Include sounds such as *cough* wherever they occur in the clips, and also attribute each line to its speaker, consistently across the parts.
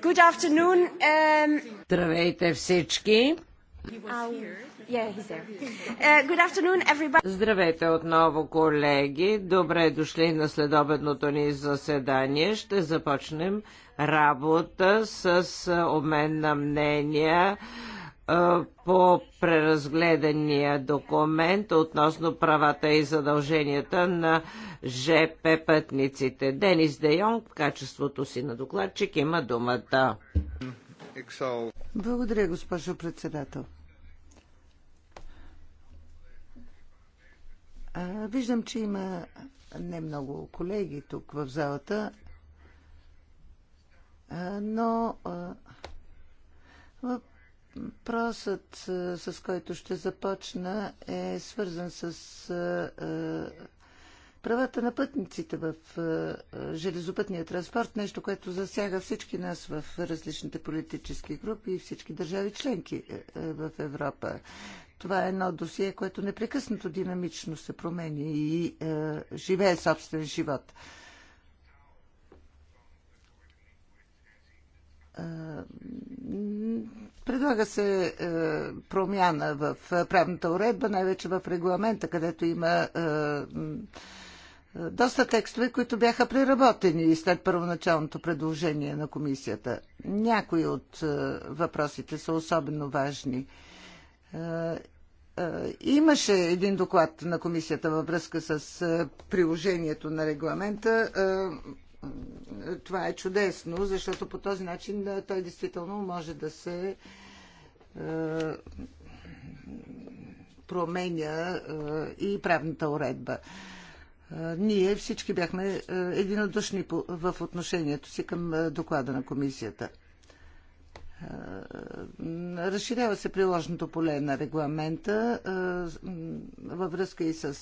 Speaker 1: Good afternoon. Um... Здравейте всички. Uh, Здравейте отново, колеги. Добре дошли на следобедното ни заседание. Ще започнем работа с обмен на мнения по преразгледания документ относно правата и задълженията на ЖП пътниците. Денис Дейон в качеството си на докладчик, има думата.
Speaker 2: Благодаря, госпожо председател. Виждам, че има не много колеги тук в залата, но Въпросът, с който ще започна, е свързан с правата на пътниците в железопътния транспорт, нещо, което засяга всички нас в различните политически групи и всички държави членки е, е, в Европа. Това е едно досие, което непрекъснато динамично се променя и е, живее собствен живот. Предлага се е, промяна в е, правната уредба, най-вече в регламента, където има е, е, доста текстове, които бяха преработени след първоначалното предложение на комисията. Някои от е, въпросите са особено важни. Е, е, имаше един доклад на комисията във връзка с е, приложението на регламента. Е, това е чудесно, защото по този начин той действително може да се променя и правната уредба. Ние всички бяхме единодушни в отношението си към доклада на комисията. Разширява се приложното поле на регламента във връзка и с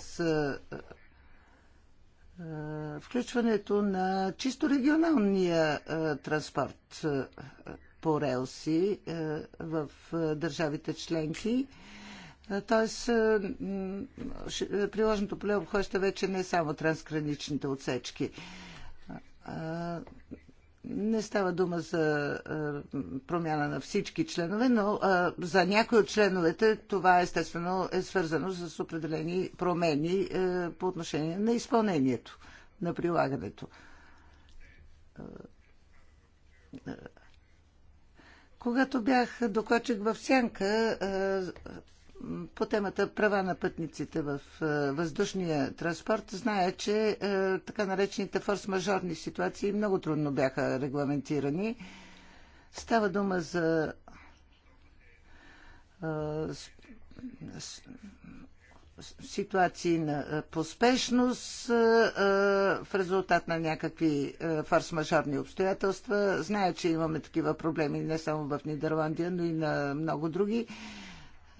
Speaker 2: е, включването на чисто регионалния е, транспорт е, по релси в държавите членки. Тоест, приложното поле обхваща вече не само трансграничните отсечки не става дума за е, промяна на всички членове, но е, за някои от членовете това естествено е свързано с определени промени е, по отношение на изпълнението, на прилагането. Когато бях докладчик в Сянка по темата права на пътниците в е, въздушния транспорт, зная, че е, така наречените форс-мажорни ситуации много трудно бяха регламентирани. Става дума за е, ситуации на поспешност в резултат на някакви форс-мажорни обстоятелства. Зная, че имаме такива проблеми не само в Нидерландия, но и на много други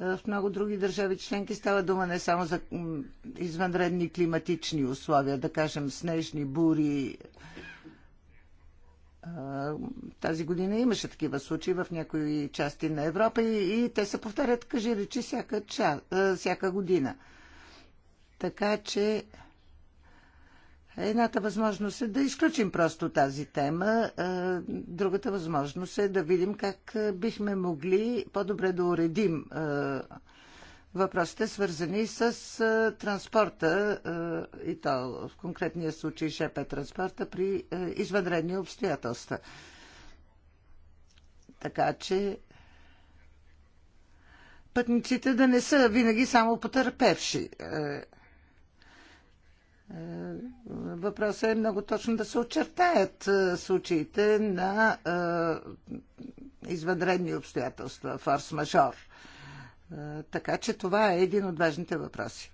Speaker 2: е, в много други държави членки става дума не само за извънредни климатични условия, да кажем снежни бури. Е, тази година имаше такива случаи в някои части на Европа и, и те се повтарят, кажи речи, всяка, ча, е, всяка година. Така че Едната възможност е да изключим просто тази тема, другата възможност е да видим как бихме могли по-добре да уредим въпросите, свързани с транспорта и то в конкретния случай ШП транспорта при извънредни обстоятелства. Така че пътниците да не са винаги само потърпевши. Е, въпросът е много точно да се очертаят е, случаите на е, извънредни обстоятелства, форс-мажор. Така че това е един от важните въпроси.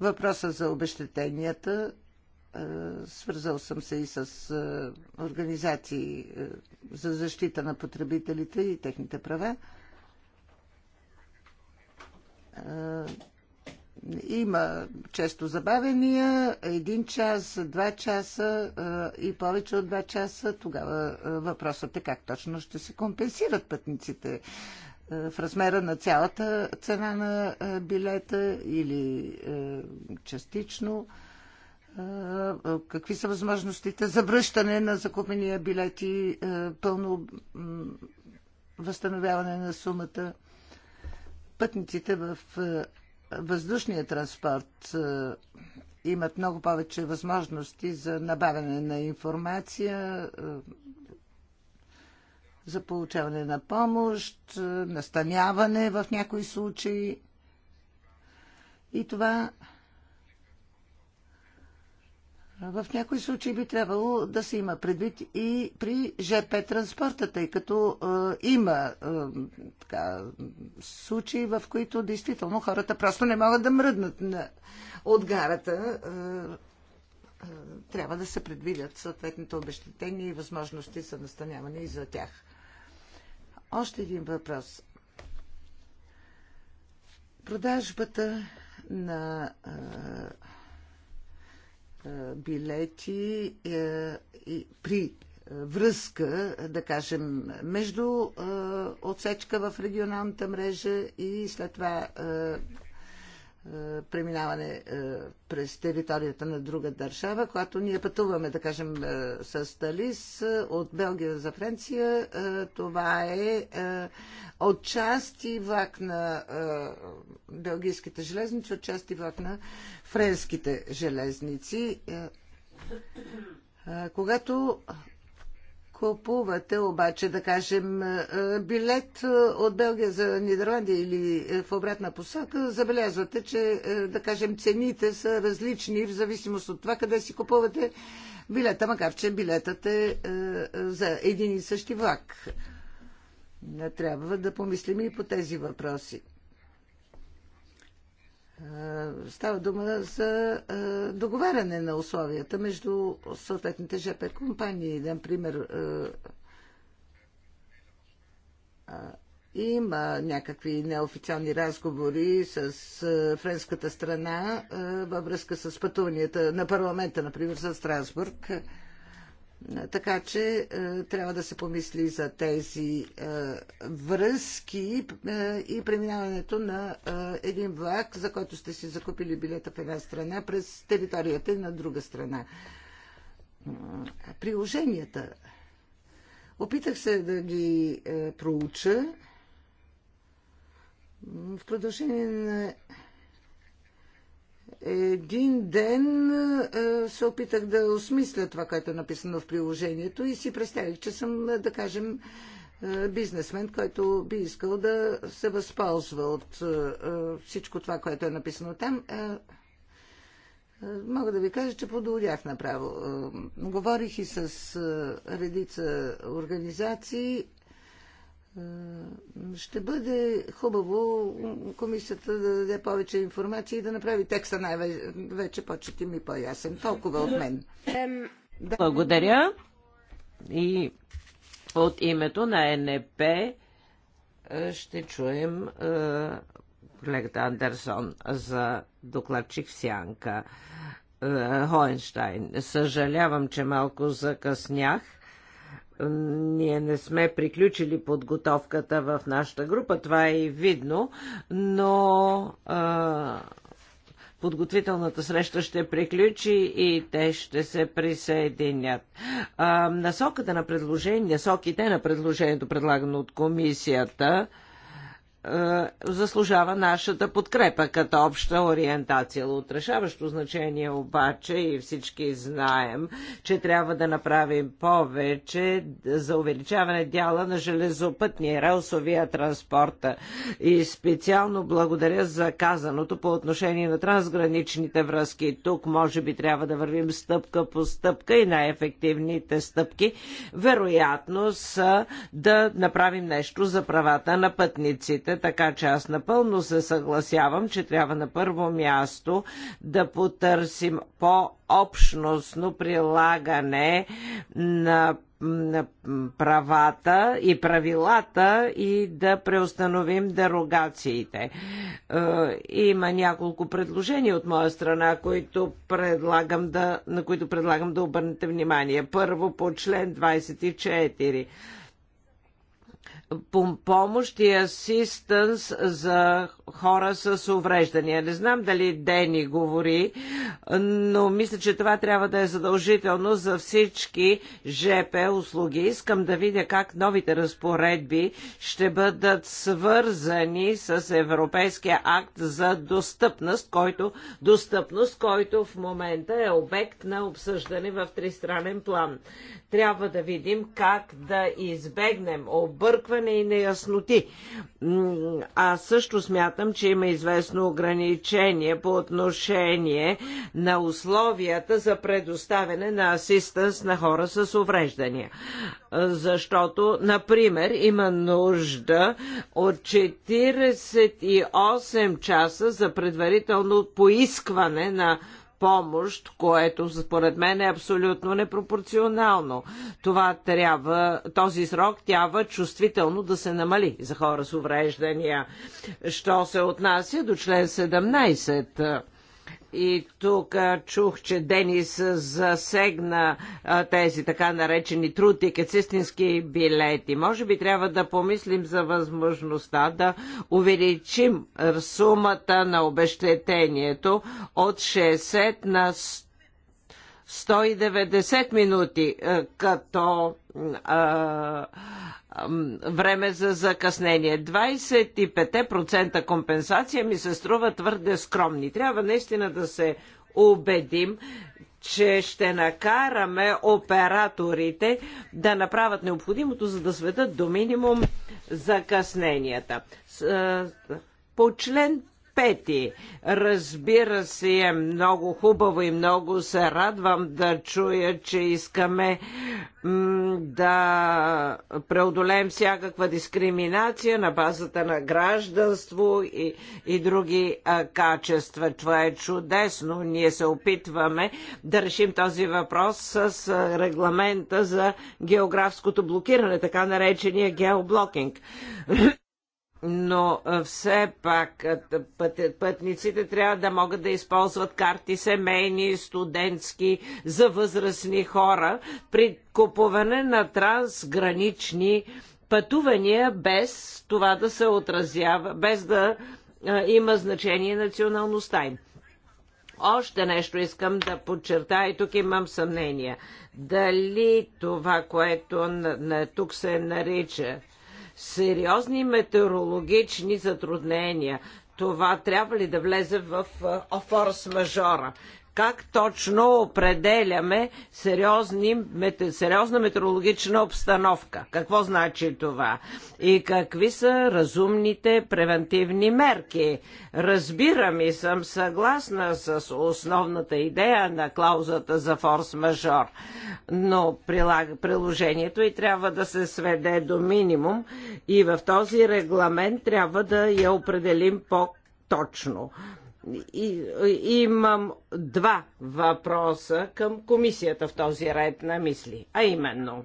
Speaker 2: Въпросът за обещетенията. Свързал съм се и с организации за защита на потребителите и техните права има често забавения, един час, два часа и повече от два часа. Тогава въпросът е как точно ще се компенсират пътниците в размера на цялата цена на билета или частично. Какви са възможностите за връщане на закупения билет и пълно възстановяване на сумата? Пътниците в Въздушният транспорт е, имат много повече възможности за набавяне на информация, е, за получаване на помощ, е, настаняване в някои случаи. И това в някои случаи би трябвало да се има предвид и при ЖП транспорта, тъй като е, има е, така, случаи, в които действително хората просто не могат да мръднат на, от гарата. Е, е, трябва да се предвидят съответните обещетения и възможности за настаняване и за тях. Още един въпрос. Продажбата на. Е, е, билети е, при е, връзка, да кажем, между отсечка в регионалната мрежа и след това е, преминаване е, през територията на друга държава, когато ние пътуваме, да кажем, е, с Талис от Белгия за Франция, това е отчасти влак на белгийските железници, отчасти влак на френските железници. Когато купувате обаче, да кажем, е, е, билет е, от Белгия за Нидерландия или в обратна посока, забелязвате, че, да кажем, цените са различни в зависимост от това къде си купувате билета, макар че билетът е за един и същи влак. Трябва да помислим и по тези въпроси. Е, става дума за е, договаряне на условията между съответните ЖП компании. Например, е, има някакви неофициални разговори с френската страна във връзка с пътуванията на парламента, например, за Страсбург. Така че е, трябва да се помисли за тези е, връзки е, и преминаването на един влак, за който сте си закупили билета в една страна, през територията на друга страна. Приложенията. Опитах се да ги проуча. В продължение на един ден е, се опитах да осмисля това, което е написано в приложението и си представих, че съм, е, да кажем, е, бизнесмен, който би искал да се възползва от всичко това, което е написано там. Мога да ви кажа, че подолях направо. Говорих и с редица организации ще бъде хубаво комисията да даде повече информация и да направи текста най-вече почети ми по-ясен. Толкова от мен.
Speaker 3: Благодаря.
Speaker 1: И от името на НП е, ще чуем е, колегата Андерсон за докладчик в Сянка. Е, Хоенштайн. Съжалявам, че малко закъснях ние не сме приключили подготовката в нашата група, това е и видно, но а, подготвителната среща ще приключи и те ще се присъединят. А, насоката на предложение, насоките на предложението, предлагано от комисията, е, заслужава нашата подкрепа като обща ориентация. Отрешаващо значение обаче и всички знаем, че трябва да направим повече за увеличаване дяла на железопътния релсовия транспорт. И специално благодаря за казаното по отношение на трансграничните връзки. Тук може би трябва да вървим стъпка по стъпка и най-ефективните стъпки вероятно са да направим нещо за правата на пътниците проектите, така че аз напълно се съгласявам, че трябва на първо място да потърсим по-общностно прилагане на правата и правилата и да преустановим дерогациите. Е, има няколко предложения от моя страна, които предлагам да, на които предлагам да обърнете внимание. Първо по член 24 помощ и асистанс за хора с увреждания. Не знам дали Дени говори, но мисля, че това трябва да е задължително за всички ЖП услуги. Искам да видя как новите разпоредби ще бъдат свързани с Европейския акт за достъпност, който, достъпност, който в момента е обект на обсъждане в тристранен план. Трябва да видим как да избегнем объркване объркване и неясноти. Аз също смятам, че има известно ограничение по отношение на условията за предоставяне на асистанс на хора с увреждания. Защото, например, има нужда от 48 часа за предварително поискване на помощ, което според мен е абсолютно непропорционално. Това трябва, този срок трябва чувствително да се намали за хора с увреждания. Що се отнася до член 17? И тук чух, че Денис засегна тези така наречени трути с истински билети. Може би трябва да помислим за възможността да увеличим сумата на обещетението от 60 на 190 минути, като а, време за закъснение. 25% компенсация ми се струва твърде скромни. Трябва наистина да се убедим, че ще накараме операторите да направят необходимото, за да сведат до минимум закъсненията. По член пети. Разбира се, е много хубаво и много се радвам да чуя, че искаме да преодолеем всякаква дискриминация на базата на гражданство и, и други а, качества. Това е чудесно. Ние се опитваме да решим този въпрос с а, регламента за географското блокиране, така наречения геоблокинг но все пак път, пътниците трябва да могат да използват карти семейни, студентски, за възрастни хора при купуване на трансгранични пътувания без това да се отразява, без да а, има значение националността им. Още нещо искам да подчертая и тук имам съмнение. Дали това, което на, на, тук се нарича сериозни метеорологични затруднения. Това трябва ли да влезе в форс-мажора? как точно определяме сериозни, мете, сериозна метеорологична обстановка. Какво значи това? И какви са разумните превентивни мерки? Разбирам и съм съгласна с основната идея на клаузата за форс-мажор, но прилаг, приложението и трябва да се сведе до минимум и в този регламент трябва да я определим по-точно. И, имам два въпроса към комисията в този ред на мисли, а именно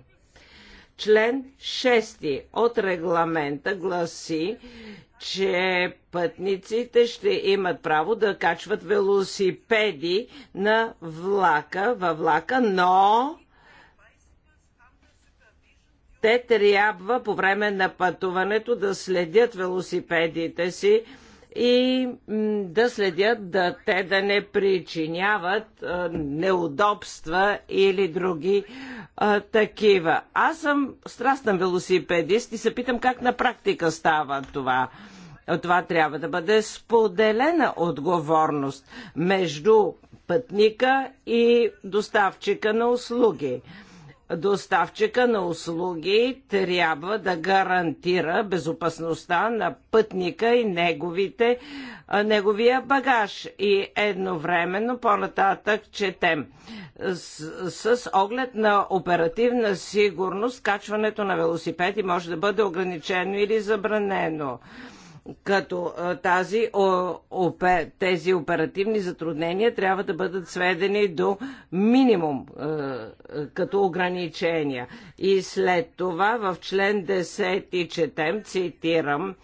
Speaker 1: Член 6 от регламента гласи, че пътниците ще имат право да качват велосипеди на влака, във влака, но те трябва по време на пътуването да следят велосипедите си и да следят да те да не причиняват неудобства или други а, такива. Аз съм страстен велосипедист и се питам как на практика става това. Това трябва да бъде споделена отговорност между пътника и доставчика на услуги доставчика на услуги трябва да гарантира безопасността на пътника и неговите, неговия багаж. И едновременно по-нататък четем. С, с оглед на оперативна сигурност, качването на велосипеди може да бъде ограничено или забранено като тази, тези оперативни затруднения трябва да бъдат сведени до минимум като ограничения. И след това в член 10 четем, цитирам,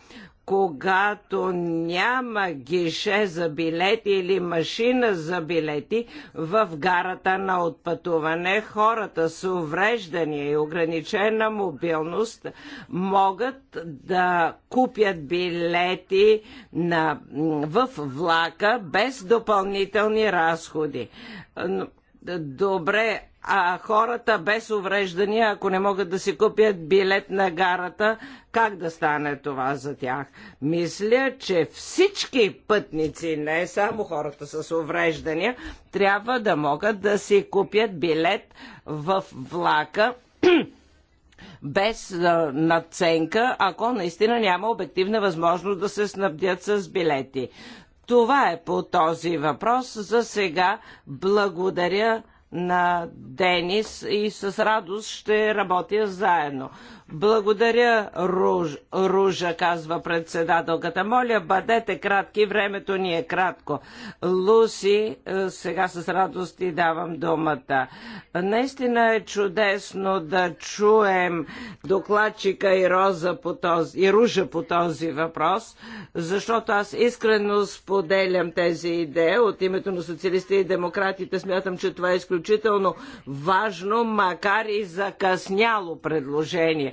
Speaker 1: когато няма гише за билети или машина за билети в гарата на отпътуване, хората с увреждания и ограничена мобилност могат да купят билети на, в влака без допълнителни разходи. Добре, а хората без увреждания, ако не могат да си купят билет на гарата, как да стане това за тях? Мисля, че всички пътници, не само хората с увреждания, трябва да могат да си купят билет в влака *clears throat* без надценка, ако наистина няма обективна възможност да се снабдят с билети. Това е по този въпрос. За сега благодаря на Денис и с радост ще работя заедно. Благодаря, Руж, Ружа, казва председателката. Моля, бъдете кратки, времето ни е кратко. Луси, е, сега с радост ти давам думата. Наистина е чудесно да чуем докладчика и, Роза по този, и Ружа по този въпрос, защото аз искрено споделям тези идеи от името на социалистите и демократите. Смятам, че това е изключително важно, макар и закъсняло предложение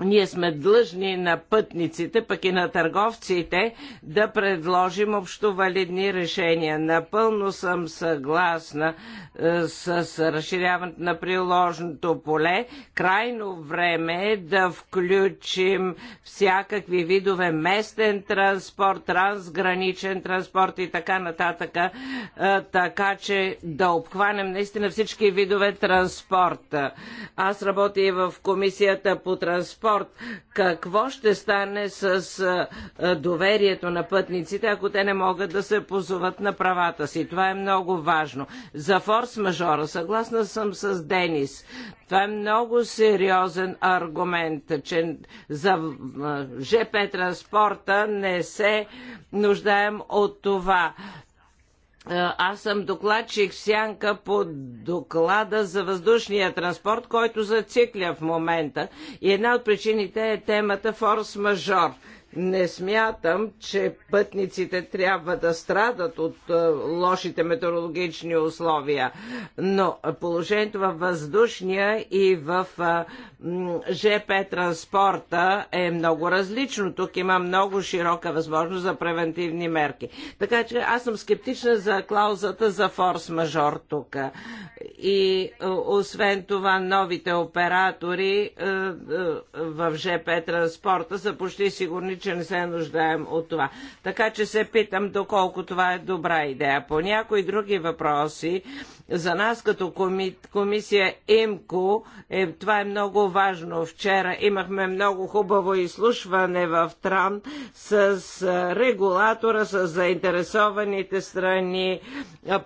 Speaker 1: ние сме длъжни на пътниците, пък и на търговците да предложим общо валидни решения. Напълно съм съгласна е, с, разширяването на приложното поле. Крайно време е да включим всякакви видове местен транспорт, трансграничен транспорт и така нататък, е, така че да обхванем наистина всички видове транспорта. Аз работя и в комисията по транспорт транспорт. Какво ще стане с доверието на пътниците, ако те не могат да се позоват на правата си? Това е много важно. За форс-мажора, съгласна съм с Денис, това е много сериозен аргумент, че за ЖП транспорта не се нуждаем от това. Е, аз съм докладчик Сянка по доклада за въздушния транспорт, който зацикля в момента. И една от причините е темата форс-мажор. Не смятам, че пътниците трябва да страдат от е, лошите метеорологични условия, но положението във въздушния и в е, ЖП транспорта е много различно. Тук има много широка възможност за превентивни мерки. Така че аз съм скептична за клаузата за форс-мажор тук. И е, освен това, новите оператори в ЖП транспорта са почти сигурни, че не се нуждаем от това. Така че се питам доколко това е добра идея. По някои други въпроси, за нас като коми, комисия ИМКО, е, това е много важно. Вчера имахме много хубаво изслушване в Тран с регулатора, с заинтересованите страни,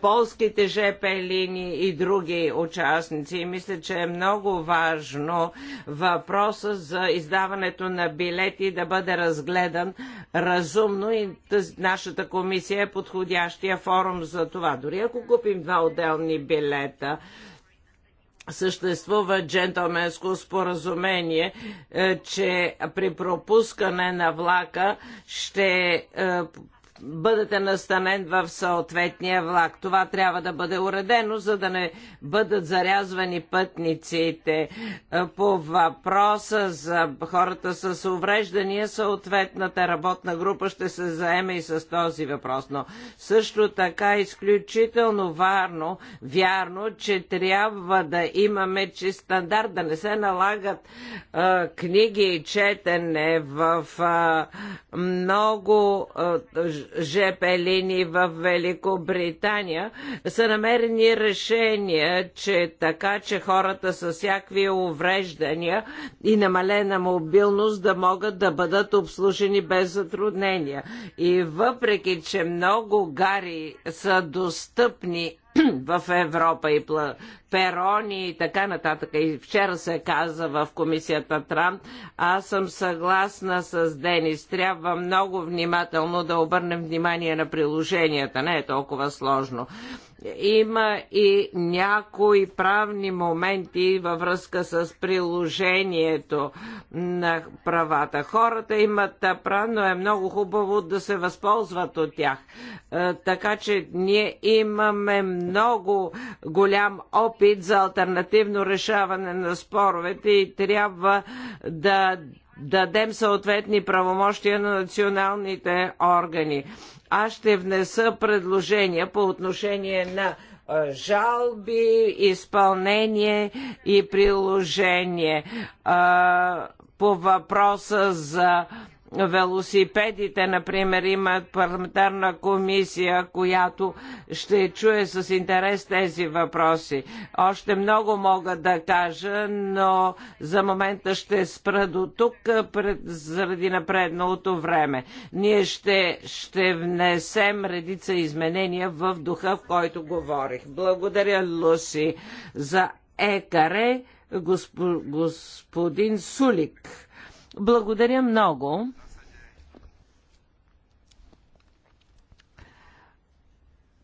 Speaker 1: полските ЖП линии и други участници. И мисля, че е много важно въпроса за издаването на билети да бъде раз разгледан разумно и тази, нашата комисия е подходящия форум за това. Дори ако купим два отделни билета, съществува джентълменско споразумение, е, че при пропускане на влака ще е, бъдете настанен в съответния влак. Това трябва да бъде уредено, за да не бъдат зарязвани пътниците. Е, по въпроса за хората с увреждания, съответната работна група ще се заеме и с този въпрос. Но също така е изключително варно, вярно, че трябва да имаме чист стандарт, да не се налагат е, книги и четене в е, много е, ЖП линии в Великобритания са намерени решения, че така, че хората с всякакви увреждания и намалена мобилност да могат да бъдат обслужени без затруднения. И въпреки, че много гари са достъпни *clears throat* в Европа и перони и така нататък. И вчера се каза в комисията Трамп, аз съм съгласна с Денис. Трябва много внимателно да обърнем внимание на приложенията. Не е толкова сложно има и някои правни моменти във връзка с приложението на правата. Хората имат права, но е много хубаво да се възползват от тях. Е, така че ние имаме много голям опит опит за альтернативно решаване на споровете и трябва да дадем съответни правомощия на националните органи. Аз ще внеса предложения по отношение на жалби, изпълнение и приложение. По въпроса за велосипедите, например, имат парламентарна комисия, която ще чуе с интерес тези въпроси. Още много мога да кажа, но за момента ще спра до тук пред, заради напредналото време. Ние ще, ще внесем редица изменения в духа, в който говорих. Благодаря, Луси, за екаре, госп... господин Сулик. Благодаря много.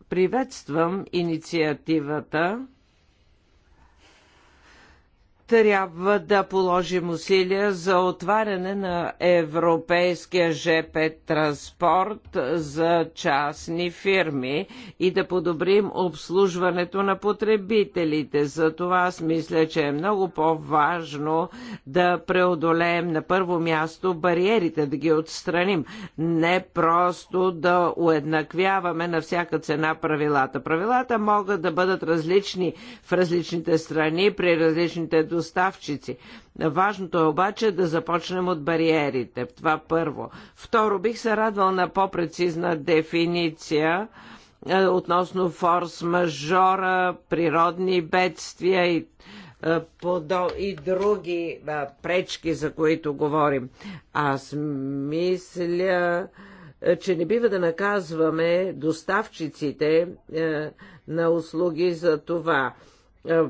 Speaker 1: Приветствам инициативата трябва да положим усилия за отваряне на европейския ЖП транспорт за частни фирми и да подобрим обслужването на потребителите. За това аз мисля, че е много по-важно да преодолеем на първо място бариерите, да ги отстраним. Не просто да уеднаквяваме на всяка цена правилата. Правилата могат да бъдат различни в различните страни, при различните доставчици. Важното е обаче да започнем от бариерите. Това първо. Второ, бих се радвал на по-прецизна дефиниция е, относно форс-мажора, природни бедствия и е, и други е, пречки, за които говорим. Аз мисля, че не бива да наказваме доставчиците на услуги за това. Е,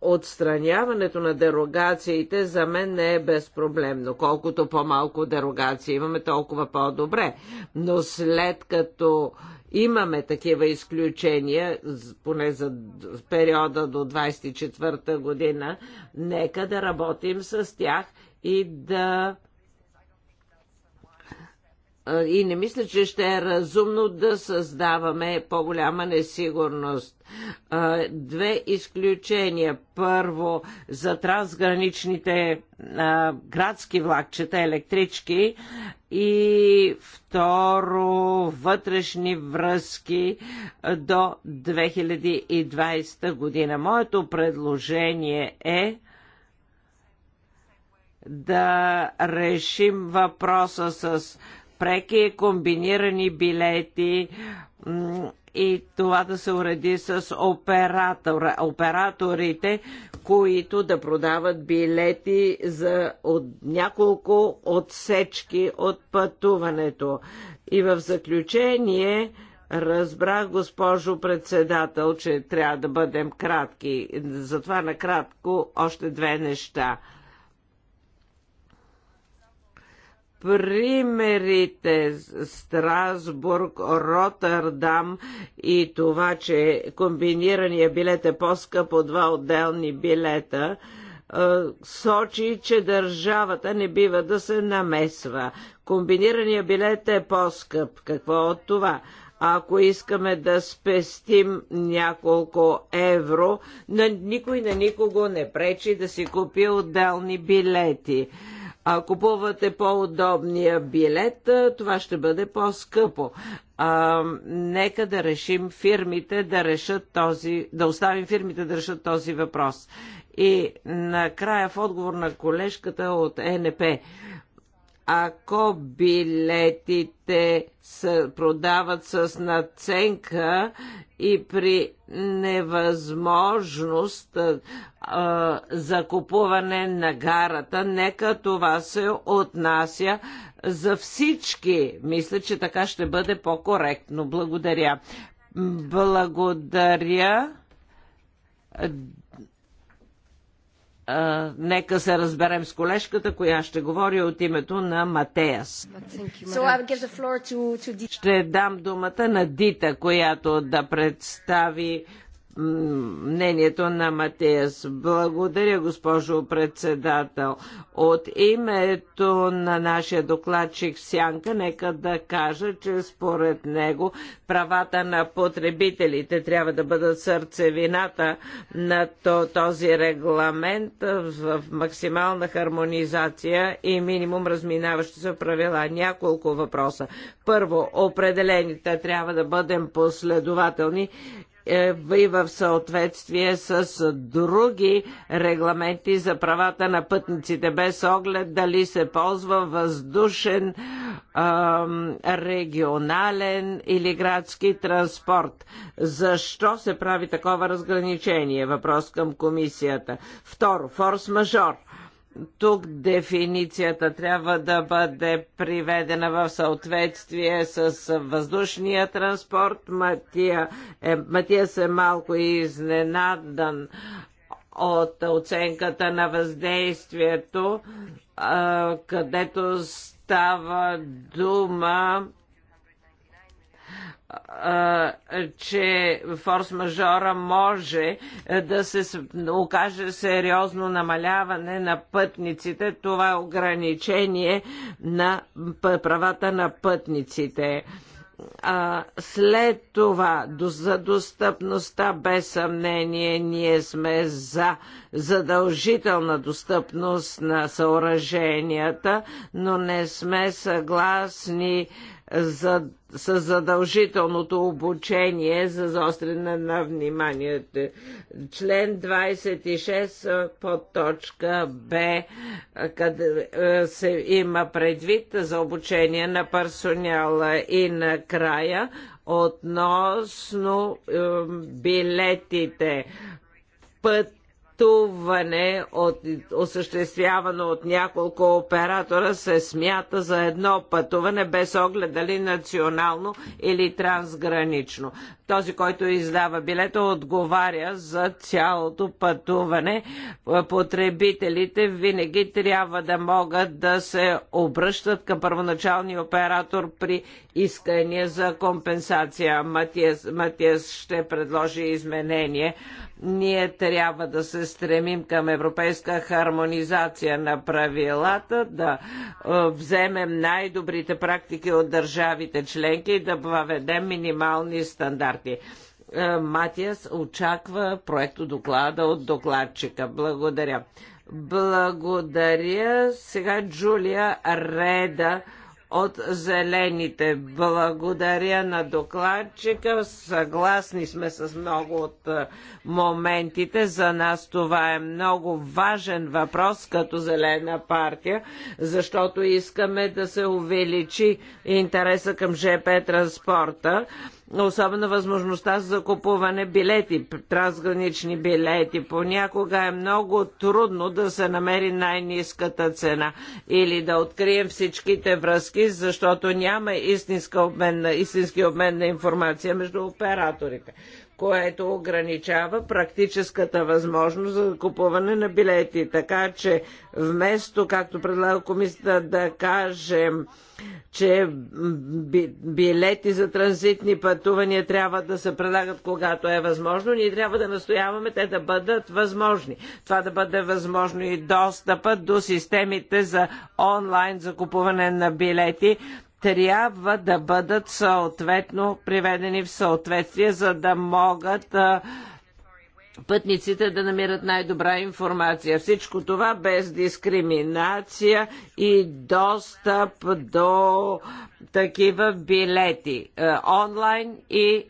Speaker 1: отстраняването на дерогациите за мен не е безпроблемно. Колкото по-малко дерогации имаме, толкова по-добре. Но след като имаме такива изключения, поне за периода до 24 та година, нека да работим с тях и да и не мисля, че ще е разумно да създаваме по-голяма несигурност. Две изключения. Първо, за трансграничните градски влакчета, електрички и второ, вътрешни връзки до 2020 година. Моето предложение е да решим въпроса с преки комбинирани билети и това да се уреди с оператор, операторите, които да продават билети за от няколко отсечки от пътуването. И в заключение разбрах, госпожо председател, че трябва да бъдем кратки. Затова накратко още две неща – примерите Страсбург, Ротърдам и това, че комбинирания билет е по-скъп от два отделни билета, е, сочи, че държавата не бива да се намесва. Комбинирания билет е по-скъп. Какво от това? ако искаме да спестим няколко евро, на никой на никого не пречи да си купи отделни билети. А купувате по-удобния билет, това ще бъде по-скъпо. нека да решим фирмите да решат този, да оставим фирмите да решат този въпрос. И накрая в отговор на колежката от НП ако билетите се продават с наценка и при невъзможност а, за купуване на гарата, нека това се отнася за всички. Мисля, че така ще бъде по-коректно. Благодаря. Благодаря. Uh, нека се разберем с колежката, коя ще говори от името на Матеас. Ще дам думата на Дита, която да представи мнението на Матеяс. Благодаря, госпожо председател. От името на нашия докладчик Сянка, нека да кажа, че според него правата на потребителите трябва да бъдат сърцевината на този регламент в максимална хармонизация и минимум разминаващи се правила. Няколко въпроса. Първо, определените трябва да бъдем последователни е, и в съответствие с други регламенти за правата на пътниците, без оглед дали се ползва въздушен, регионален или градски транспорт. Защо се прави такова разграничение? Въпрос към комисията. Второ, форс-мажор – тук дефиницията трябва да бъде приведена в съответствие с въздушния транспорт. Матия, е, Матия се малко изненадан от оценката на въздействието, където става дума че форс-мажора може е, да се окаже сериозно намаляване на пътниците. Това е ограничение на правата на пътниците. А, след това, за достъпността, без съмнение, ние сме за задължителна достъпност на съоръженията, но не сме съгласни за, с задължителното обучение за заострене на вниманието. Член 26 под точка Б, къде се има предвид за обучение на персонала и на края относно билетите път пътуване, от, осъществявано от няколко оператора, се смята за едно пътуване, без оглед дали национално или трансгранично. Този, който издава билета, отговаря за цялото пътуване. Потребителите винаги трябва да могат да се обръщат към първоначалния оператор при искания за компенсация. Матиас, Матиас ще предложи изменение. Ние трябва да се стремим към европейска хармонизация на правилата, да е, вземем най-добрите практики от държавите членки и да въведем минимални стандарти. Е, Матиас очаква проекто доклада от докладчика. Благодаря. Благодаря. Сега Джулия Реда от зелените. Благодаря на докладчика. Съгласни сме с много от е, моментите. За нас това е много важен въпрос като зелена партия, защото искаме да се увеличи интереса към ЖП транспорта особено възможността за купуване билети, трансгранични билети. Понякога е много трудно да се намери най-низката цена или да открием всичките връзки, защото няма обмен, истински обмен на информация между операторите което ограничава практическата възможност за купуване на билети. Така че вместо, както предлага комисията, да кажем, че билети за транзитни пътувания трябва да се предлагат когато е възможно, ние трябва да настояваме те да бъдат възможни. Това да бъде възможно и достъпът до системите за онлайн закупуване на билети, трябва да бъдат съответно приведени в съответствие, за да могат пътниците да намират най-добра информация. Всичко това без дискриминация и достъп до такива билети онлайн и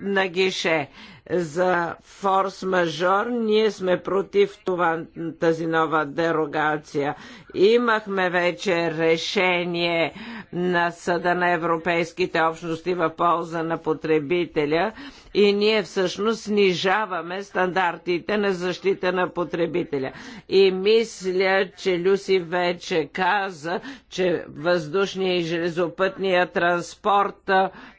Speaker 1: на гише за форс-мажор. Ние сме против това, тази нова дерогация. Имахме вече решение на Съда на Европейските общности в полза на потребителя и ние всъщност снижаваме стандартите на защита на потребителя. И мисля, че Люси вече каза, че въздушния и железопътния транспорт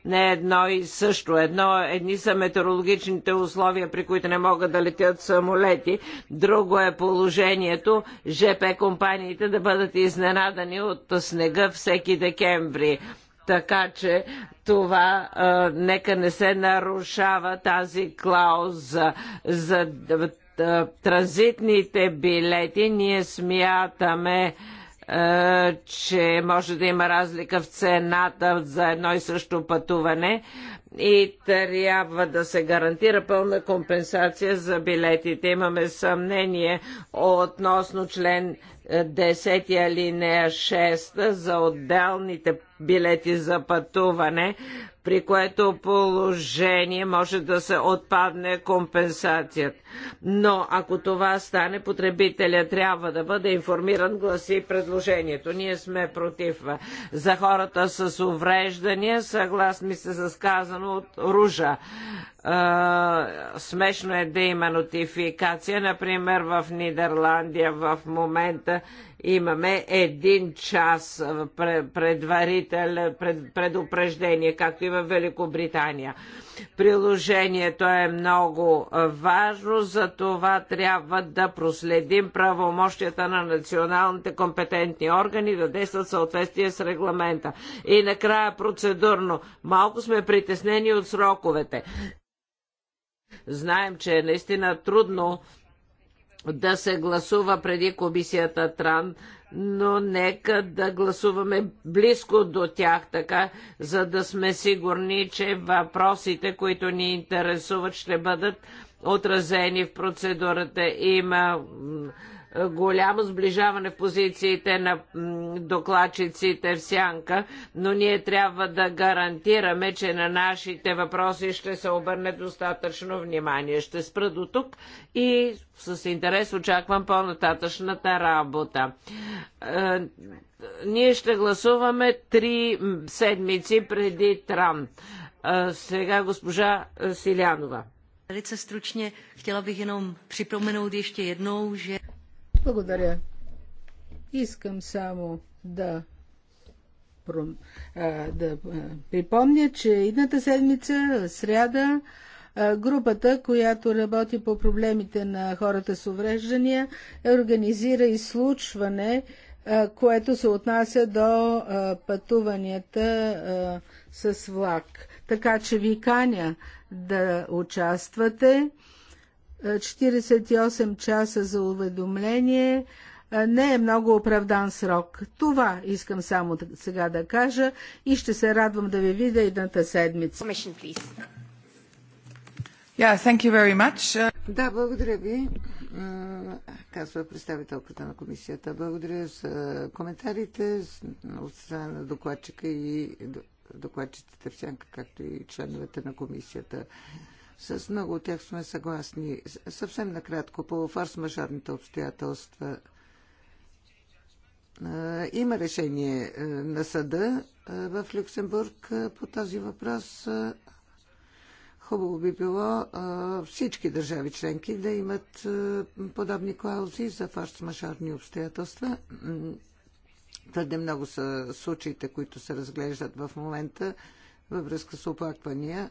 Speaker 1: не е едно и също. Едно, едни са метеорологичните условия, при които не могат да летят самолети. Друго е положението ЖП компаниите да бъдат изненадани от снега всеки декември така че това а, нека не се нарушава тази клауза за транзитните билети. Ние смятаме че може да има разлика в цената за едно и също пътуване и трябва да се гарантира пълна компенсация за билетите. Имаме съмнение относно член 10 алинея 6 за отделните билети за пътуване, при което положение може да се отпадне компенсацията. Но ако това стане, потребителя трябва да бъде информиран, гласи предложението. Ние сме против за хората с увреждания, съгласни се с казано от Ружа. смешно е да има нотификация. Например, в Нидерландия в момента имаме един час предварител, пред, предупреждение, както и в Великобритания. Приложението е много важно, за това трябва да проследим правомощията на националните компетентни органи да действат в съответствие с регламента. И накрая процедурно. Малко сме притеснени от сроковете. Знаем, че е наистина трудно да се гласува преди комисията Тран но нека да гласуваме близко до тях, така, за да сме сигурни, че въпросите, които ни интересуват, ще бъдат отразени в процедурата. Има голямо сближаване в позициите на докладчиците в сянка, но ние трябва да гарантираме, че на нашите въпроси ще се обърне достатъчно внимание. Ще спра до тук и с интерес очаквам по-нататъчната работа. Е, ние ще гласуваме три седмици преди Трам. Е, сега госпожа Силянова.
Speaker 3: Velice stručně chtěla bych jenom připomenout ještě jednou, že... Благодаря. Искам само да, да припомня, че едната седмица, сряда, групата, която работи по проблемите на хората с увреждания, организира изслушване, което се отнася до пътуванията с влак. Така че ви каня да участвате. 48 часа за уведомление не е много оправдан срок. Това искам само сега да кажа и ще се радвам да ви видя едната седмица.
Speaker 2: Yeah, thank you very much. Да, благодаря ви, казва представителката на комисията. Благодаря за коментарите от страна на докладчика и докладчите в както и членовете на комисията. С много от тях сме съгласни. Съвсем накратко по форс-мажорните обстоятелства. Има решение на съда в Люксембург по този въпрос. Хубаво би било всички държави членки да имат подобни клаузи за форс-мажорни обстоятелства. Твърде много са случаите, които се разглеждат в момента във връзка с оплаквания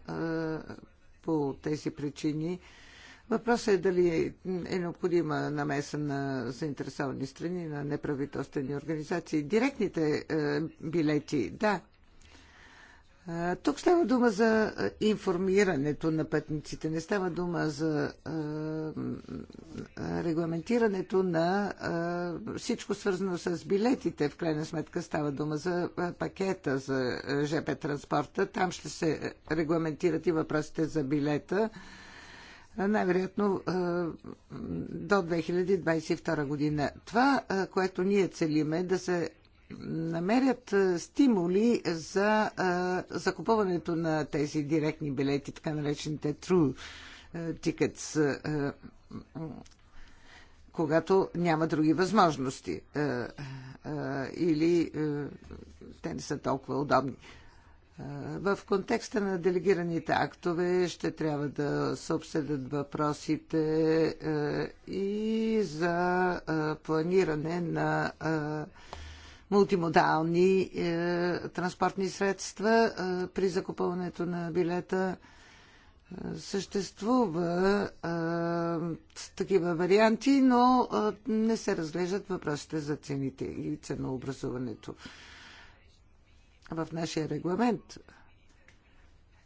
Speaker 2: по тези причини. Въпросът е дали е необходима намеса на заинтересовани страни, на неправителствени организации. Директните е, билети, да, тук става дума за информирането на пътниците, не става дума за регламентирането на всичко свързано с билетите. В крайна сметка става дума за пакета за ЖП транспорта. Там ще се регламентират и въпросите за билета. Най-вероятно до 2022 година. Това, което ние целиме, да се намерят стимули за закупуването на тези директни билети, така наречените true tickets, когато няма други възможности или те не са толкова удобни. В контекста на делегираните актове ще трябва да се обсъдят въпросите и за планиране на мултимодални е, транспортни средства е, при закупуването на билета. Е, съществува е, такива варианти, но е, не се разглеждат въпросите за цените и ценообразуването. В нашия регламент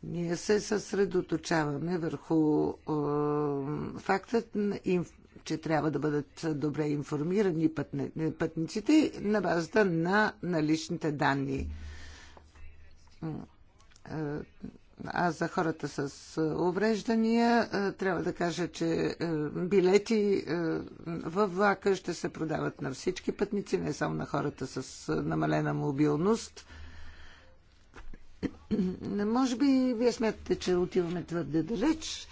Speaker 2: ние се съсредоточаваме върху е, инф, че трябва да бъдат добре информирани пътниците на базата на наличните данни. А за хората с увреждания трябва да кажа, че билети във влака ще се продават на всички пътници, не само на хората с намалена мобилност. Може би вие смятате, че отиваме твърде далеч,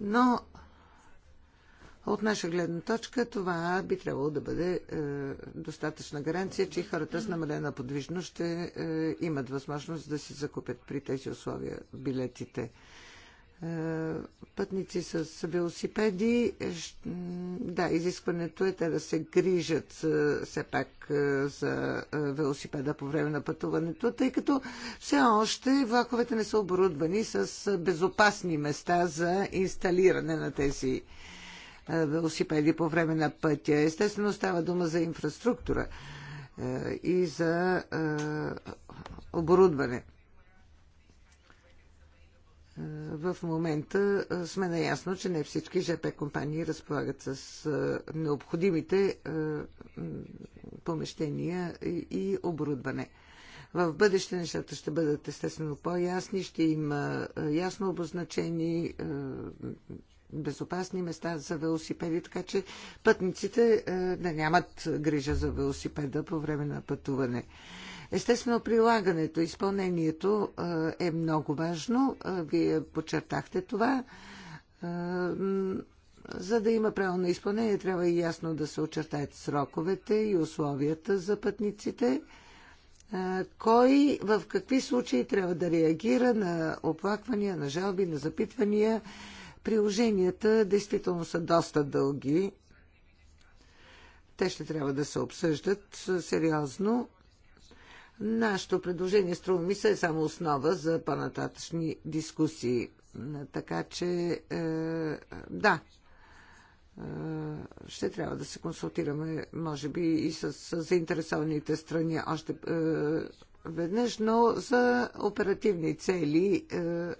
Speaker 2: но от наша гледна точка това би трябвало да бъде е, достатъчна гаранция, че хората с намалена подвижност ще е, имат възможност да си закупят при тези условия билетите. Е, пътници с велосипеди, е, да, изискването е те да се грижат е, все пак е, за е, велосипеда по време на пътуването, тъй като все още влаковете не са оборудвани с е, безопасни места за инсталиране на тези велосипеди по време на пътя. Естествено става дума за инфраструктура е, и за е, оборудване. Е, в момента сме наясно, че не всички ЖП компании разполагат с необходимите помещения и оборудване. В бъдеще нещата ще бъдат естествено по-ясни, ще има ясно обозначени безопасни места за велосипеди, така че пътниците е, да нямат грижа за велосипеда по време на пътуване. Естествено, прилагането, изпълнението е, е много важно. Е, вие подчертахте това. За да има правилно изпълнение, трябва и ясно да се очертаят сроковете и условията за пътниците. Кой в какви случаи трябва да реагира на оплаквания, на жалби, на запитвания Приложенията действително са доста дълги. Те ще трябва да се обсъждат е, сериозно. Нашето предложение, струва ми се, е само основа за по-нататъчни дискусии. Така че, е, да, е, ще трябва да се консултираме, може би, и с, с заинтересованите страни още е, веднъж, но за оперативни цели. Е,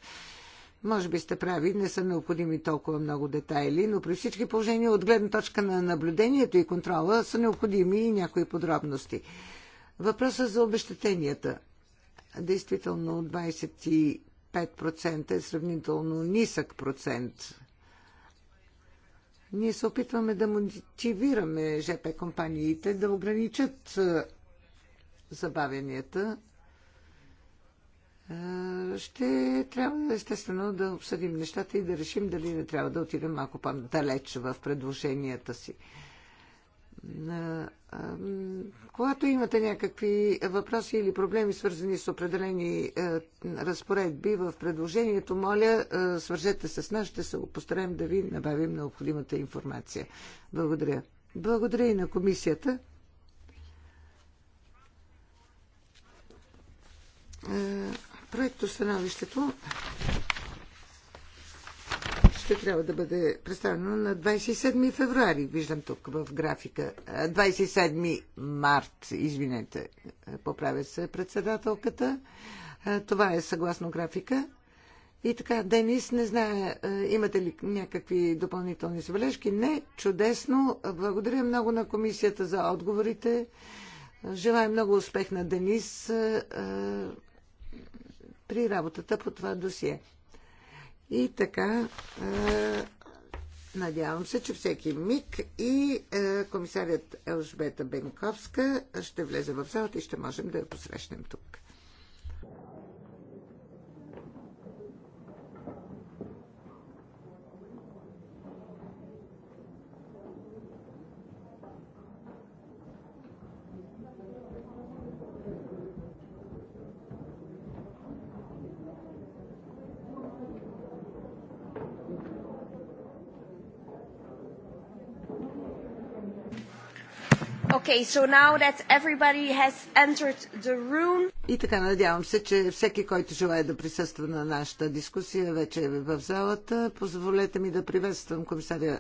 Speaker 2: може би сте прави, не са необходими толкова много детайли, но при всички положения от гледна точка на наблюдението и контрола са необходими и някои подробности. Въпросът за обещетенията. Действително 25% е сравнително нисък процент. Ние се опитваме да мотивираме ЖП компаниите да ограничат забавянията ще трябва естествено да обсъдим нещата и да решим дали не трябва да отидем малко по-далеч в предложенията си. Когато имате някакви въпроси или проблеми, свързани с определени разпоредби в предложението, моля, свържете се с нас, ще се постараем да ви набавим необходимата информация. Благодаря. Благодаря и на комисията становището ще трябва да бъде представено на 27 февруари, виждам тук в графика. 27 март, извинете, поправя се председателката. Това е съгласно графика. И така, Денис, не знае, имате ли някакви допълнителни забележки? Не, чудесно. Благодаря много на комисията за отговорите. Желая много успех на Денис при работата по това досие. И така, надявам се, че всеки миг и комисарят Елжбета Бенковска ще влезе в залата и ще можем да я посрещнем тук.
Speaker 1: Okay, so now that everybody has entered the room.
Speaker 2: И така надявам се, че всеки, който желая да присъства на нашата дискусия, вече е в залата. Позволете ми да приветствам комисаря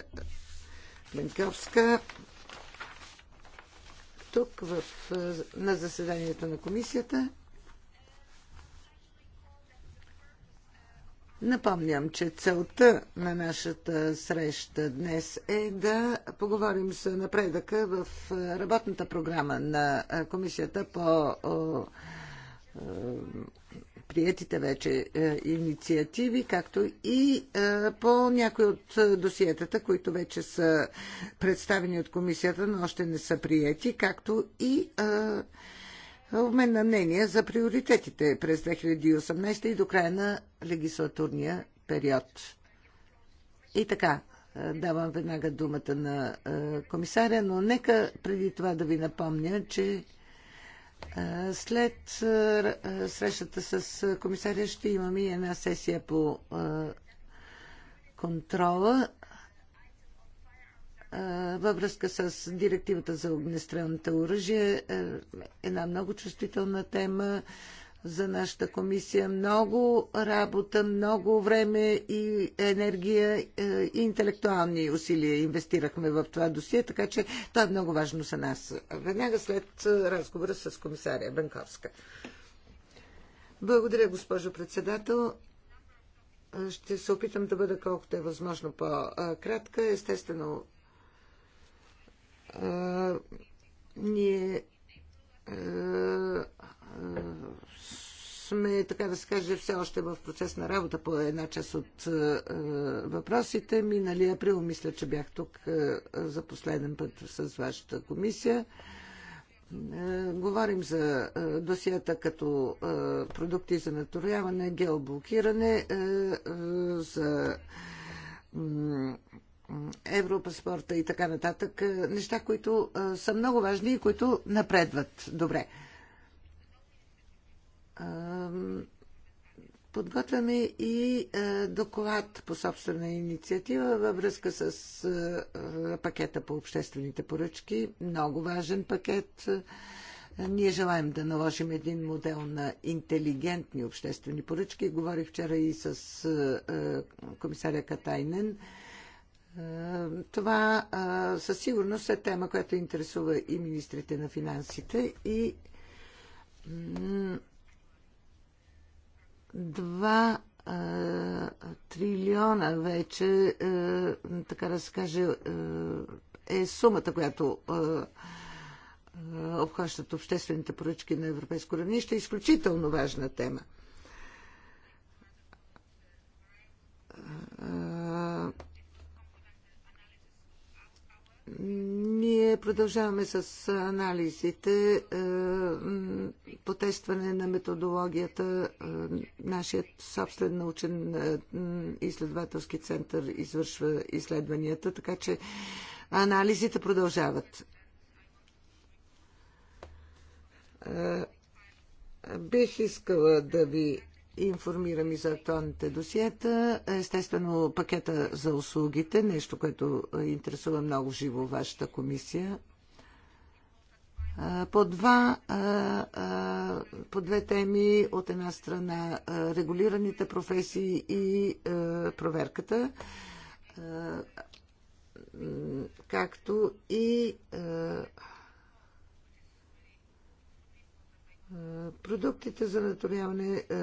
Speaker 2: Ленковска тук в, на заседанието на комисията. Напомням, че целта на нашата среща днес е да поговорим с напредъка в работната програма на комисията по приятите вече инициативи, както и по някои от досиетата, които вече са представени от комисията, но още не са прияти, както и обмен на мнение за приоритетите през 2018 и до края на легислатурния период. И така, давам веднага думата на комисаря, но нека преди това да ви напомня, че след срещата с комисаря ще имаме една сесия по контрола във връзка с директивата за огнестрелните оръжия. Е, една много чувствителна тема за нашата комисия. Много работа, много време и енергия е, и интелектуални усилия инвестирахме в това досие, така че това е много важно за нас. Веднага след е, разговора с комисаря Бенковска. Благодаря, госпожо председател. Ще се опитам да бъда колкото е възможно по-кратка. Естествено, ние сме, така да се каже, все още в процес на работа по една част от въпросите. Минали април, мисля, че бях тук за последен път с вашата комисия. Говорим за досията като продукти за наторяване, геоблокиране, за европаспорта и така нататък. Е, неща, които е, са много важни и които напредват добре. Подготвяме и е, доклад по собствена инициатива във връзка с пакета по обществените поръчки. Много важен пакет. Ние желаем да наложим един модел на интелигентни обществени поръчки. Говорих вчера и с комисаря Катайнен. Това със сигурност е тема, която интересува и министрите на финансите и два трилиона вече, така да се каже, е сумата, която обхващат обществените поръчки на европейско равнище, е изключително важна тема Ние продължаваме с анализите е, по тестване на методологията. Е, нашият собствен научен е, изследователски център извършва изследванията, така че анализите продължават. Бих искала да ви информирам и за актуалните досиета. Естествено, пакета за услугите, нещо, което интересува много живо вашата комисия. По, два, по две теми, от една страна регулираните професии и проверката, както и Е, продуктите за наторяване е,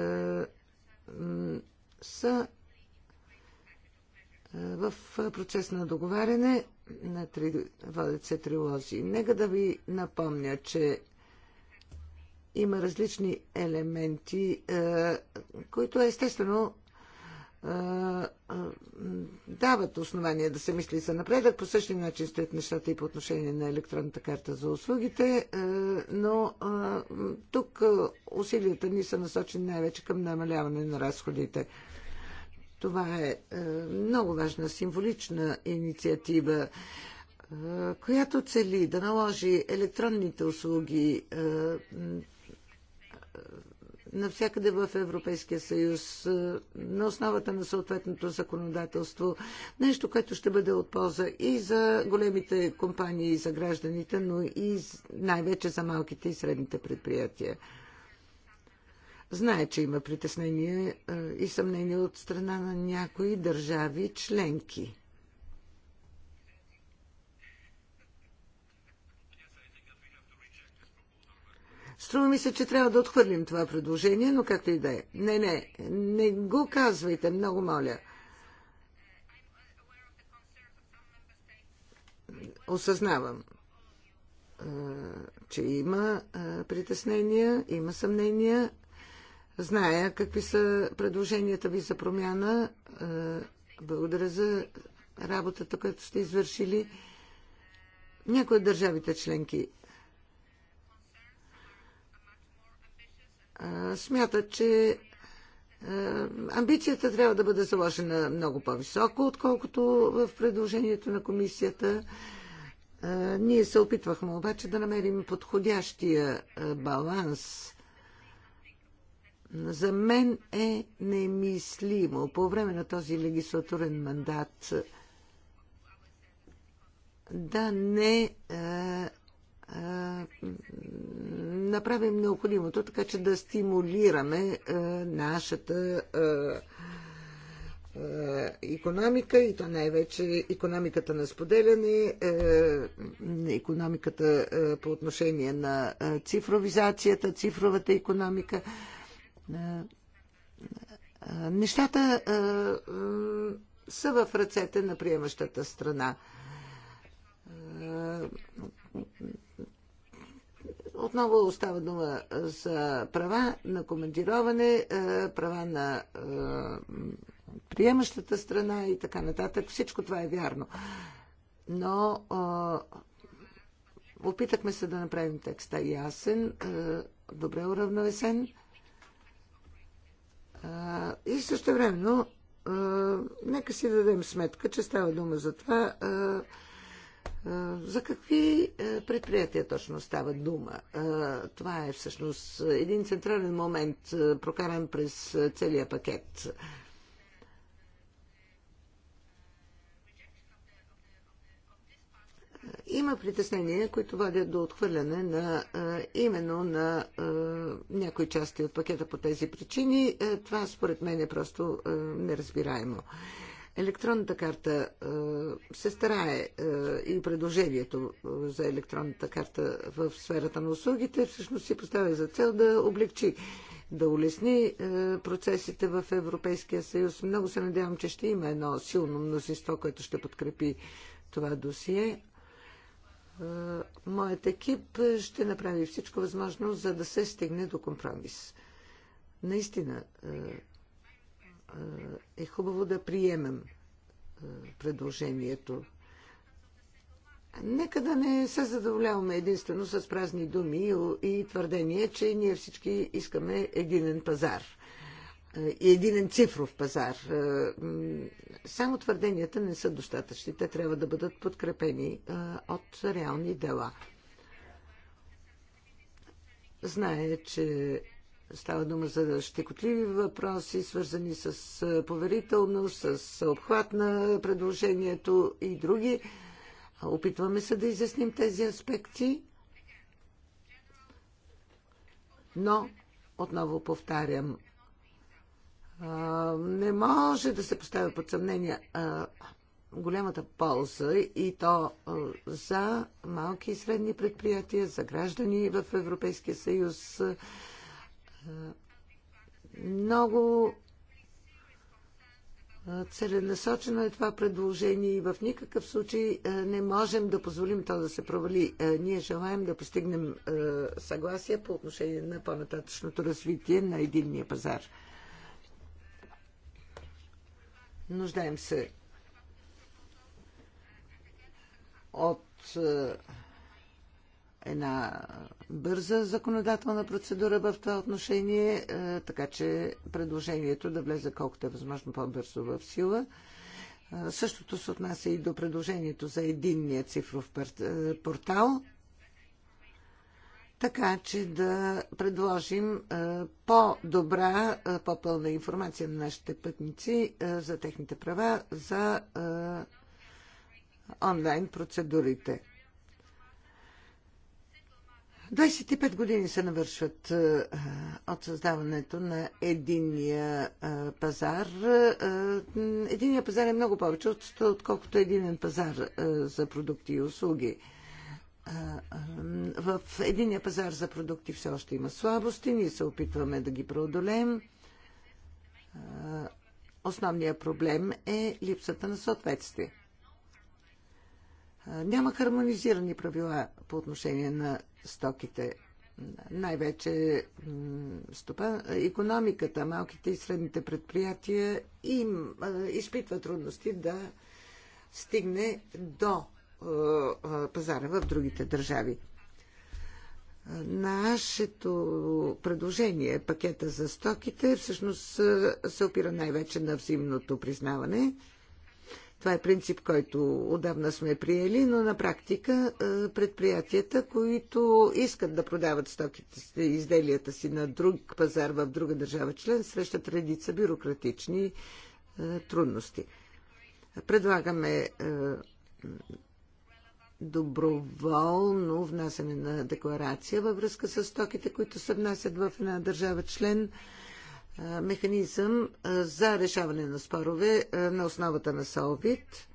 Speaker 2: са е, в процес на договаряне на три, водят се трилози. Нека да ви напомня, че има различни елементи, които естествено дават основания да се мисли за напредък. По същия начин стоят нещата и по отношение на електронната карта за услугите, но тук усилията ни са насочени най-вече към намаляване на разходите. Това е много важна символична инициатива, която цели да наложи електронните услуги навсякъде в Европейския съюз е, на основата на съответното законодателство. Нещо, което ще бъде от полза и за големите компании, и за гражданите, но и най-вече за малките и средните предприятия. Знае, че има притеснение и съмнение от страна на някои държави членки. Струва ми се, че трябва да отхвърлим това предложение, но както и да е. Не, не, не го казвайте, много моля. Осъзнавам, че има притеснения, има съмнения. Зная какви са предложенията ви за промяна. Благодаря за работата, която сте извършили. Някои от държавите членки смята, че амбицията трябва да бъде заложена много по-високо, отколкото в предложението на комисията. Ние се опитвахме обаче да намерим подходящия баланс. За мен е немислимо по време на този легислатурен мандат да не направим необходимото, така че да стимулираме нашата економика и то най-вече економиката на споделяне, економиката по отношение на цифровизацията, цифровата економика. Нещата са в ръцете на приемащата страна. Отново остава дума за права на командироване, е, права на е, приемащата страна и така нататък. Всичко това е вярно. Но е, опитахме се да направим текста ясен, добре уравновесен и също времено нека си дадем сметка, че става дума за това за какви предприятия точно става дума? Това е всъщност един централен момент, прокаран през целия пакет. Има притеснения, които водят до отхвърляне на именно на някои части от пакета по тези причини. Това според мен е просто неразбираемо електронната карта се старае е, и предложението е, за електронната карта в сферата на услугите всъщност си поставя за цел да облегчи, да улесни е, процесите в Европейския съюз. Много се надявам, че ще има едно силно мнозинство, което ще подкрепи това досие. Моят екип ще направи всичко възможно, за да се стигне до компромис. Наистина, е хубаво да приемем е, предложението. Нека да не се задоволяваме единствено с празни думи и твърдение, че ние всички искаме единен пазар и е, единен цифров пазар. Е, само твърденията не са достатъчни. Те трябва да бъдат подкрепени от реални дела. Знае, че Става дума за щекотливи въпроси, свързани с поверителност, с обхват на предложението и други. Опитваме се да изясним тези аспекти, но отново повтарям, не може да се поставя под съмнение голямата полза и то за малки и средни предприятия, за граждани в Европейския съюз, много целенасочено е това предложение и в никакъв случай не можем да позволим то да се провали. Ние желаем да постигнем съгласие по отношение на по-нататъчното развитие на единния пазар. Нуждаем се от една бърза законодателна процедура в това отношение, е, така че предложението да влезе колкото е възможно по-бързо в сила. Е, същото се отнася и до предложението за единния цифров е, портал, така че да предложим по-добра, по-пълна информация на нашите пътници за техните права, за онлайн процедурите. 25 години се навършват е, от създаването на единия е, пазар. Е, единия пазар е много повече, отколкото единен пазар за продукти и услуги. В единия пазар за продукти все още има слабости, ние се опитваме да ги преодолеем. Основният проблем е липсата на съответствие няма хармонизирани правила по отношение на стоките. Най-вече економиката, малките и средните предприятия им изпитва трудности да стигне до пазара в другите държави. Нашето предложение, пакета за стоките, всъщност се опира най-вече на взаимното признаване – това е принцип, който отдавна сме приели, но на практика е, предприятията, които искат да продават стоките си, изделията си на друг пазар в друга държава член, срещат редица бюрократични е, трудности. Предлагаме е, доброволно внасяне на декларация във връзка с стоките, които се внасят в една държава член – механизъм за решаване на спорове на основата на СОВИД.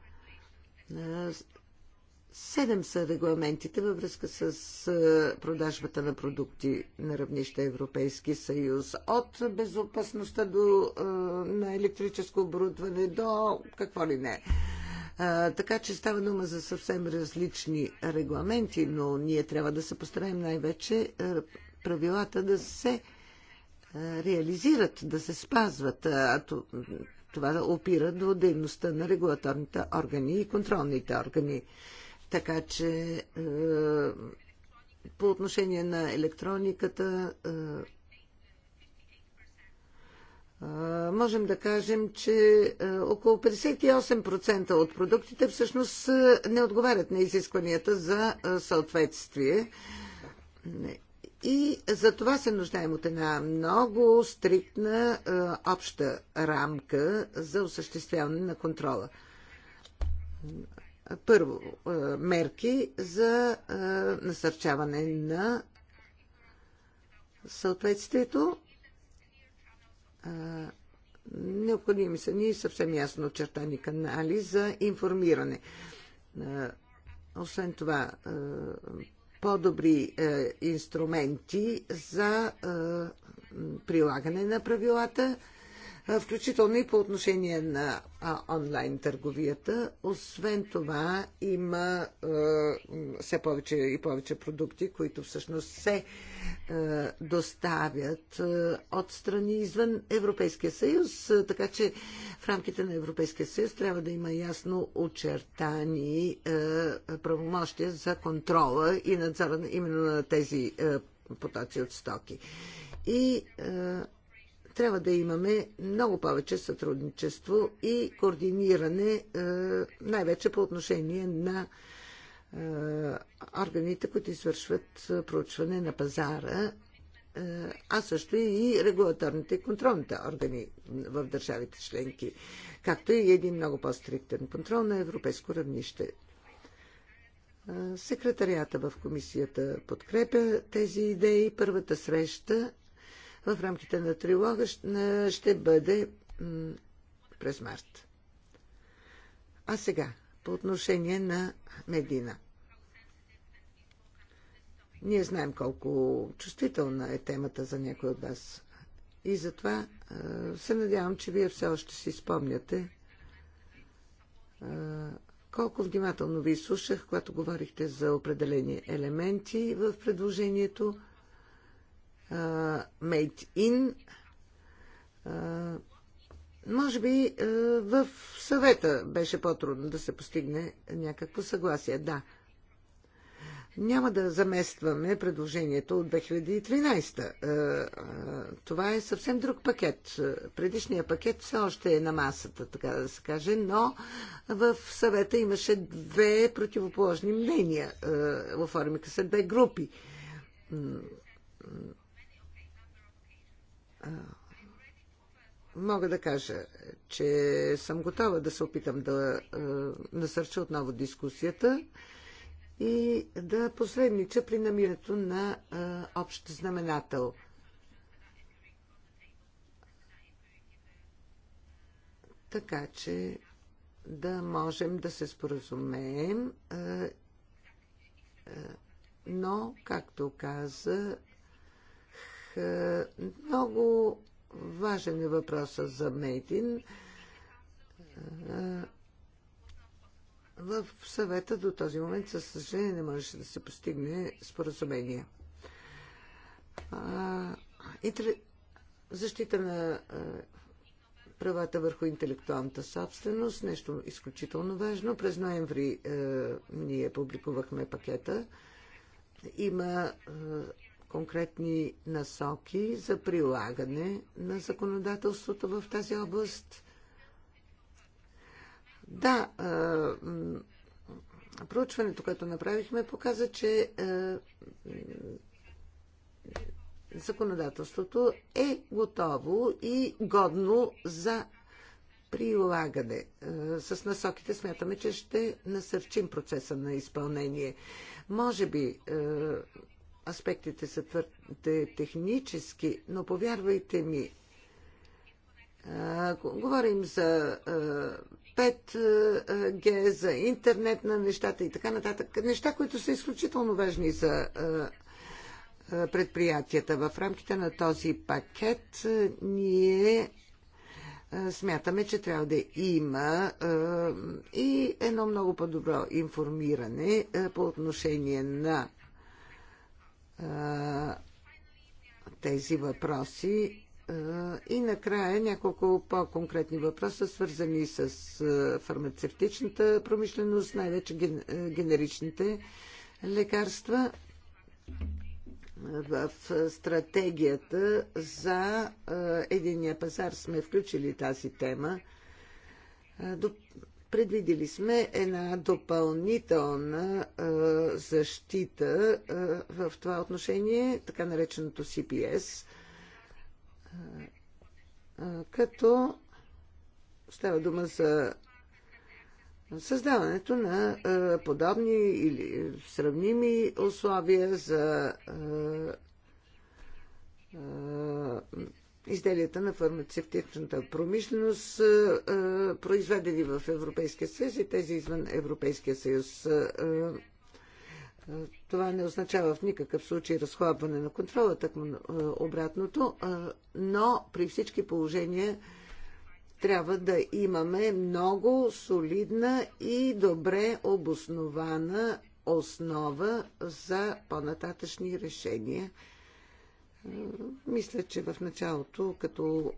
Speaker 2: Седем са регламентите във връзка с продажбата на продукти на равнище Европейски съюз. От безопасността до, на електрическо оборудване до какво ли не. Така че става дума за съвсем различни регламенти, но ние трябва да се постараем най-вече правилата да се реализират, да се спазват. А това опира до дейността на регулаторните органи и контролните органи. Така че по отношение на електрониката можем да кажем, че около 58% от продуктите всъщност не отговарят на изискванията за съответствие и за това се нуждаем от една много стриктна е, обща рамка за осъществяване на контрола. Първо, е, мерки за е, насърчаване на съответствието. необходими са ни съвсем ясно очертани канали за информиране. Освен това, по-добри е, инструменти за е, прилагане на правилата включително и по отношение на онлайн търговията. Освен това, има все повече и повече продукти, които всъщност се доставят от страни извън Европейския съюз, така че в рамките на Европейския съюз трябва да има ясно очертани правомощия за контрола и надзора именно на тези потоци от стоки. И трябва да имаме много повече сътрудничество и координиране, е, най-вече по отношение на е, органите, които извършват проучване на пазара, е, а също и регулаторните и контролните органи в държавите членки, както и един много по-стриктен контрол на европейско равнище. Секретарията в комисията подкрепя тези идеи. Първата среща в рамките на трилога ще бъде през март. А сега, по отношение на Медина. Ние знаем колко чувствителна е темата за някой от вас. И затова се надявам, че вие все още си спомняте колко внимателно ви слушах, когато говорихте за определени елементи в предложението – Made in. Може би в съвета беше по-трудно да се постигне някакво съгласие. Да. Няма да заместваме предложението от 2013. Това е съвсем друг пакет. Предишният пакет все още е на масата, така да се каже, но в съвета имаше две противоположни мнения. Оформиха се две групи мога да кажа, че съм готова да се опитам да насърча отново дискусията и да посреднича при намирането на общ знаменател. Така че да можем да се споразумеем, но, както каза е, много важен е въпросът за Мейтин. Е, в съвета до този момент, със съжаление, не можеше да се постигне споразумение. защита на е, правата върху интелектуалната собственост, нещо изключително важно. През ноември ние публикувахме пакета. Има конкретни насоки за прилагане на законодателството в тази област. Да, проучването, което направихме, показа, че законодателството е готово и годно за прилагане. С насоките смятаме, че ще насърчим процеса на изпълнение. Може би аспектите са твърде технически, но повярвайте ми, говорим за 5G, за интернет на нещата и така нататък. Неща, които са изключително важни за предприятията. В рамките на този пакет ние смятаме, че трябва да има и едно много по-добро информиране по отношение на тези въпроси. И накрая няколко по-конкретни въпроса, свързани с фармацевтичната промишленост, най-вече генеричните лекарства в стратегията за единия пазар сме включили тази тема. Предвидели сме една допълнителна защита в това отношение, така нареченото CPS, като става дума за създаването на подобни или сравними условия за изделията на фармацевтичната промишленост, е, е, произведени в Европейския съюз и тези извън Европейския съюз. Е, това не означава в никакъв случай разхлабване на контрола, так обратното, но при всички положения трябва да имаме много солидна и добре обоснована основа за по-нататъчни решения мисля, че в началото, като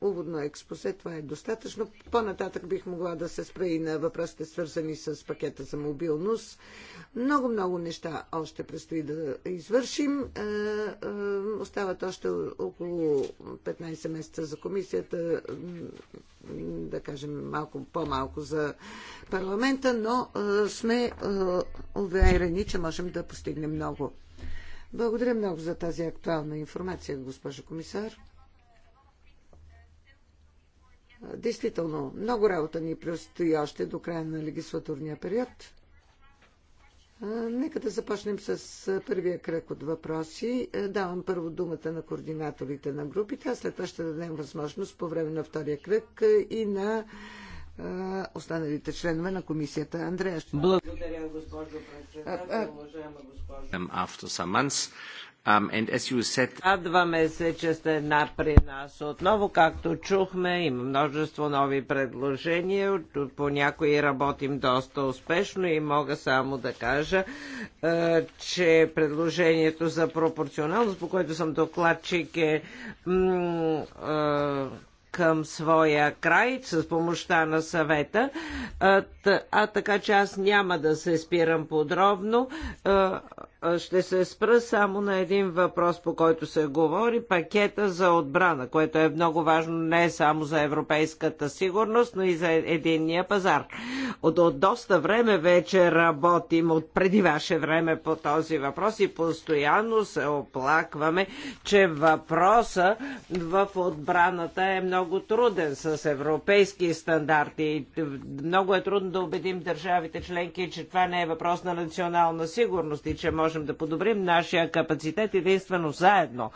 Speaker 2: уводно експозе, това е достатъчно. По-нататък бих могла да се спра и на въпросите, свързани с пакета за мобилност. Много-много неща още предстои да извършим. Остават още около 15 месеца за комисията, да кажем малко по-малко за парламента, но сме уверени, че можем да постигнем много. Благодаря много за тази актуална информация, госпожа комисар. Действително, много работа ни предстои още до края на легислатурния период. Нека да започнем с първия кръг от въпроси. Е, давам първо думата на координаторите на групите, а след това ще дадем възможност по време на втория кръг е, и на останалите членове на комисията. Андрея. Благодаря, госпожо председател, уважаема
Speaker 1: госпожо. Радваме се, че сте една при нас. Отново, както чухме, има множество нови предложения. По някои работим доста успешно и мога само да кажа, че предложението за пропорционалност, по което съм докладчик, е към своя край с помощта на съвета, а, а така че аз няма да се спирам подробно. А, ще се спра само на един въпрос, по който се говори пакета за отбрана, което е много важно не само за европейската сигурност, но и за единния пазар. От, от доста време вече работим, от преди ваше време по този въпрос и постоянно се оплакваме, че въпроса в отбраната е много труден с европейски стандарти. Много е трудно да убедим държавите членки, че това не е въпрос на национална сигурност и че може можем да подобрим нашия капацитет единствено заедно,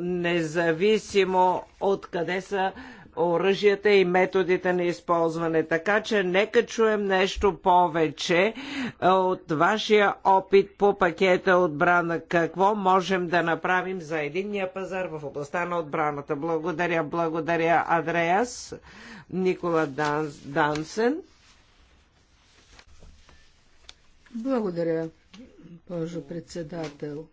Speaker 1: независимо от къде са оръжията и методите на използване. Така че нека чуем нещо повече е, от вашия опит по пакета отбрана. Какво можем да направим за единния пазар в областта на отбраната? Благодаря, благодаря, Адреас, Никола Дансен.
Speaker 3: Благодаря, госпожо председател.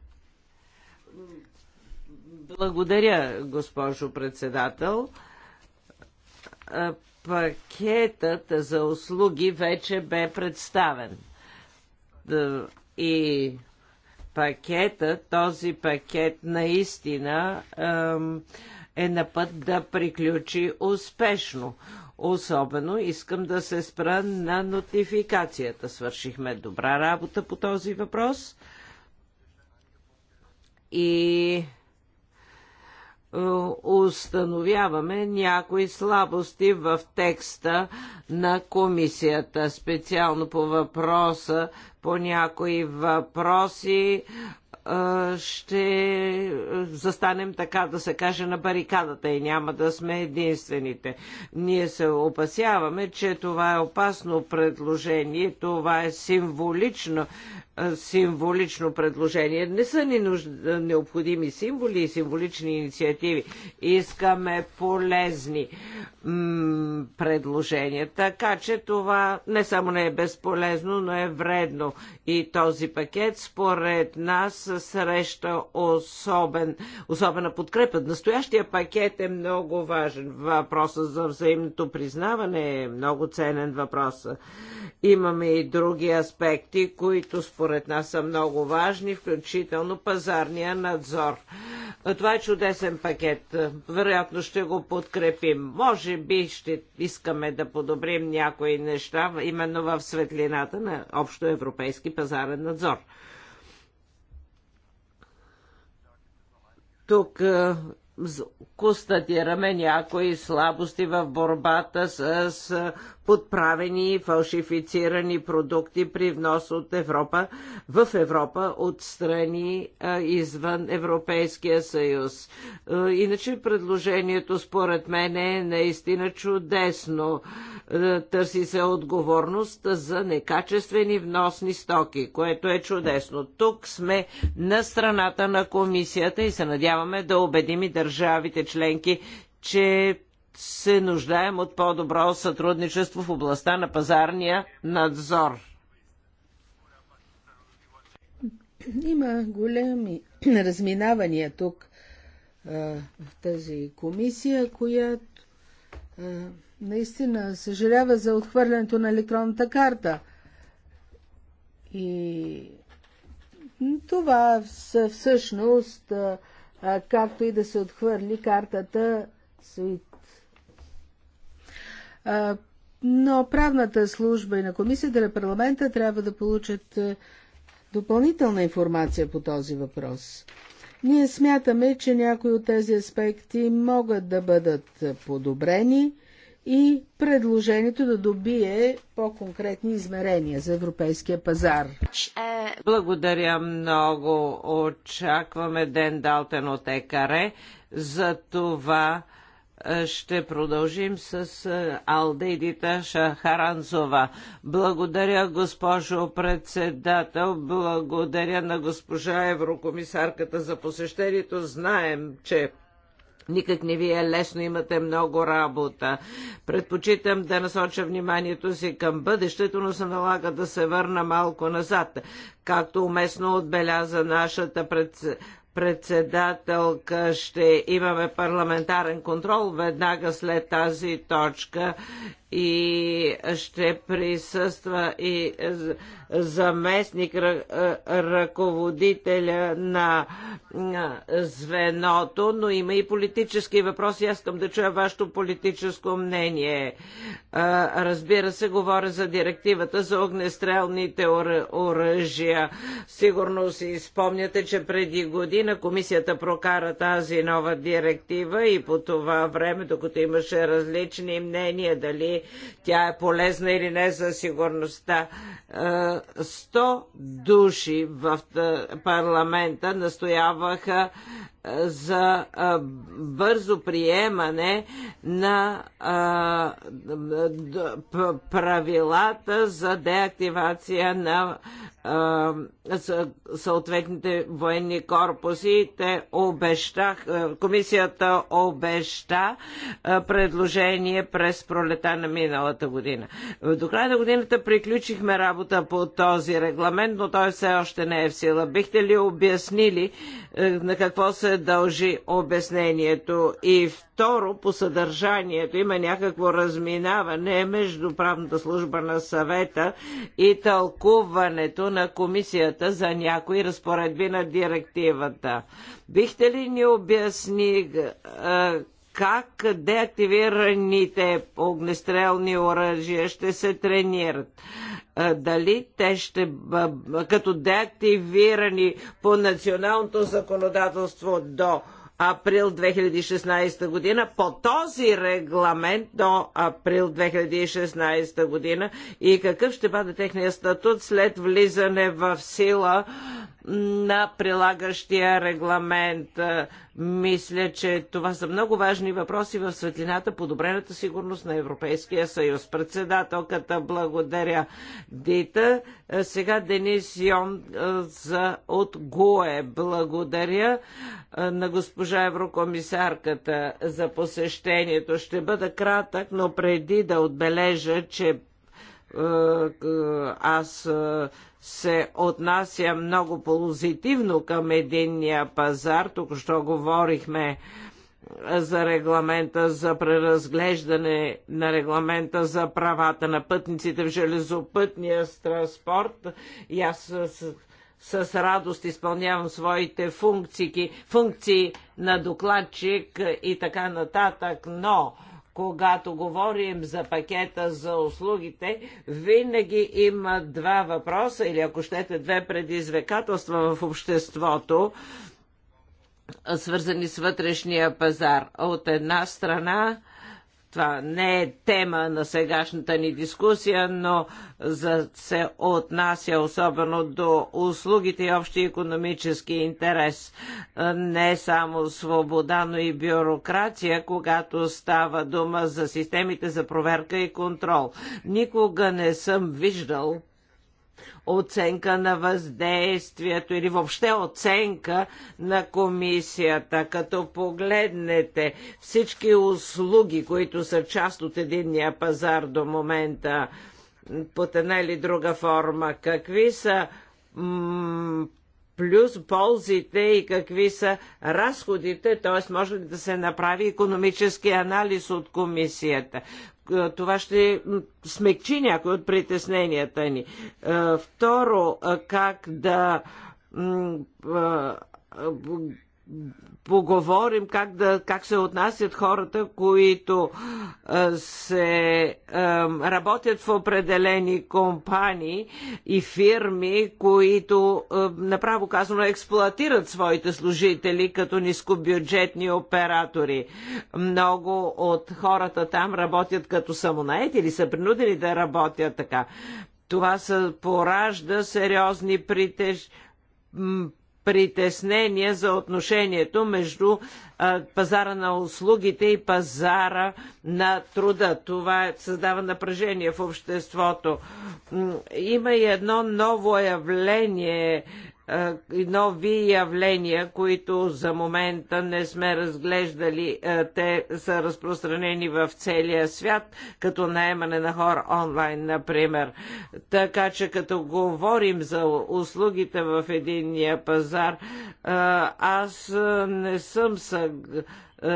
Speaker 1: Благодаря, госпожо председател. Пакетът за услуги вече бе представен. И пакета, този пакет наистина е на път да приключи успешно. Особено искам да се спра на нотификацията. Свършихме добра работа по този въпрос и е, установяваме някои слабости в текста на комисията, специално по въпроса, по някои въпроси, ще застанем така да се каже на барикадата и няма да сме единствените. Ние се опасяваме, че това е опасно предложение, това е символично символично предложение. Не са ни нужд... необходими символи и символични инициативи. Искаме полезни м- предложения. Така че това не само не е безполезно, но е вредно. И този пакет според нас среща особен, особена подкрепа. Настоящия пакет е много важен. Въпросът за взаимното признаване е много ценен въпрос. Имаме и други аспекти, които според според нас са много важни, включително пазарния надзор. Това е чудесен пакет. Вероятно ще го подкрепим. Може би ще искаме да подобрим някои неща, именно в светлината на общо европейски пазарен надзор. Тук е, констатираме някои слабости в борбата с подправени и фалшифицирани продукти при внос от Европа в Европа от страни а, извън Европейския съюз. А, иначе предложението според мен е наистина чудесно. А, търси се отговорност за некачествени вносни стоки, което е чудесно. Тук сме на страната на комисията и се надяваме да убедим и държавите членки, че се нуждаем от по-добро сътрудничество в областта на пазарния надзор.
Speaker 3: Има големи *clears throat* разминавания тук в тази комисия, която наистина съжалява за отхвърлянето на електронната карта. И това всъщност, както и да се отхвърли картата но правната служба и на комисията на парламента трябва да получат е, допълнителна информация по този въпрос. Ние смятаме, че някои от тези аспекти могат да бъдат подобрени и предложението да добие по-конкретни измерения за европейския пазар.
Speaker 1: Благодаря много. Очакваме Ден Далтен от ЕКАРЕ за това е, ще продължим с е, Алдейдита Шахаранзова. Благодаря, госпожо председател. Благодаря на госпожа еврокомисарката за посещението. Знаем, че Никак не ви е лесно, имате много работа. Предпочитам да насоча вниманието си към бъдещето, но се налага да се върна малко назад. Както уместно отбеляза нашата пред председателка ще имаме парламентарен контрол веднага след тази точка и ще присъства и заместник ръководителя на звеното, но има и политически въпроси. Аз искам да чуя вашето политическо мнение. Разбира се, говоря за директивата за огнестрелните оръжия. Сигурно си спомняте, че преди година комисията прокара тази нова директива и по това време, докато имаше различни мнения дали тя е полезна или не за сигурността. 100 е, души в е, парламента настояваха за бързо приемане на правилата за деактивация на съответните военни корпуси. Те обещах, комисията обеща предложение през пролета на миналата година. До края на годината приключихме работа по този регламент, но той все още не е в сила. Бихте ли обяснили на какво се се дължи обяснението? И второ, по съдържанието има някакво разминаване между правната служба на съвета и тълкуването на комисията за някои разпоредби на директивата. Бихте ли ни обясни как деактивираните огнестрелни оръжия ще се тренират? дали те ще като деактивирани по националното законодателство до април 2016 година, по този регламент до април 2016 година и какъв ще бъде техния статут след влизане в сила на прилагащия регламент. Е, мисля, че това са много важни въпроси в светлината подобрената сигурност на Европейския съюз. Председателката благодаря Дита. Е, сега Денис Йон е, за от ГОЕ. Благодаря на госпожа Еврокомисарката за посещението. Ще бъда кратък, но преди да отбележа, че аз се отнася много позитивно към единния пазар. Тук що говорихме за регламента за преразглеждане на регламента за правата на пътниците в железопътния транспорт. И аз с, с радост изпълнявам своите функции, функции на докладчик и така нататък, но когато говорим за пакета за услугите, винаги има два въпроса или ако щете две предизвикателства в обществото, свързани с вътрешния пазар. От една страна това не е тема на сегашната ни дискусия, но за се отнася особено до услугите и общи економически интерес. Е, не само свобода, но и бюрокрация, когато става дума за системите за проверка и контрол. Никога не съм виждал оценка на въздействието или въобще оценка на комисията. Като погледнете всички услуги, които са част от единния пазар до момента, под една или друга форма, какви са плюс ползите и какви са разходите, т.е. може ли да се направи економически анализ от комисията. Е, това ще смекчи някои от притесненията ни. Е, второ, е, как да поговорим как, да, как се отнасят хората, които а, се а, работят в определени компании и фирми, които а, направо казано експлуатират своите служители като нискобюджетни оператори. Много от хората там работят като самонаети или са принудени да работят така. Това се поражда сериозни притеж притеснения за отношението между пазара на услугите и пазара на труда. Това е, създава напрежение в обществото. Има и едно ново явление е, нови явления, които за момента не сме разглеждали. Е, те са разпространени в целия свят, като наемане на хора онлайн, например. Така че като говорим за услугите в единния пазар, е, аз не съм съгласен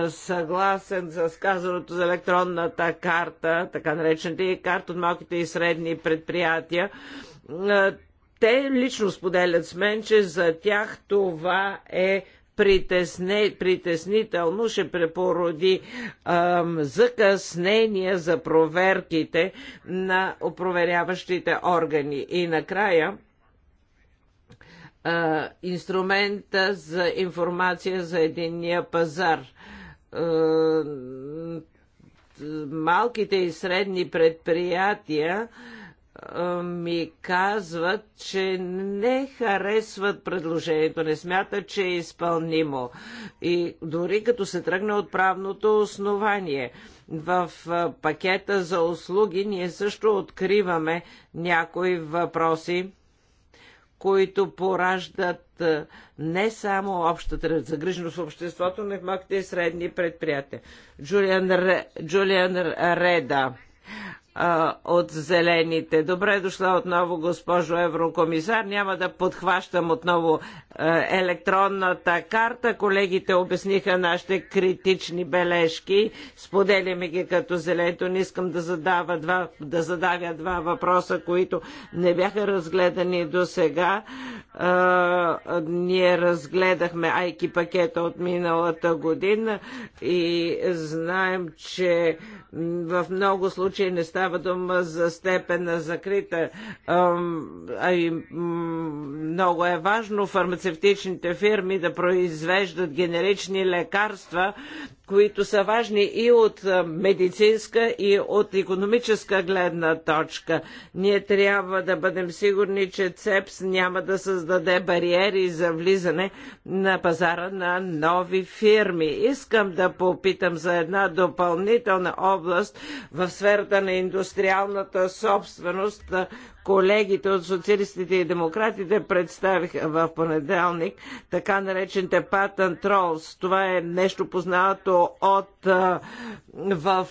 Speaker 1: съгласен с казаното за електронната карта, така наречената и карта от малките и средни предприятия те лично споделят с мен, че за тях това е притесне, притеснително, ще препороди ам, закъснения за проверките на проверяващите органи. И накрая а, инструмента за информация за единния пазар. А, малките и средни предприятия а, ми казват, че не харесват предложението, не смятат, че е изпълнимо. И дори като се тръгне от правното основание. В пакета за услуги ние също откриваме някои въпроси, които пораждат не само общата загриженост в обществото, но и в малките и средни предприятия. Джулиан, Ре, Джулиан Реда а, от зелените. Добре дошла отново, госпожо еврокомисар. Няма да подхващам отново а, е, електронната карта. Колегите обясниха нашите критични бележки. Споделяме ги като зелето. Не искам да, задава два, да задавя два въпроса, които не бяха разгледани до сега. Е, ние разгледахме айки пакета от миналата година и знаем, че в много случаи не става става дума за степен на закрита. А и много е важно фармацевтичните фирми да произвеждат генерични лекарства които са важни и от медицинска, и от економическа гледна точка. Ние трябва да бъдем сигурни, че ЦЕПС няма да създаде бариери за влизане на пазара на нови фирми. Искам да попитам за една допълнителна област в сферата на индустриалната собственост, Колегите от социалистите и демократите представиха в понеделник така наречените patent trolls. Това е нещо познато от а, в,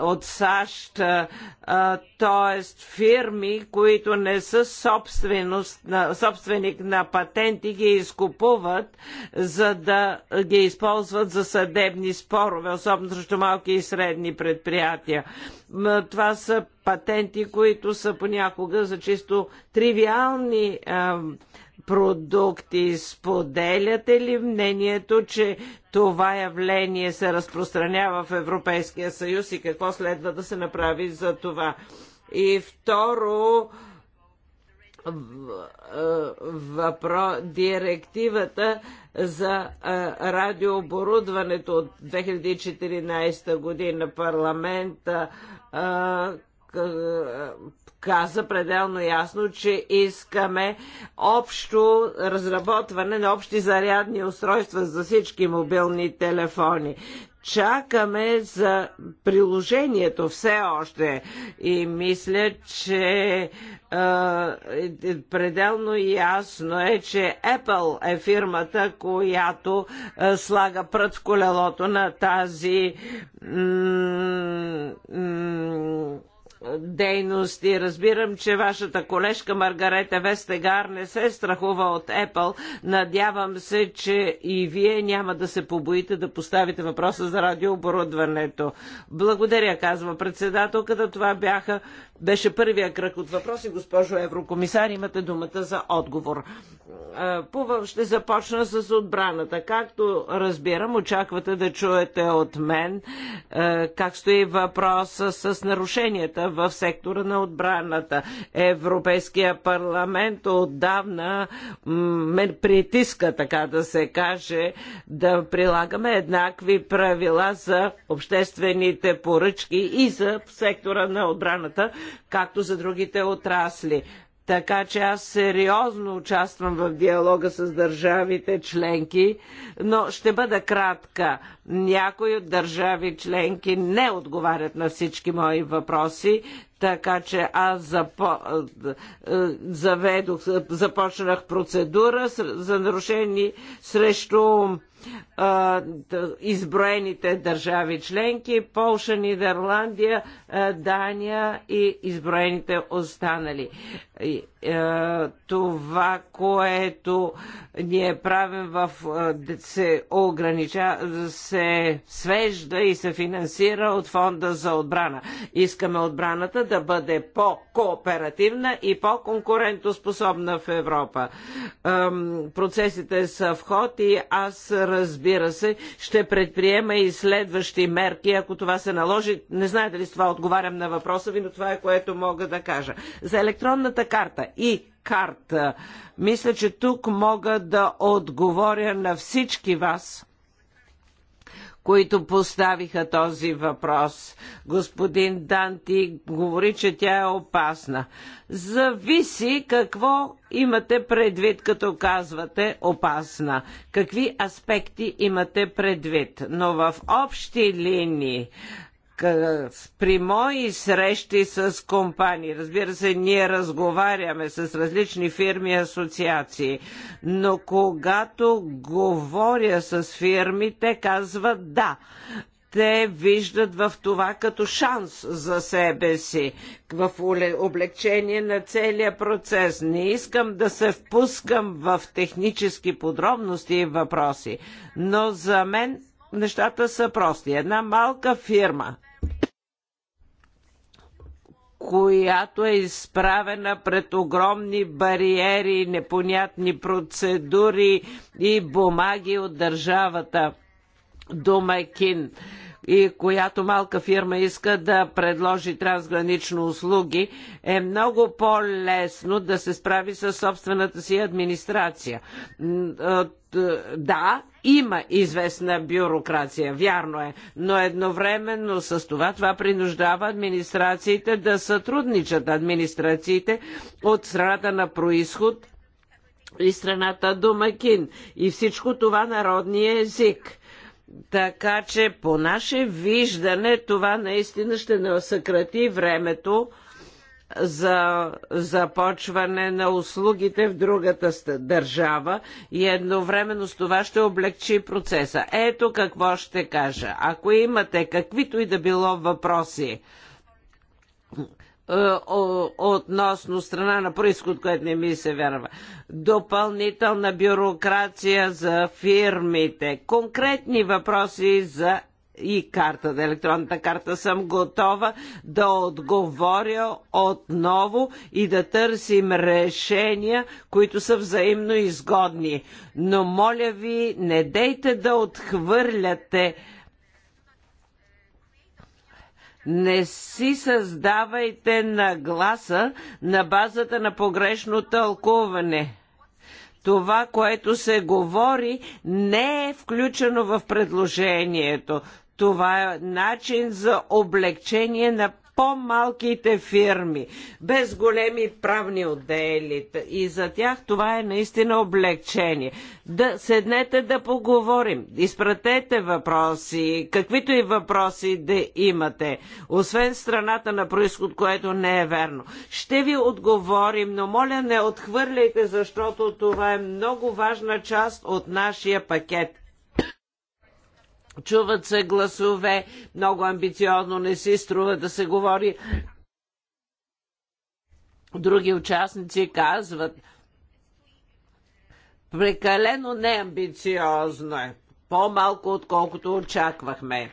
Speaker 1: от САЩ, т.е. фирми, които не са на, собственик на патенти, ги изкупуват, за да ги използват за съдебни спорове, особено срещу малки и средни предприятия. Това са патенти, които са понякога за чисто тривиални а, продукти. Споделяте ли мнението, че това явление се разпространява в Европейския съюз и какво следва да се направи за това? И второ, въпро директивата за радиооборудването от 2014 година парламента е, каза пределно ясно, че искаме общо разработване на общи зарядни устройства за всички мобилни телефони чакаме за приложението все още и мисля, че е, пределно ясно е, че Apple е фирмата, която е, слага пръд в колелото на тази дейности. Разбирам, че вашата колежка Маргарета Вестегар не се страхува от Apple. Надявам се, че и вие няма да се побоите да поставите въпроса за радиооборудването. Благодаря, казва председателката. Това бяха, беше първия кръг от въпроси. Госпожо Еврокомисар, имате думата за отговор. ще започна с отбраната. Както разбирам, очаквате да чуете от мен как стои въпроса с нарушенията в сектора на отбраната. Европейския парламент отдавна ме притиска, така да се каже, да прилагаме еднакви правила за обществените поръчки и за сектора на отбраната, както за другите отрасли. Така че аз сериозно участвам в диалога с държавите членки, но ще бъда кратка. Някои от държави членки не отговарят на всички мои въпроси, така че аз запо... заведох, започнах процедура за нарушени срещу изброените държави членки, Полша, Нидерландия, Дания и изброените останали. Това, което ние правим в се огранича, се свежда и се финансира от фонда за отбрана. Искаме отбраната да бъде по-кооперативна и по-конкурентоспособна в Европа. Процесите са в ход и аз разбира се, ще предприема и следващи мерки, ако това се наложи. Не знаете дали с това отговарям на въпроса ви, но това е което мога да кажа. За електронната карта и карта. Мисля, че тук мога да отговоря на всички вас които поставиха този въпрос. Господин Данти говори, че тя е опасна. Зависи какво имате предвид, като казвате опасна. Какви аспекти имате предвид? Но в общи линии при мои срещи с компании, разбира се, ние разговаряме с различни фирми и асоциации, но когато говоря с фирми, те казват да. Те виждат в това като шанс за себе си, в облегчение на целия процес. Не искам да се впускам в технически подробности и въпроси, но за мен нещата са прости. Една малка фирма, която е изправена пред огромни бариери, непонятни процедури и бумаги от държавата. Домакин и която малка фирма иска да предложи трансгранично услуги, е много по-лесно да се справи с собствената си администрация. Да, има известна бюрокрация, вярно е, но едновременно с това това принуждава администрациите да сътрудничат администрациите от страната на происход и страната домакин. И всичко това народния език така че по наше виждане това наистина ще не съкрати времето за започване на услугите в другата държава и едновременно с това ще облегчи процеса. Ето какво ще кажа. Ако имате каквито и да било въпроси, е, относно страна на происход, което не ми се вярва. Допълнителна бюрокрация за фирмите. Конкретни въпроси за и картата, електронната карта съм готова да отговоря отново и да търсим решения, които са взаимно изгодни. Но моля ви, не дейте да отхвърляте не си създавайте нагласа на базата на погрешно тълкуване. Това, което се говори, не е включено в предложението. Това е начин за облегчение на по-малките фирми, без големи правни отдели. И за тях това е наистина облегчение. Да седнете да поговорим. Изпратете въпроси, каквито и въпроси да имате. Освен страната на происход, което не е верно. Ще ви отговорим, но моля не отхвърляйте, защото това е много важна част от нашия пакет Чуват се гласове, много амбициозно не си струва да се говори. Други участници казват, прекалено неамбициозно е, по-малко отколкото очаквахме.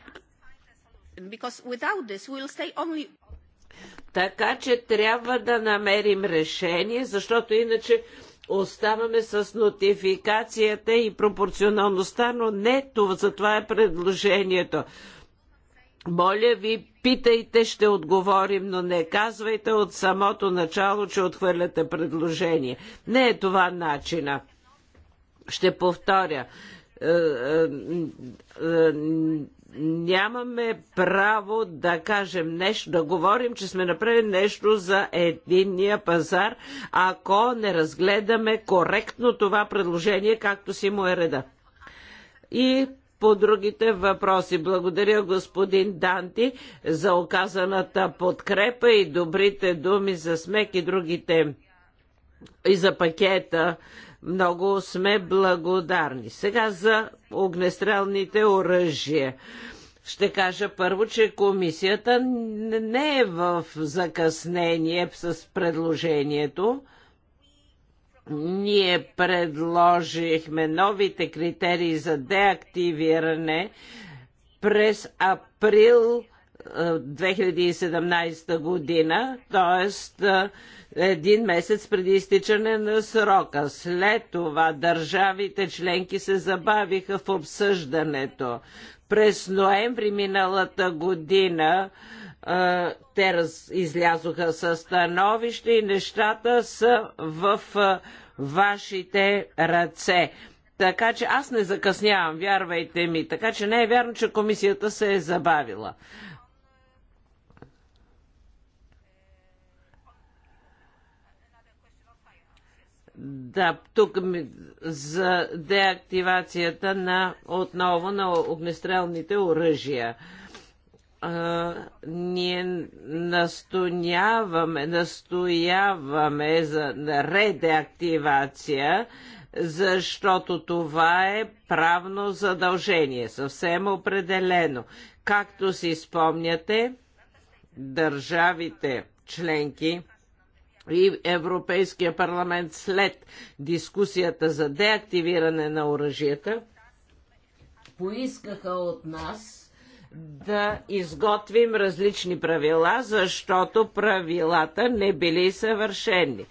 Speaker 1: Така че трябва да намерим решение, защото иначе оставаме с нотификацията и пропорционалността, но не това, за това е предложението. Моля ви, питайте, ще отговорим, но не казвайте от самото начало, че отхвърляте предложение. Не е това начина. Ще повторя е, е, е, нямаме право да кажем нещо, да говорим, че сме направили нещо за единния пазар, ако не разгледаме коректно това предложение, както си му е реда. И по другите въпроси. Благодаря господин Данти за оказаната подкрепа и добрите думи за смек и другите и за пакета много сме благодарни. Сега за огнестрелните оръжия. Ще кажа първо, че комисията не е в закъснение с предложението. Ние предложихме новите критерии за деактивиране през април 2017 е, година, т.е един месец преди изтичане на срока. След това държавите членки се забавиха в обсъждането. През ноември миналата година те раз, излязоха със становище и нещата са в вашите ръце. Така че аз не закъснявам, вярвайте ми. Така че не е вярно, че комисията се е забавила. да, тук ми, за деактивацията на отново на огнестрелните оръжия. А, ние настояваме, настояваме за редеактивация, защото това е правно задължение, съвсем определено. Както си спомняте, държавите членки и Европейския парламент след дискусията за деактивиране на оръжията поискаха от нас да изготвим различни правила, защото правилата не били съвършени.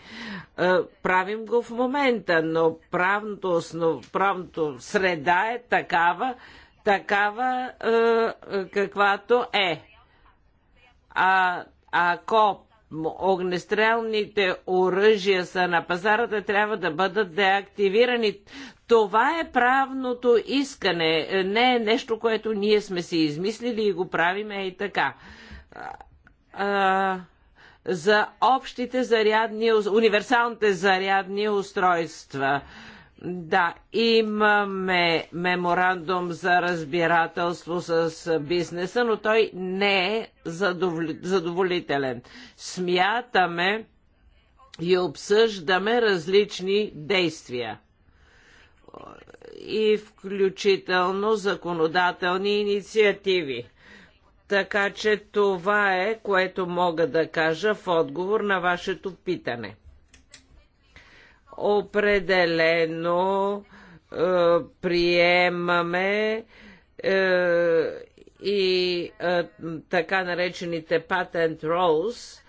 Speaker 1: Е, правим го в момента, но правното, основ... правното среда е такава, такава е, е, каквато е. А ако огнестрелните оръжия са на пазарата, трябва да бъдат деактивирани. Това е правното искане. Не е нещо, което ние сме си измислили и го правиме и така. А, за общите зарядни, универсалните зарядни устройства. Да, имаме меморандум за разбирателство с бизнеса, но той не е задоволителен. Смятаме и обсъждаме различни действия и включително законодателни инициативи. Така че това е, което мога да кажа в отговор на вашето питане. Определено е, приемаме е, и е, така наречените patent rolls,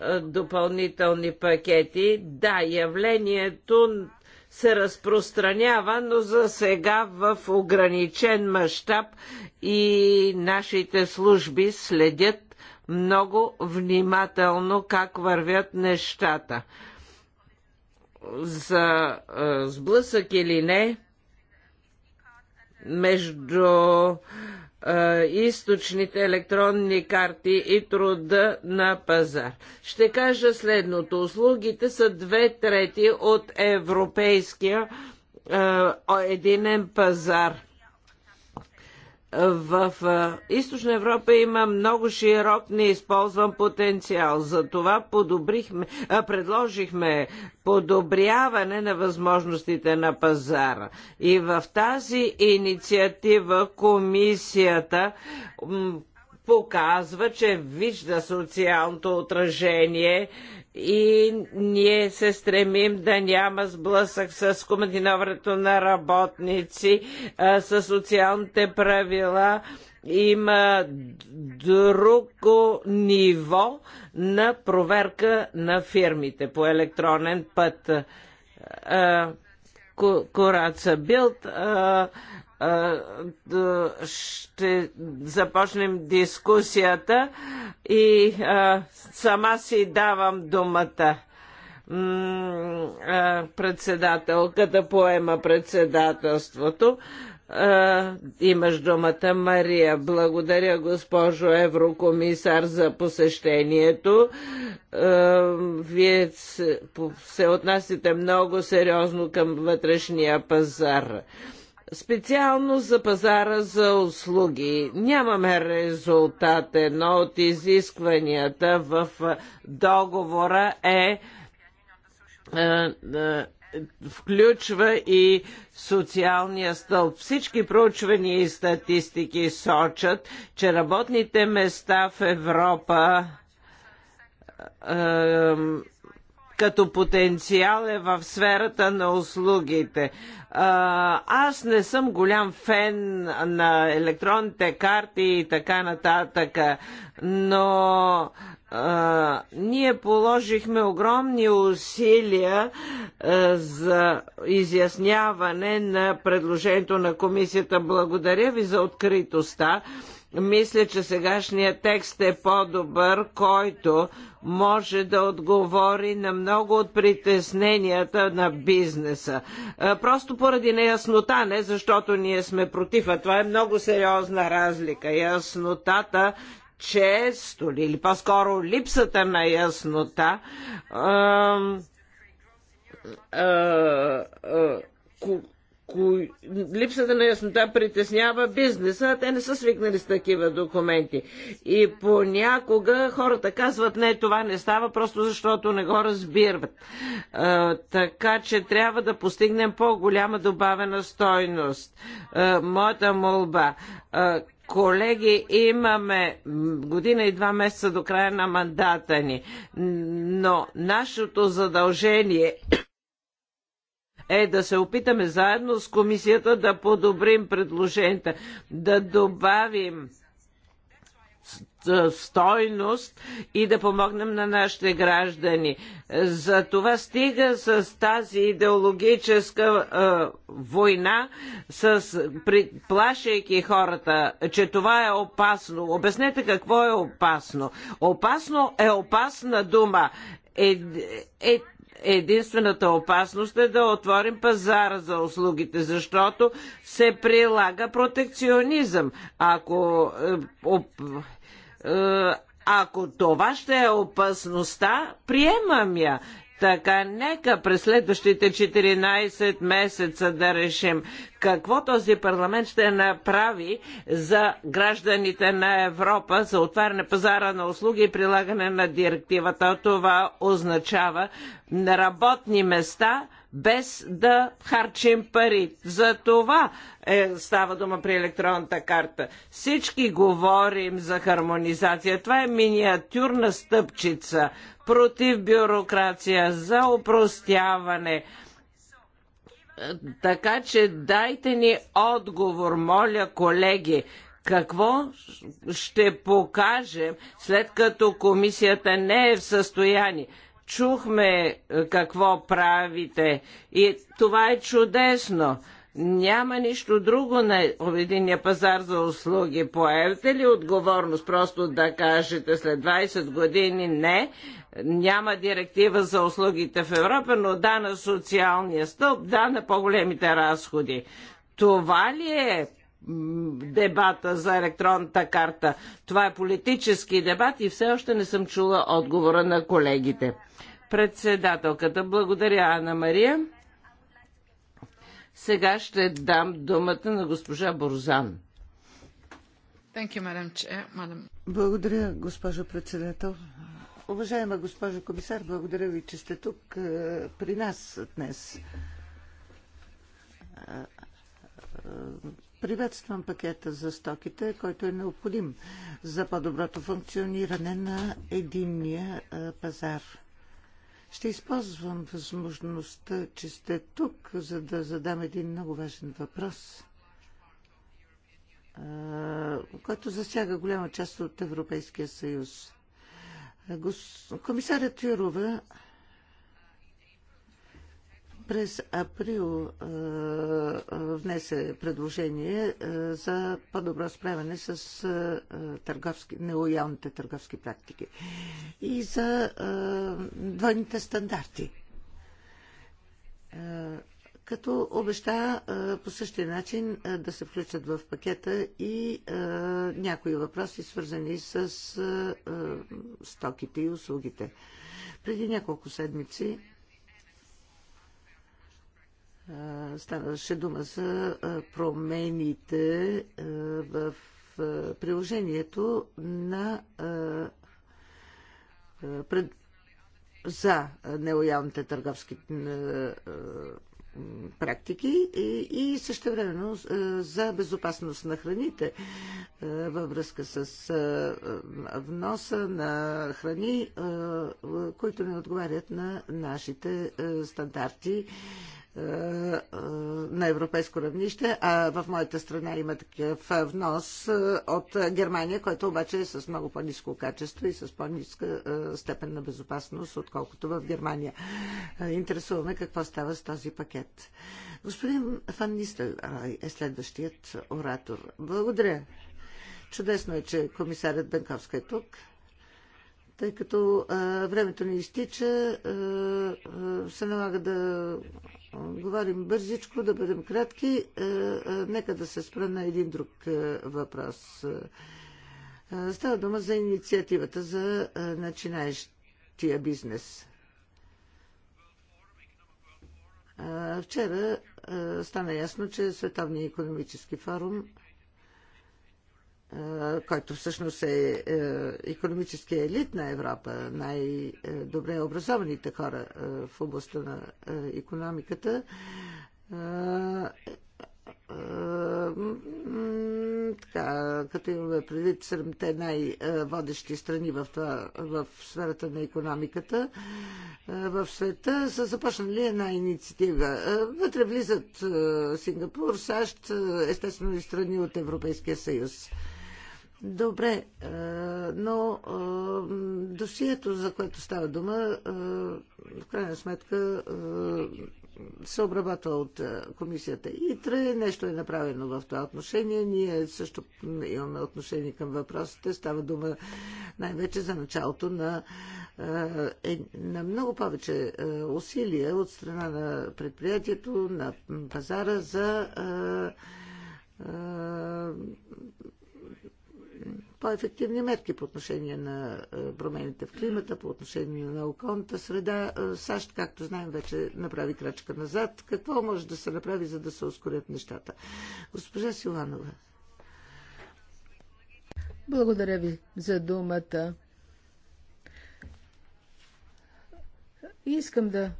Speaker 1: е, допълнителни пакети. Да, явлението се разпространява, но за сега в ограничен мащаб и нашите служби следят много внимателно как вървят нещата за сблъсък или не между източните електронни карти и труда на пазар. Ще кажа следното. Услугите са две трети от европейския а, единен пазар в Източна Европа има много широк неизползван потенциал. Затова подобрихме, предложихме подобряване на възможностите на пазара. И в тази инициатива комисията показва, че вижда социалното отражение и ние се стремим да няма сблъсък с командироването на работници, с социалните правила. Има друго ниво на проверка на фирмите по електронен път. Кораца Билд ще започнем дискусията и сама си давам думата. Председателката поема председателството. Имаш думата, Мария. Благодаря, госпожо Еврокомисар, за посещението. Вие се отнасяте много сериозно към вътрешния пазар. Специално за пазара за услуги нямаме резултат. Едно от изискванията в договора е включва и социалния стълб. Всички проучвания и статистики сочат, че работните места в Европа е, като потенциал е в сферата на услугите. Аз не съм голям фен на електронните карти и така нататък, но а, ние положихме огромни усилия а, за изясняване на предложението на комисията. Благодаря ви за откритостта. Мисля, че сегашният текст е по-добър, който може да отговори на много от притесненията на бизнеса. Е, просто поради неяснота, не защото ние сме против, а това е много сериозна разлика. Яснотата често или по-скоро липсата на яснота а, а, а, кои... липсата на яснота притеснява бизнеса, а те не са свикнали с такива документи. И понякога хората казват, не, това не става, просто защото не го разбират. А, така че трябва да постигнем по-голяма добавена стойност. А, моята молба. А, Колеги, имаме година и два месеца до края на мандата ни, но нашето задължение е да се опитаме заедно с комисията да подобрим предложенията, да добавим стойност и да помогнем на нашите граждани. За това стига с тази идеологическа е, война, с, при, плашайки хората, че това е опасно. Обяснете какво е опасно. Опасно е опасна дума. Е, е, единствената опасност е да отворим пазара за услугите, защото се прилага протекционизъм. Ако е, е, ако това ще е опасността, приемам я. Така нека през следващите 14 месеца да решим какво този парламент ще направи за гражданите на Европа за отваряне пазара на услуги и прилагане на директивата. Това означава работни места без да харчим пари. За това е, става дума при електронната карта. Всички говорим за хармонизация. Това е миниатюрна стъпчица против бюрокрация, за упростяване. Така че дайте ни отговор, моля колеги, какво ще покажем след като комисията не е в състояние чухме какво правите и това е чудесно. Няма нищо друго на обединия пазар за услуги. Поевте ли отговорност просто да кажете след 20 години не, няма директива за услугите в Европа, но да на социалния стълб, да на по-големите разходи. Това ли е дебата за електронната карта? Това е политически дебат и все още не съм чула отговора на колегите. Председателката, благодаря Анна Мария. Сега ще дам думата на госпожа Борзан. You, madam madam.
Speaker 2: Благодаря, госпожо председател. Уважаема госпожо комисар, благодаря ви, че сте тук е, при нас днес. Е, е, приветствам пакета за стоките, който е необходим за по-доброто функциониране на единния пазар. Ще използвам възможността, че сте тук, за да задам един много важен въпрос, който засяга голяма част от Европейския съюз. Комисарят Юрова през април е, внесе предложение за по-добро справяне с търговски, нелоялните търговски практики и за двойните стандарти. като обеща по същия начин да се включат в пакета и някои въпроси, свързани с стоките и услугите. Преди няколко седмици Ставаше дума за промените в приложението на пред, за нелоялните търговски практики и също времено за безопасност на храните във връзка с вноса на храни, които не отговарят на нашите стандарти е, е, на европейско равнище, а в моята страна има такъв внос е, от Германия, който обаче е с много по-низко качество и с по-низка степен на безопасност, отколкото в Германия. Интересуваме какво става с този пакет. Господин Фан Нистел е следващият оратор. Благодаря. Чудесно е, че комисарят Бенковска е тук тъй като а, времето ни изтича, а, а, се налага да говорим бързичко, да бъдем кратки. Е, е, нека да се спра на един друг е, въпрос. Става дума за инициативата за начинаещия бизнес. Вчера стана ясно, че Световния економически форум който всъщност е економическия елит на Европа, най-добре образованите хора в областта на економиката, така, като имаме предвид седемте най-водещи страни в, това, в сферата на економиката в света, са започнали една инициатива. Вътре влизат Сингапур, САЩ, естествено и страни от Европейския съюз. Добре, е, но е, досието, за което става дума, е, в крайна сметка се обработва от комисията ИТРА, Нещо е направено в това отношение. Ние също имаме отношение към въпросите. Става дума най-вече за началото на, на много повече усилия от страна на предприятието, на пазара за по-ефективни мерки по отношение на е, промените в климата, по отношение на околната среда. Е, САЩ, както знаем, вече направи крачка назад. Какво може да се направи, за да се ускорят нещата? Госпожа Силанова.
Speaker 3: Благодаря ви за думата. Искам да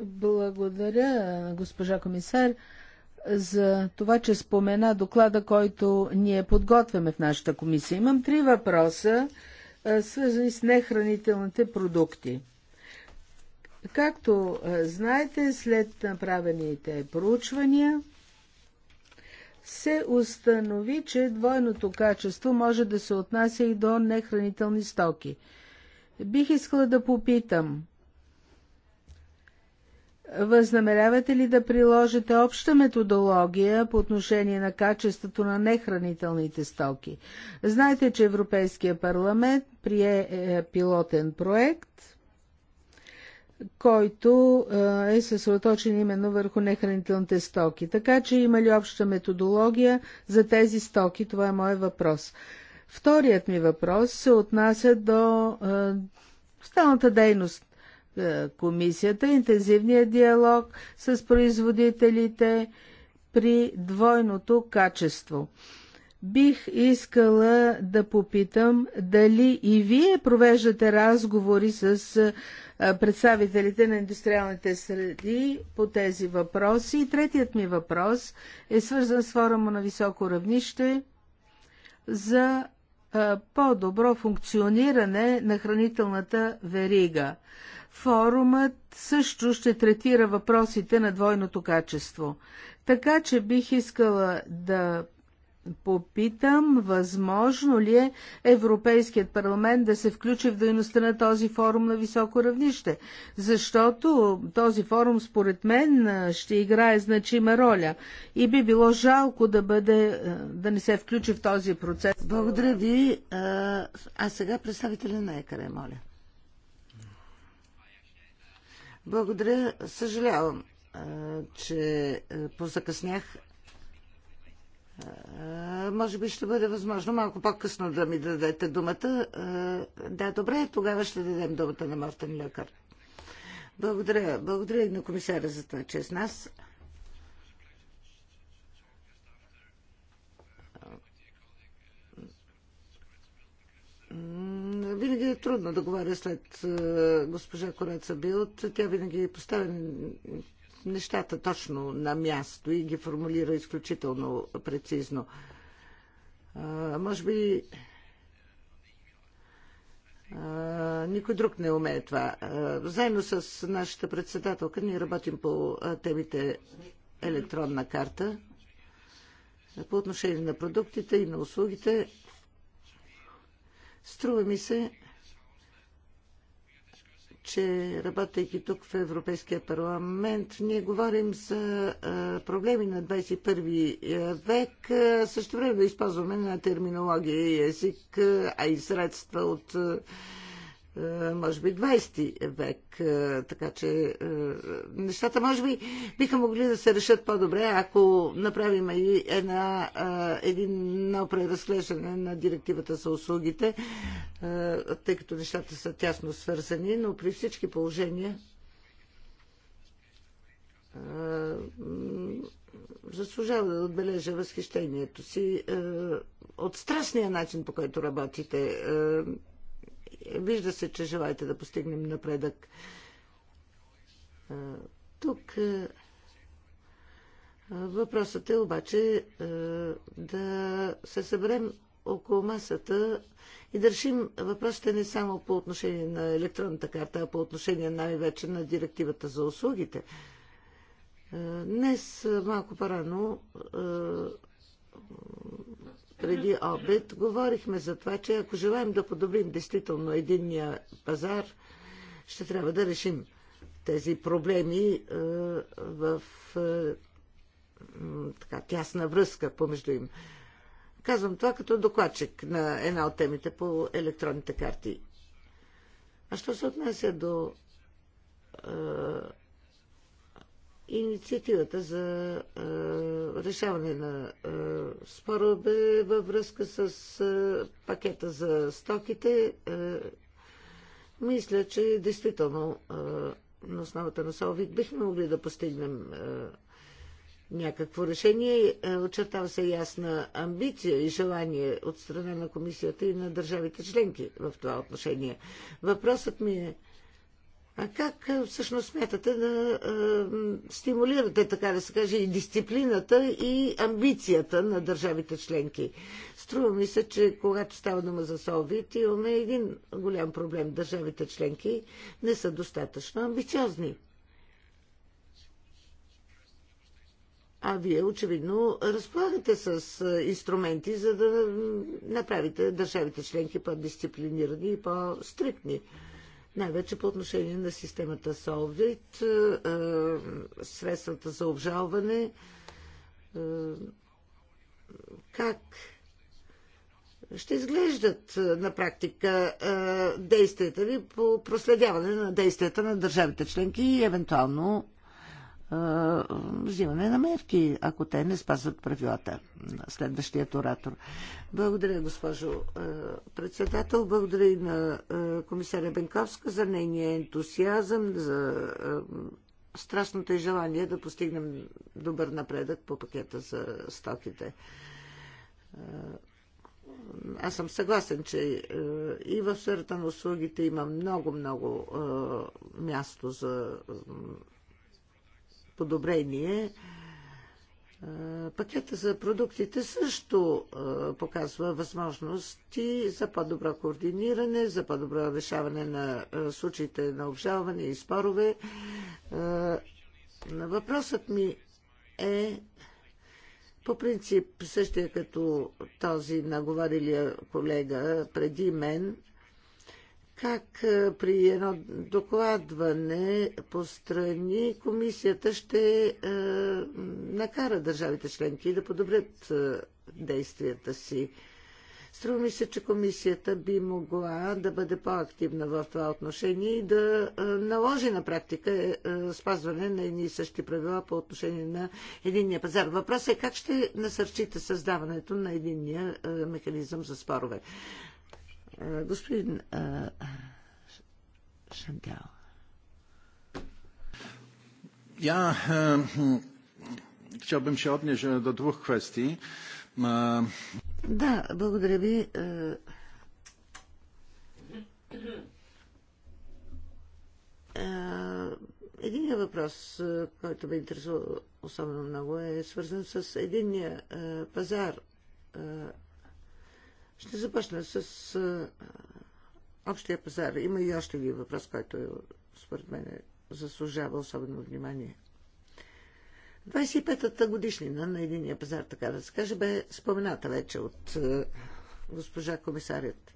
Speaker 3: благодаря, госпожа комисар, за това, че спомена доклада, който ние подготвяме в нашата комисия. Имам три въпроса, свързани с нехранителните продукти. Както знаете, след направените проучвания се установи, че двойното качество може да се отнася и до нехранителни стоки. Бих искала да попитам, Възнамерявате ли да приложите обща методология по отношение на качеството на нехранителните стоки? Знаете, че Европейския парламент прие е, пилотен проект, който е, е съсредоточен именно върху нехранителните стоки. Така че има ли обща методология за тези стоки? Това е моят въпрос. Вторият ми въпрос се отнася до е, сталната дейност е, комисията, интензивния диалог с производителите при двойното качество. Бих искала да попитам дали и вие провеждате разговори с е, представителите на индустриалните среди по тези въпроси. И третият ми въпрос е свързан с форума на високо равнище за е, по-добро функциониране на хранителната верига. Форумът също ще третира въпросите на двойното качество. Така че бих искала да попитам, възможно ли е Европейският парламент да се включи в дейността на този форум на високо равнище, защото този форум според мен ще играе значима роля и би било жалко да, бъде, да не се включи в този процес. Благодаря ви. А сега представителя на ЕКАРЕ, моля.
Speaker 2: Благодаря. Съжалявам, че позакъснях. Може би ще бъде възможно малко по-късно да ми дадете думата. Да, добре, тогава ще дадем думата на Мартин Лекар. Благодаря. Благодаря и на комисаря за това, че е с нас. Винаги е трудно да говоря след е, госпожа Кореца Билт. Тя винаги поставя нещата точно на място и ги формулира изключително прецизно. Е, може би е, никой друг не умее това. Заедно с нашата председателка ние работим по темите електронна карта по отношение на продуктите и на услугите. Струва ми се, че работейки тук в Европейския парламент, ние говорим за проблеми на 21 век. Също време да използваме на терминология и език, а и средства от е, може би 20 век. Е, така че е, нещата може би биха могли да се решат по-добре, ако направим и една, нов преразглеждане на директивата за услугите, тъй като нещата са тясно свързани, но при всички положения заслужава да отбележа възхищението си от страшния начин, по който работите. Вижда се, че желаете да постигнем напредък. Тук въпросът е обаче да се съберем около масата и да решим въпросите не само по отношение на електронната карта, а по отношение най-вече на директивата за услугите. Днес, малко по-рано, преди обед говорихме за това, че ако желаем да подобрим действително единния пазар, ще трябва да решим тези проблеми е, в е, така, тясна връзка помежду им. Казвам това като докладчик на една от темите по електронните карти. А що се отнася до е, Инициативата за а, решаване на а, спора бе във връзка с а, пакета за стоките. А, мисля, че действително а, на основата на Солвик бихме могли да постигнем а, някакво решение. Е, очертава се ясна амбиция и желание от страна на комисията и на държавите членки в това отношение. Въпросът ми е а как е, всъщност смятате да е, стимулирате, така да се каже, и дисциплината и амбицията на държавите членки? Струва ми се, че когато става дума за Солвит, имаме един голям проблем. Държавите членки не са достатъчно амбициозни. А вие очевидно разполагате с е, инструменти, за да направите държавите членки по-дисциплинирани и по-стриктни най-вече по отношение на системата Solvit, е, е, средствата за обжалване, е, как ще изглеждат на практика действията ви по проследяване на действията на държавите членки и евентуално взимане на мерки, ако те не спазват правилата. на Следващият оратор. Благодаря, госпожо председател. Благодаря и на комисаря Бенковска за нейния ентусиазъм, за страстното и желание да постигнем добър напредък по пакета за стоките. Аз съм съгласен, че и в сферата на услугите има много-много място за подобрение. Пакета за продуктите също показва възможности за по-добро координиране, за по-добро решаване на случаите на обжалване и спорове. Въпросът ми е по принцип същия като този наговорилия колега преди мен как е, при едно докладване по страни комисията ще е, накара държавите членки да подобрят е, действията си. Струва ми се, че комисията би могла да бъде по-активна в това отношение и да е, наложи на практика е, е, спазване на едни и същи правила по отношение на единния пазар. Въпросът е как ще насърчите създаването на единния е, механизъм за спорове. Господин Шантял.
Speaker 3: Ja chciałbym się odnieść do dwóch kwestii. Да,
Speaker 2: благодаря ви. Единият въпрос, който ме интересува особено много, е свързан с единния пазар ще започна с а, общия пазар. Има и още един въпрос, който според мен заслужава особено внимание. 25-та годишнина на единия пазар, така да се каже, бе спомената вече от а, госпожа комисарят.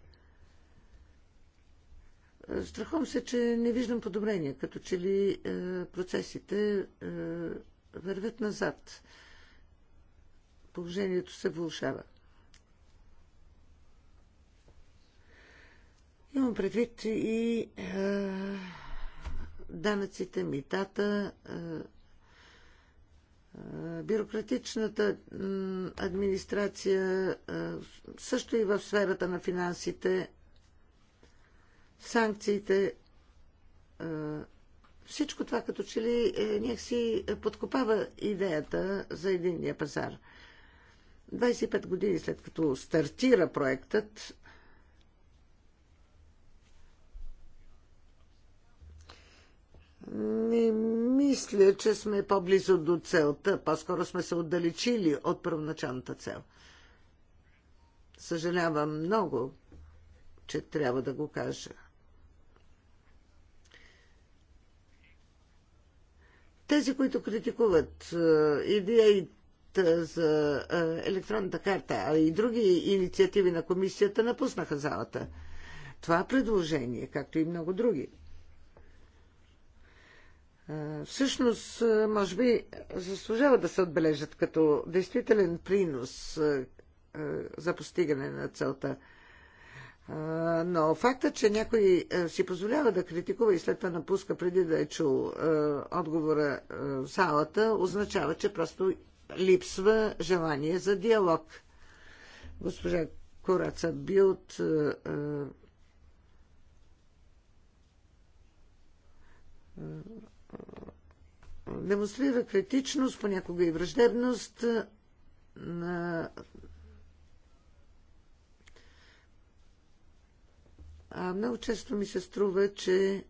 Speaker 2: Страхом се, че не виждам подобрение, като че ли е, процесите е, вървят назад. Положението се влушава. Имам предвид и е, данъците, митата, е, е, бюрократичната администрация, е, също и в сферата на финансите, санкциите. Е, всичко това като че ли е, някакси подкопава идеята за единния пазар. 25 години след като стартира проектът, Не мисля, че сме по-близо до целта. По-скоро сме се отдалечили от първоначалната цел. Съжалявам много, че трябва да го кажа. Тези, които критикуват е, идеите за е, електронната карта, а и други инициативи на комисията, напуснаха залата. Това предложение, както и много други, всъщност, може би, заслужава да се отбележат като действителен принос за постигане на целта. Но факта, че някой си позволява да критикува и след това напуска преди да е чул отговора в залата, означава, че просто липсва желание за диалог. Госпожа Кораца Билт демонстрира критичност, понякога и враждебност е, на А много често ми се струва, че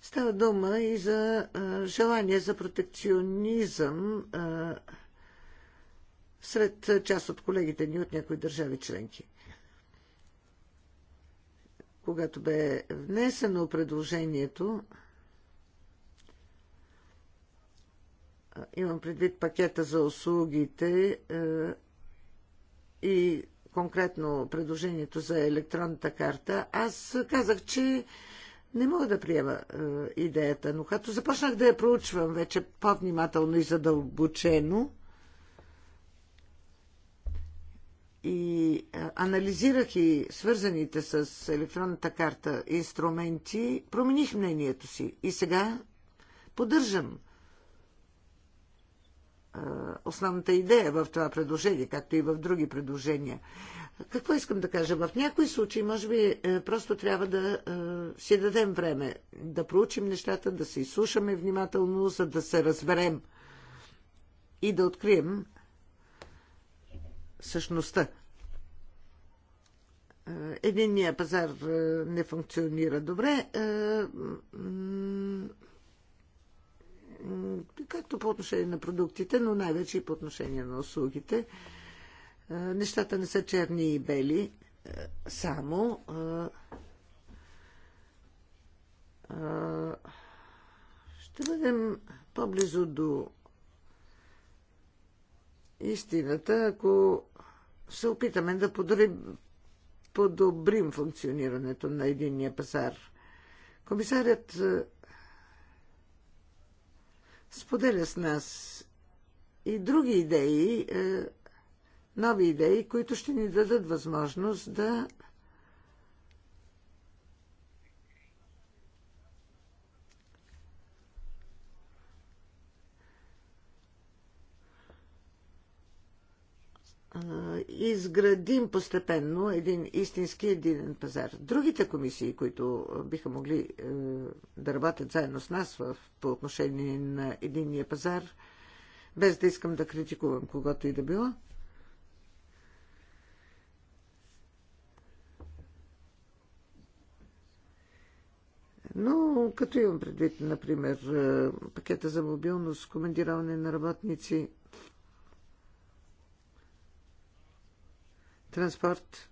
Speaker 2: става дума и за а, желание за протекционизъм а, сред част от колегите ни от някои държави членки. Когато бе внесено предложението, Имам предвид пакета за услугите е, и конкретно предложението за електронната карта. Аз казах, че не мога да приема е, идеята, но като започнах да я проучвам вече по-внимателно и задълбочено и е, анализирах и свързаните с електронната карта инструменти, промених мнението си и сега поддържам основната идея в това предложение, както и в други предложения. Какво искам да кажа? В някои случаи, може би, е, просто трябва да е, си дадем време, да проучим нещата, да се изслушаме внимателно, за да се разберем и да открием същността. Е, Единният пазар не функционира добре както по отношение на продуктите, но най-вече и по отношение на услугите. Е, нещата не са черни и бели, е, само е, ще бъдем по-близо до истината, ако се опитаме да подобрим, подобрим функционирането на единния пазар. Комисарят споделя с нас и други идеи, е, нови идеи, които ще ни дадат възможност да изградим постепенно един истински единен пазар. Другите комисии, които биха могли е, да работят заедно с нас в, по отношение на единния пазар, без да искам да критикувам когато и да било, Но като имам предвид, например, е, пакета за мобилност, командироване на работници, транспорт.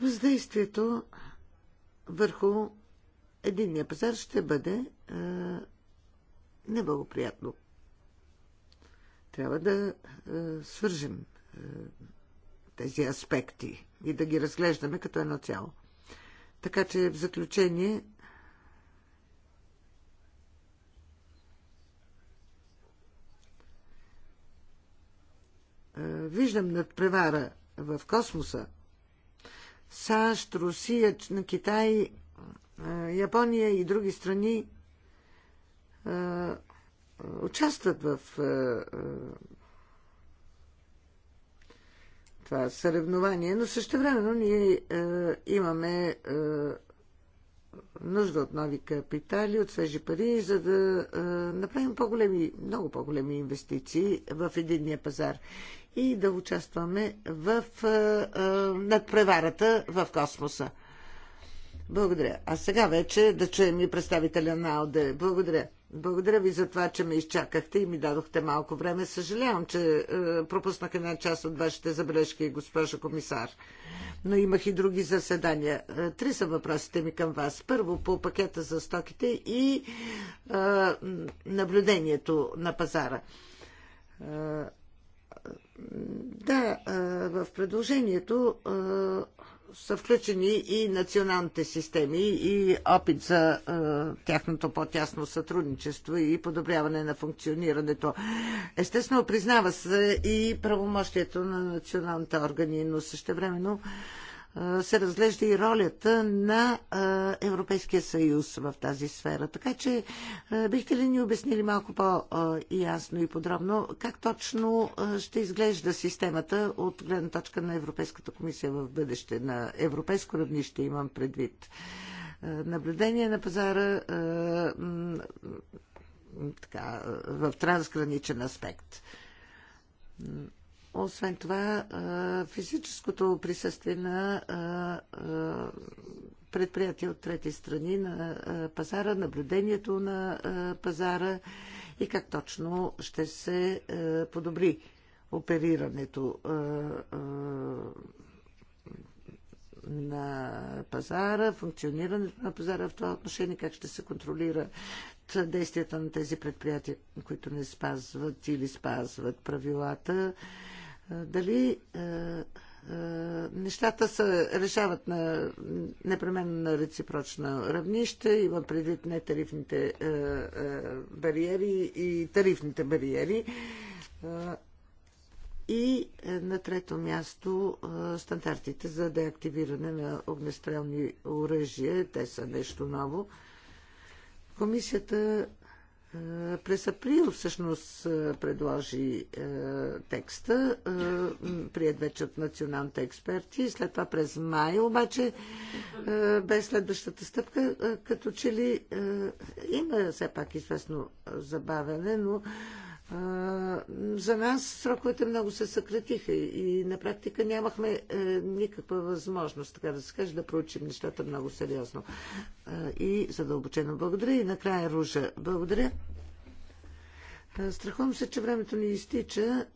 Speaker 2: Въздействието върху единния пазар ще бъде е, неблагоприятно. Трябва да е, свържем е, тези аспекти и да ги разглеждаме като едно цяло. Така че в заключение Е, виждам надпревара в космоса. САЩ, Русия, Китай, е, Япония и други страни е, участват в това съревнование, но същевременно ние имаме нужда от нови капитали, от свежи пари, за да а, направим по-големи, много по-големи инвестиции в единния пазар и да участваме в а, а, надпреварата в космоса. Благодаря. А сега вече да чуем и представителя на АОД. Благодаря. Благодаря ви за това, че ме изчакахте и ми дадохте малко време. Съжалявам, че е, пропуснах една част от вашите забележки, госпожо комисар. Но имах и други заседания. Е, три са въпросите ми към вас. Първо по пакета за стоките и е, наблюдението на пазара. Да, в предложението са включени и националните системи и опит за е, тяхното по-тясно сътрудничество и подобряване на функционирането. Естествено, признава се и правомощието на националните органи, но също времено се разглежда и ролята на Европейския съюз в тази сфера. Така че бихте ли ни обяснили малко по-ясно и подробно как точно ще изглежда системата от гледна точка на Европейската комисия в бъдеще, на европейско равнище имам предвид. Наблюдение на пазара така, в трансграничен аспект. Освен това, физическото присъствие на предприятия от трети страни на пазара, наблюдението на пазара и как точно ще се подобри оперирането на пазара, функционирането на пазара в това отношение, как ще се контролира действията на тези предприятия, които не спазват или спазват правилата е, дали е, е, нещата се решават на непременно на реципрочно равнище, има предвид нетарифните бариери и тарифните бариери. И на трето място стандартите за деактивиране на огнестрелни оръжия. Те са нещо ново. Комисията е, през април всъщност е, предложи е, текста, прият вече от националните експерти. След това през май обаче бе следващата стъпка, като че ли има все пак известно забавяне, но за нас сроковете много се съкратиха и на практика нямахме е, никаква възможност, така да се каже, да проучим нещата много сериозно и задълбочено. Благодаря и накрая Ружа. Благодаря. Страхувам се, че времето ни изтича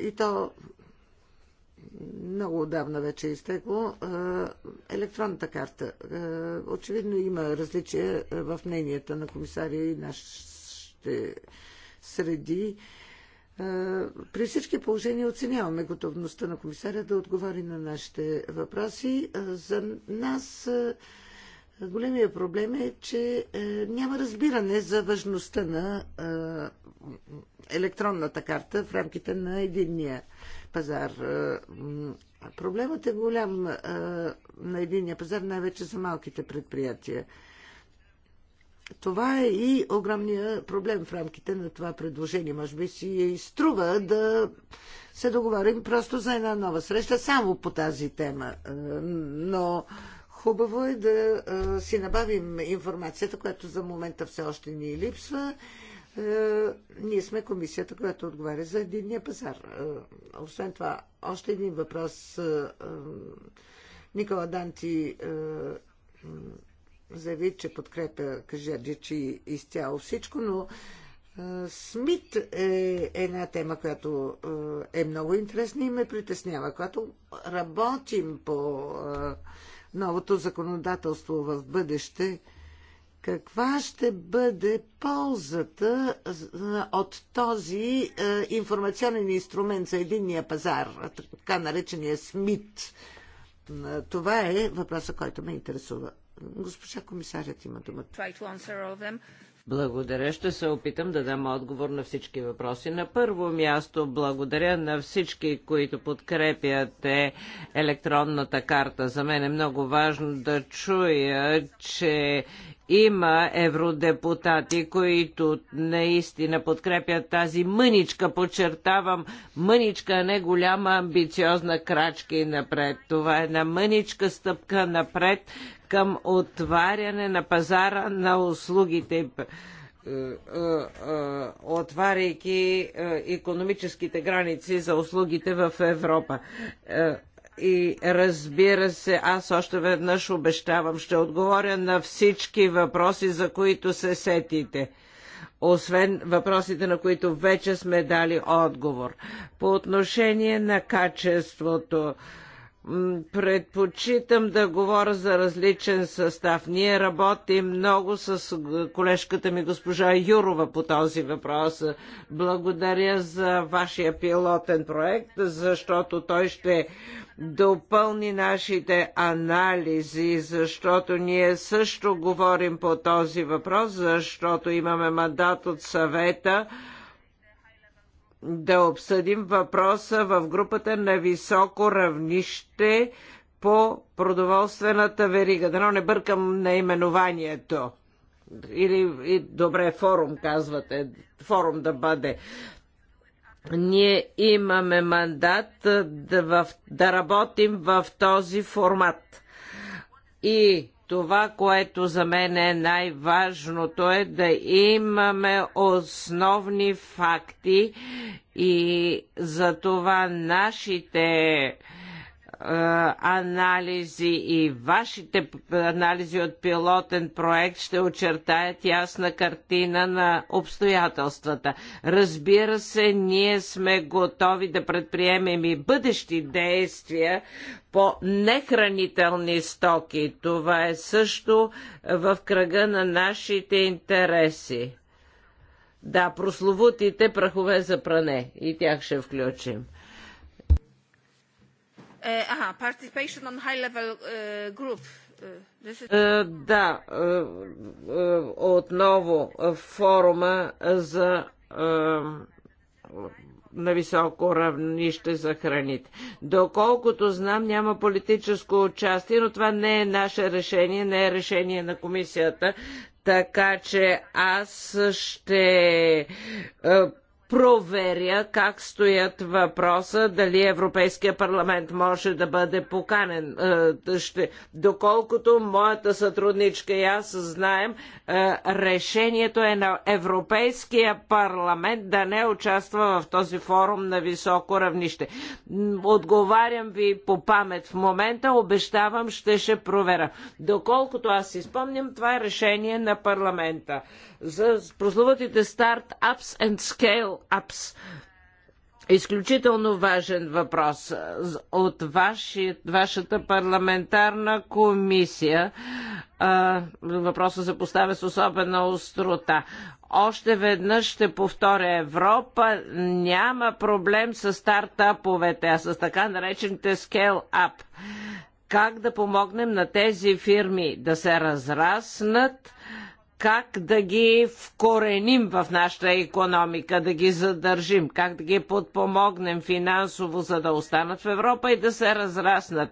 Speaker 2: и то много отдавна вече е изтекло. Електронната карта. Очевидно има различия в мненията на комисария и наш нашите среди. При всички положения оценяваме готовността на комисаря да отговори на нашите въпроси. За нас големия проблем е, че е, няма разбиране за важността на електронната карта в рамките на единния пазар. Проблемът е голям на единния пазар, най-вече за малките предприятия. Това е и огромния проблем в рамките на това предложение. Може би си е и струва да се договорим просто за една нова среща само по тази тема. Е, но хубаво е да е, си набавим информацията, която за момента все още ни липсва. Ние сме комисията, която отговаря за единния пазар. Освен това, още един въпрос. Никола Данти заяви, че подкрепя Кажердичи изцяло всичко, но Смит е една тема, която е много интересна и ме притеснява. Когато работим по новото законодателство в бъдеще, каква ще бъде ползата от този информационен инструмент за единния пазар, така наречения СМИТ? Това е
Speaker 1: въпроса, който ме интересува. Госпожа комисарят има
Speaker 3: думата.
Speaker 1: Благодаря. Ще се опитам да дам отговор на всички въпроси. На първо място благодаря на всички, които подкрепяте електронната карта. За мен е много важно да чуя, че има евродепутати, които наистина подкрепят тази мъничка, подчертавам, мъничка, а не голяма амбициозна крачка и напред. Това е една мъничка стъпка напред към отваряне на пазара на услугите е, е, е, отваряйки економическите граници за услугите в Европа. И разбира се, аз още веднъж обещавам, ще отговоря на всички въпроси, за които се сетите освен въпросите, на които вече сме дали отговор. По отношение на качеството, предпочитам да говоря за различен състав. Ние работим много с колежката ми госпожа Юрова по този въпрос. Благодаря за вашия пилотен проект, защото той ще допълни нашите анализи, защото ние също говорим по този въпрос, защото имаме мандат от съвета да обсъдим въпроса в групата на високо равнище по продоволствената верига. Дано не бъркам наименованието. Или и, добре, форум казвате. Форум да бъде. Ние имаме мандат да, в, да работим в този формат. И това, което за мен е най-важното е да имаме основни факти и за това нашите анализи и вашите анализи от пилотен проект ще очертаят ясна картина на обстоятелствата. Разбира се, ние сме готови да предприемем и бъдещи действия по нехранителни стоки. Това е също в кръга на нашите интереси. Да, прословутите прахове за пране и тях ще включим. Uh, participation on high level uh, group. Uh, е, да, е, е, отново форума за на високо равнище за храните. Доколкото знам, няма политическо участие, но това не е наше решение, не е решение на комисията. Така че аз ще проверя как стоят въпроса, дали Европейския парламент може да бъде поканен. Е, доколкото моята сътрудничка и аз знаем, е, решението е на Европейския парламент да не участва в този форум на високо равнище. Отговарям ви по памет в момента, обещавам, ще ще проверя. Доколкото аз изпомням, това е решение на парламента. За прословатите старт апс and Scale АПС. Изключително важен въпрос от ваши, вашата парламентарна комисия. Въпросът се поставя с особена острота. Още веднъж ще повторя, Европа няма проблем с стартаповете, а с така наречените scale-up. Как да помогнем на тези фирми да се разраснат, как да ги вкореним в нашата економика, да ги задържим, как да ги подпомогнем финансово, за да останат в Европа и да се разраснат.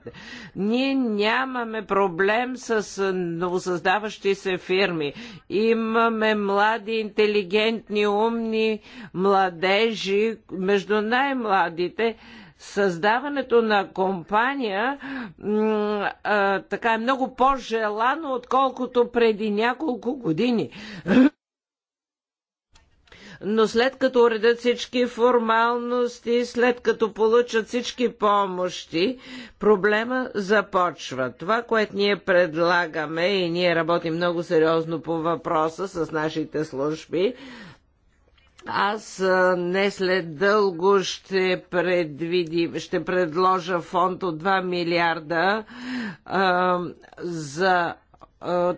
Speaker 1: Ние нямаме проблем с новосъздаващи се фирми. Имаме млади, интелигентни, умни младежи, между най-младите – създаването на компания а, така е много по-желано, отколкото преди няколко години но след като уредят всички формалности, след като получат всички помощи, проблема започва. Това, което ние предлагаме и ние работим много сериозно по въпроса с нашите служби, аз не след дълго ще, предвиди, ще предложа фонд от 2 милиарда а, за а,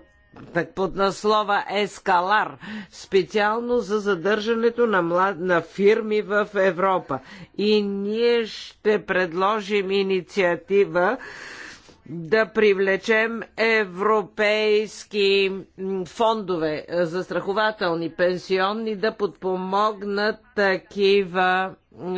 Speaker 1: так под наслова Ескалар, специално за задържането на, млад... на фирми в Европа. И ние ще предложим инициатива да привлечем европейски фондове е, за страхователни пенсионни да подпомогнат такива е,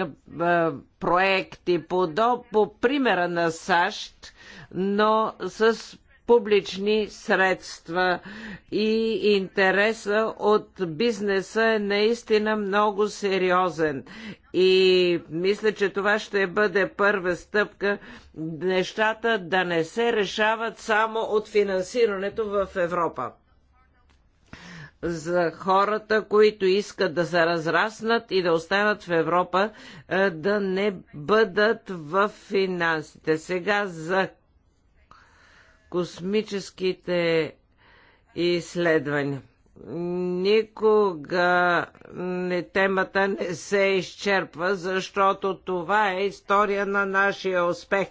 Speaker 1: е, проекти по, по примера на САЩ, но с публични средства и интереса от бизнеса е наистина много сериозен. И мисля, че това ще бъде първа стъпка нещата да не се решават само от финансирането в Европа за хората, които искат да се разраснат и да останат в Европа, е, да не бъдат в финансите. Сега за космическите изследвания никога не, темата не се изчерпва, защото това е история на нашия успех,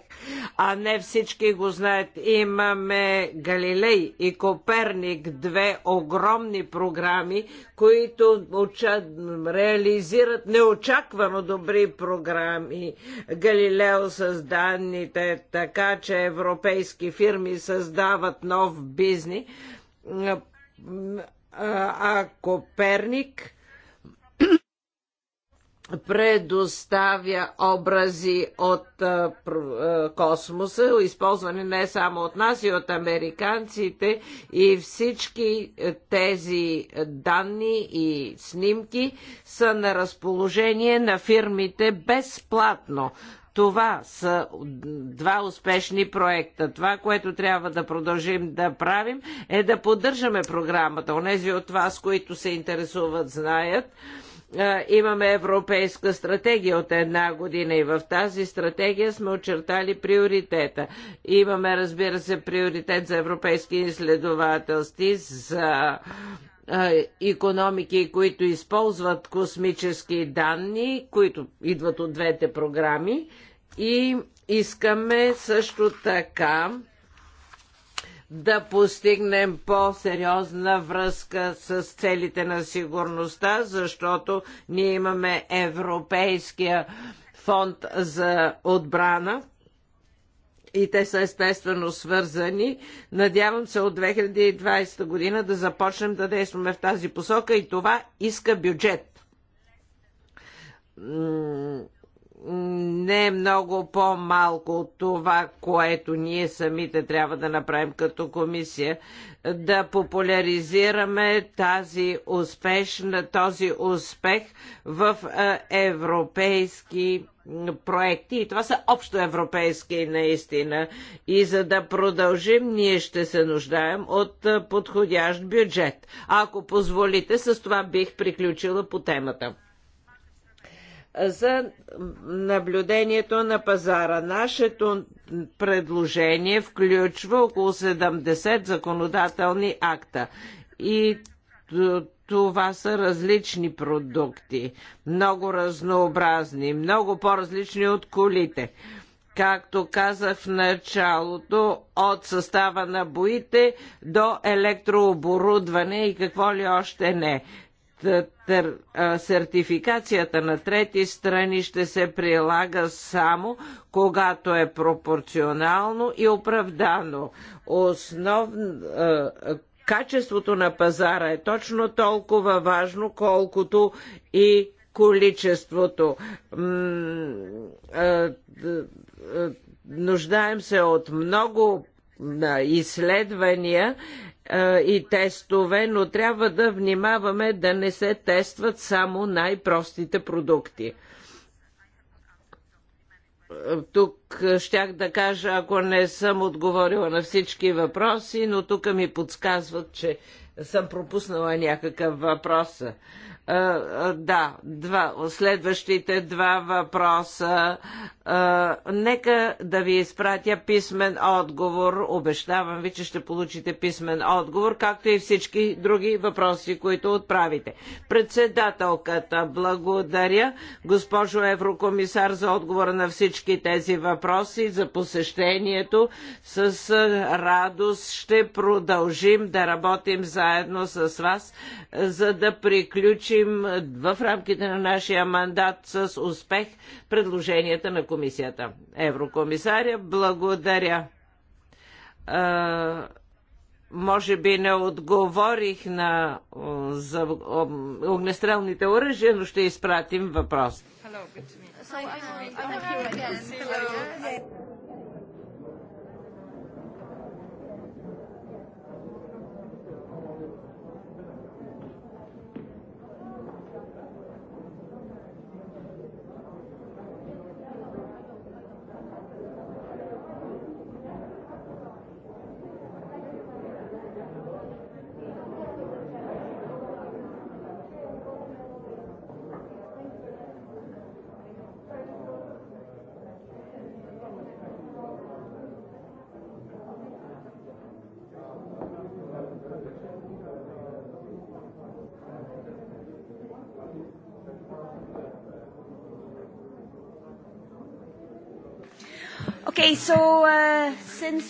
Speaker 1: а не всички го знаят. Имаме Галилей и Коперник, две огромни програми, които уча... реализират неочаквано добри програми. Галилео с данните, така че европейски фирми създават нов бизнес а Коперник предоставя образи от космоса, използвани не само от нас и от американците и всички тези данни и снимки са на разположение на фирмите безплатно. Това са два успешни проекта. Това, което трябва да продължим да правим, е да поддържаме програмата. Онези от вас, които се интересуват, знаят имаме европейска стратегия от една година и в тази стратегия сме очертали приоритета. Имаме, разбира се, приоритет за европейски изследователсти за економики, които използват космически данни, които идват от двете програми. И искаме също така да постигнем по-сериозна връзка с целите на сигурността, защото ние имаме Европейския фонд за отбрана, и те са естествено свързани. Надявам се от 2020 година да започнем да действаме в тази посока и това иска бюджет не е много по-малко от това, което ние самите трябва да направим като комисия, да популяризираме тази успешна, този успех в е, европейски проекти и това са общо европейски наистина. И за да продължим, ние ще се нуждаем от е, подходящ бюджет. Ако позволите, с това бих приключила по темата за наблюдението на пазара. Нашето предложение включва около 70 законодателни акта и това са различни продукти, много разнообразни, много по-различни от колите. Както казах в началото, от състава на боите до електрооборудване и какво ли още не сертификацията на трети страни ще се прилага само когато е пропорционално и оправдано. Основно качеството на пазара е точно толкова важно, колкото и количеството. Нуждаем се от много изследвания е, и тестове, но трябва да внимаваме да не се тестват само най-простите продукти. Тук щях да кажа, ако не съм отговорила на всички въпроси, но тук ми подсказват, че съм пропуснала някакъв въпрос. Е, е, да, два, следващите два въпроса. Е, нека да ви изпратя писмен отговор. Обещавам ви, че ще получите писмен отговор, както и всички други въпроси, които отправите. Председателката, благодаря. Госпожо Еврокомисар, за отговора на всички тези въпроси, за посещението. С радост ще продължим да работим заедно с вас, за да приключим включим в рамките на нашия мандат с успех предложенията на комисията. Еврокомисаря, благодаря. А, може би не отговорих на за огнестрелните оръжия, но ще изпратим въпрос. Hello, So, uh,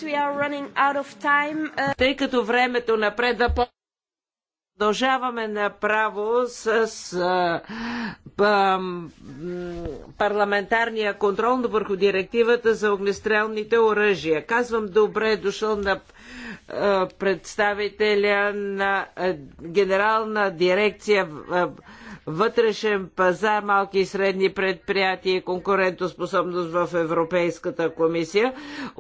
Speaker 1: time, uh... Тъй като времето напредва по... Продължаваме направо с, с парламентарния контрол върху директивата за огнестрелните оръжия. Казвам добре дошъл на представителя на генерална дирекция вътрешен пазар, малки и средни предприятия и конкурентоспособност в Европейската комисия.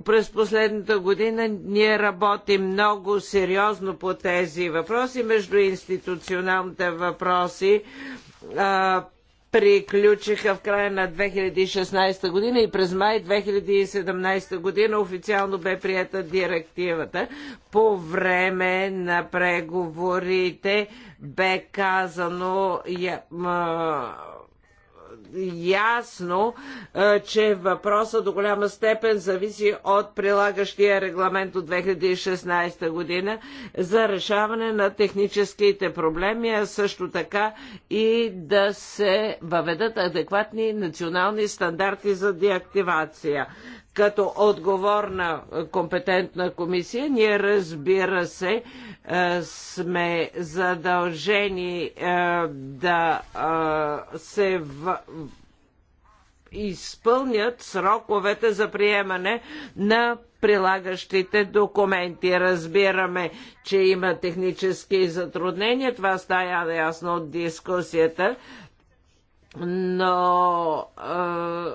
Speaker 1: През последната година ние работим много сериозно по тези въпроси, между институционалните въпроси приключиха в края на 2016 година и през май 2017 година официално бе прията директивата. По време на преговорите бе казано я, ясно, е, че въпросът до голяма степен зависи от прилагащия регламент от 2016 година за решаване на техническите проблеми, а също така и да се въведат адекватни национални стандарти за деактивация като отговорна компетентна комисия, ние разбира се е, сме задължени е, да е, се в изпълнят сроковете за приемане на прилагащите документи. Разбираме, че има технически затруднения, това стая ясно от дискусията, но е,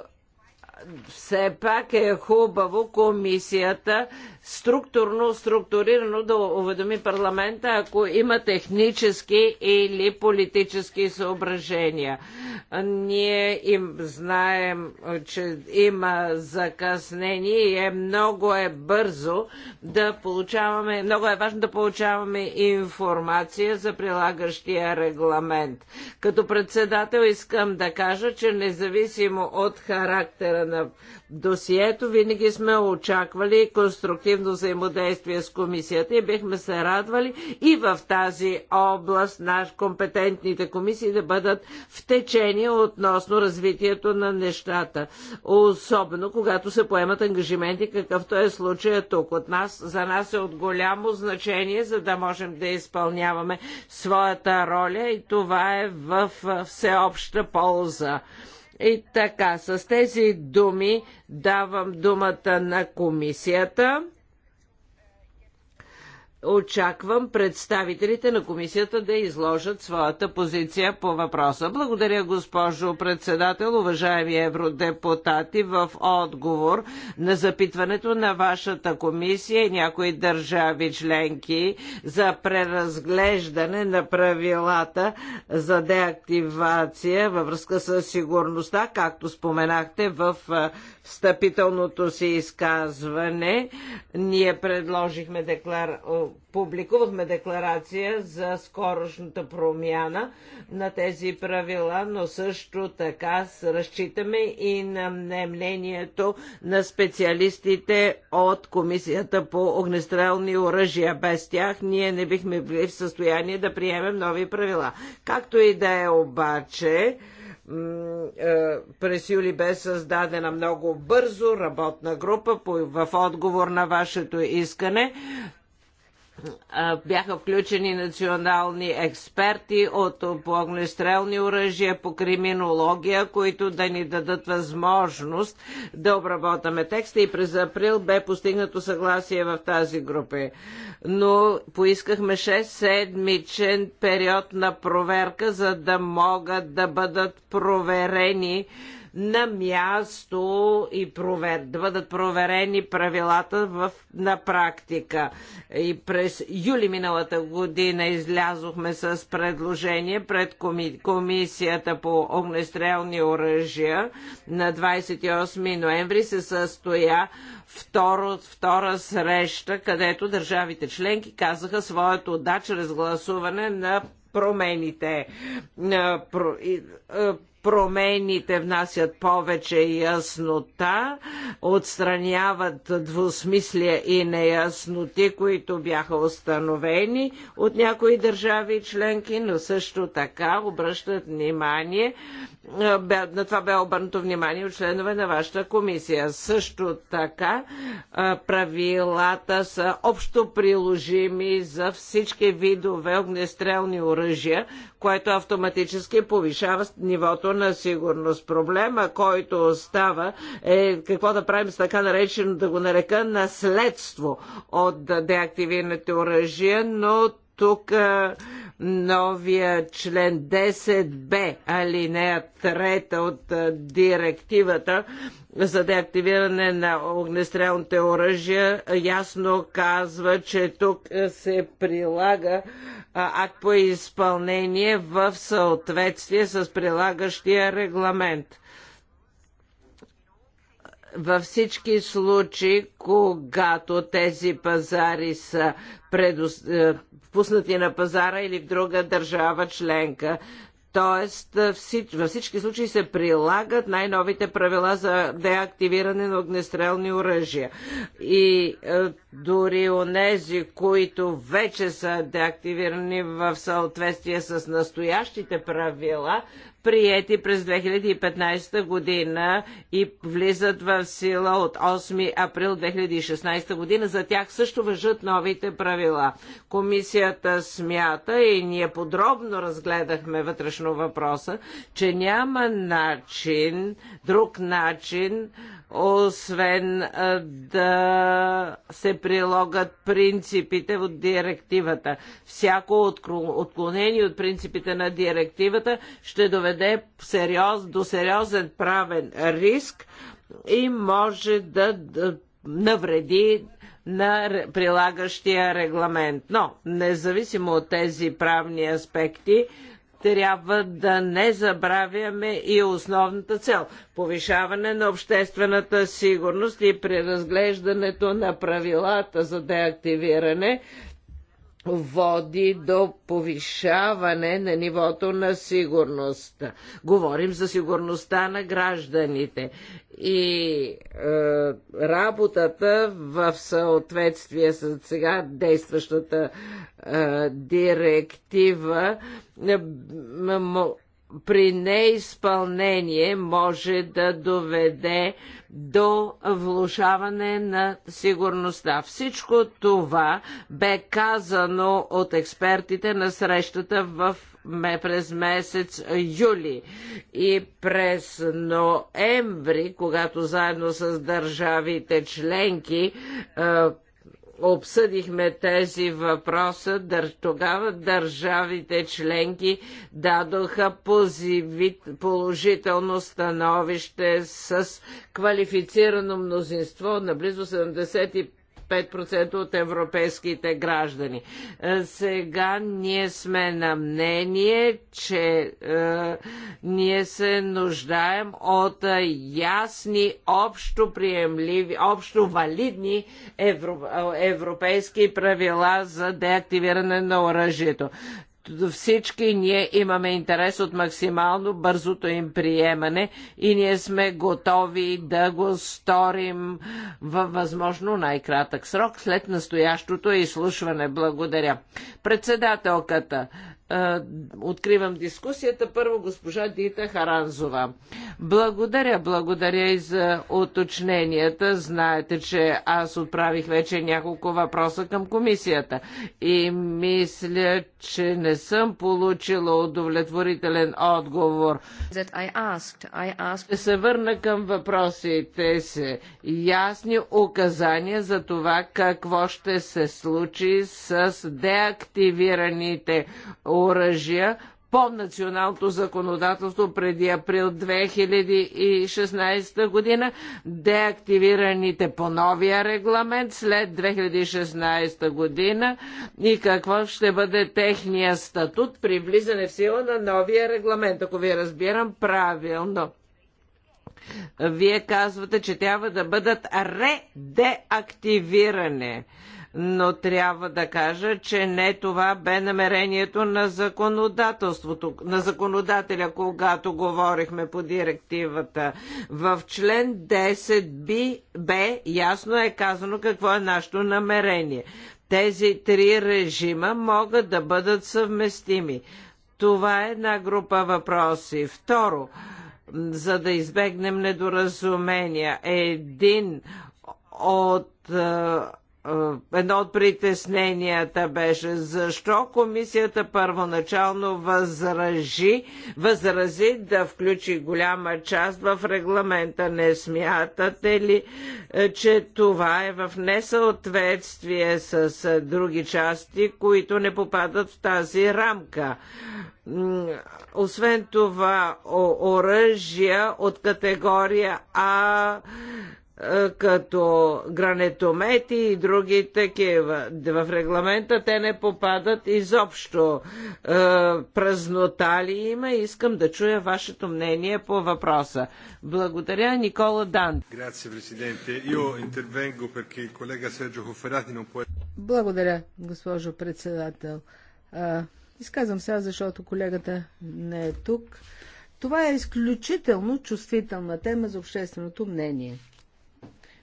Speaker 1: все пак е хубаво комисията структурно, структурирано да уведоми парламента, ако има технически или политически съображения. Ние им знаем, че има закъснение и е много е бързо да получаваме, много е важно да получаваме информация за прилагащия регламент. Като председател искам да кажа, че независимо от характера на досието винаги сме очаквали конструктивно взаимодействие с комисията и бихме се радвали и в тази област наш компетентните комисии да бъдат в течение относно развитието на нещата. Особено когато се поемат ангажименти, какъвто е случая тук. От нас, за нас е от голямо значение, за да можем да изпълняваме своята роля и това е в всеобща полза. И така, с тези думи давам думата на комисията очаквам представителите на комисията да изложат своята позиция по въпроса. Благодаря, госпожо председател, уважаеми евродепутати, в отговор на запитването на вашата комисия и някои държави членки за преразглеждане на правилата за деактивация във връзка с сигурността, както споменахте в встъпителното си изказване. Ние предложихме деклар... публикувахме декларация за скорошната промяна на тези правила, но също така разчитаме и на мнението на специалистите от Комисията по огнестрелни оръжия. Без тях ние не бихме били в състояние да приемем нови правила. Както и да е обаче, е, през юли бе създадена много бързо работна група в отговор на вашето искане бяха включени национални експерти от по огнестрелни оръжия, по криминология, които да ни дадат възможност да обработаме текста и през април бе постигнато съгласие в тази група. Но поискахме 6 седмичен период на проверка, за да могат да бъдат проверени на място и провер, да бъдат проверени правилата в, на практика. И през юли миналата година излязохме с предложение пред коми, Комисията по огнестрелни оръжия. На 28 ноември се състоя второ, втора среща, където държавите членки казаха своето да чрез гласуване на промените. Е, е, промените внасят повече яснота, отстраняват двусмислия и неясноти, които бяха установени от някои държави и членки, но също така обръщат внимание, на това бе обърнато внимание от членове на вашата комисия. Също така правилата са общо приложими за всички видове огнестрелни оръжия, което автоматически повишава нивото на сигурност. Проблема, който остава е какво да правим с така наречено, да го нарека наследство от деактивираните оръжия, но тук новия член 10б, алинея 3 от директивата за деактивиране на огнестрелните оръжия ясно казва, че тук се прилага акт по изпълнение в съответствие с прилагащия регламент във всички случаи, когато тези пазари са предос... Е, пуснати на пазара или в друга държава членка. Тоест, във всички случаи се прилагат най-новите правила за деактивиране на огнестрелни оръжия. И дори онези, които вече са деактивирани в съответствие с настоящите правила, приети през 2015 година и влизат в сила от 8 април 2016 година. За тях също въжат новите правила. Комисията смята и ние подробно разгледахме вътрешно въпроса, че няма начин, друг начин освен да се прилагат принципите от директивата. Всяко отклонение от принципите на директивата ще доведе сериоз, до сериозен правен риск и може да, да навреди на прилагащия регламент. Но, независимо от тези правни аспекти, трябва да не забравяме и основната цел – повишаване на обществената сигурност и преразглеждането на правилата за деактивиране води до повишаване на нивото на сигурност. Говорим за сигурността на гражданите и е, работата в съответствие с сега действащата е, директива е, при неизпълнение може да доведе до влушаване на сигурността. Всичко това бе казано от експертите на срещата в през месец юли и през ноември, когато заедно с държавите членки е, обсъдихме тези въпроса, дър, тогава държавите членки дадоха позивит, положително становище с квалифицирано мнозинство на близо 75 5% от европейските граждани. Е, сега ние сме на мнение, че е, ние се нуждаем от е, ясни, общо приемливи, общо валидни евро, е, европейски правила за деактивиране на оръжието всички ние имаме интерес от максимално бързото им приемане и ние сме готови да го сторим във възможно най-кратък срок след настоящото изслушване. Благодаря. Председателката, откривам дискусията. Първо госпожа Дита Харанзова. Благодаря, благодаря и за уточненията. Знаете, че аз отправих вече няколко въпроса към комисията и мисля, че не съм получила удовлетворителен отговор. I
Speaker 3: asked, I asked...
Speaker 1: Се върна към въпросите си. Ясни указания за това какво ще се случи с деактивираните оръжия по националното законодателство преди април 2016 година, деактивираните по новия регламент след 2016 година и какво ще бъде техния статут при влизане в сила на новия регламент, ако ви разбирам правилно. Вие казвате, че трябва да бъдат редеактивирани но трябва да кажа, че не това бе намерението на законодателството, на законодателя, когато говорихме по директивата. В член 10 би, бе ясно е казано какво е нашето намерение. Тези три режима могат да бъдат съвместими. Това е една група въпроси. Второ, за да избегнем недоразумения, един от е, е, едно от притесненията беше защо комисията първоначално възражи, възрази да включи голяма част в регламента. Не смятате ли, е, че това е в несъответствие с е, други части, които не попадат в тази рамка? Освен това, оръжия от категория А като гранетомети и други такива. В регламента те не попадат изобщо. Е, празнота ли има? Искам да чуя вашето мнение по въпроса. Благодаря, Никола Дан.
Speaker 3: Благодаря, госпожо председател. Изказвам сега, защото колегата не е тук. Това е изключително чувствителна тема за общественото мнение –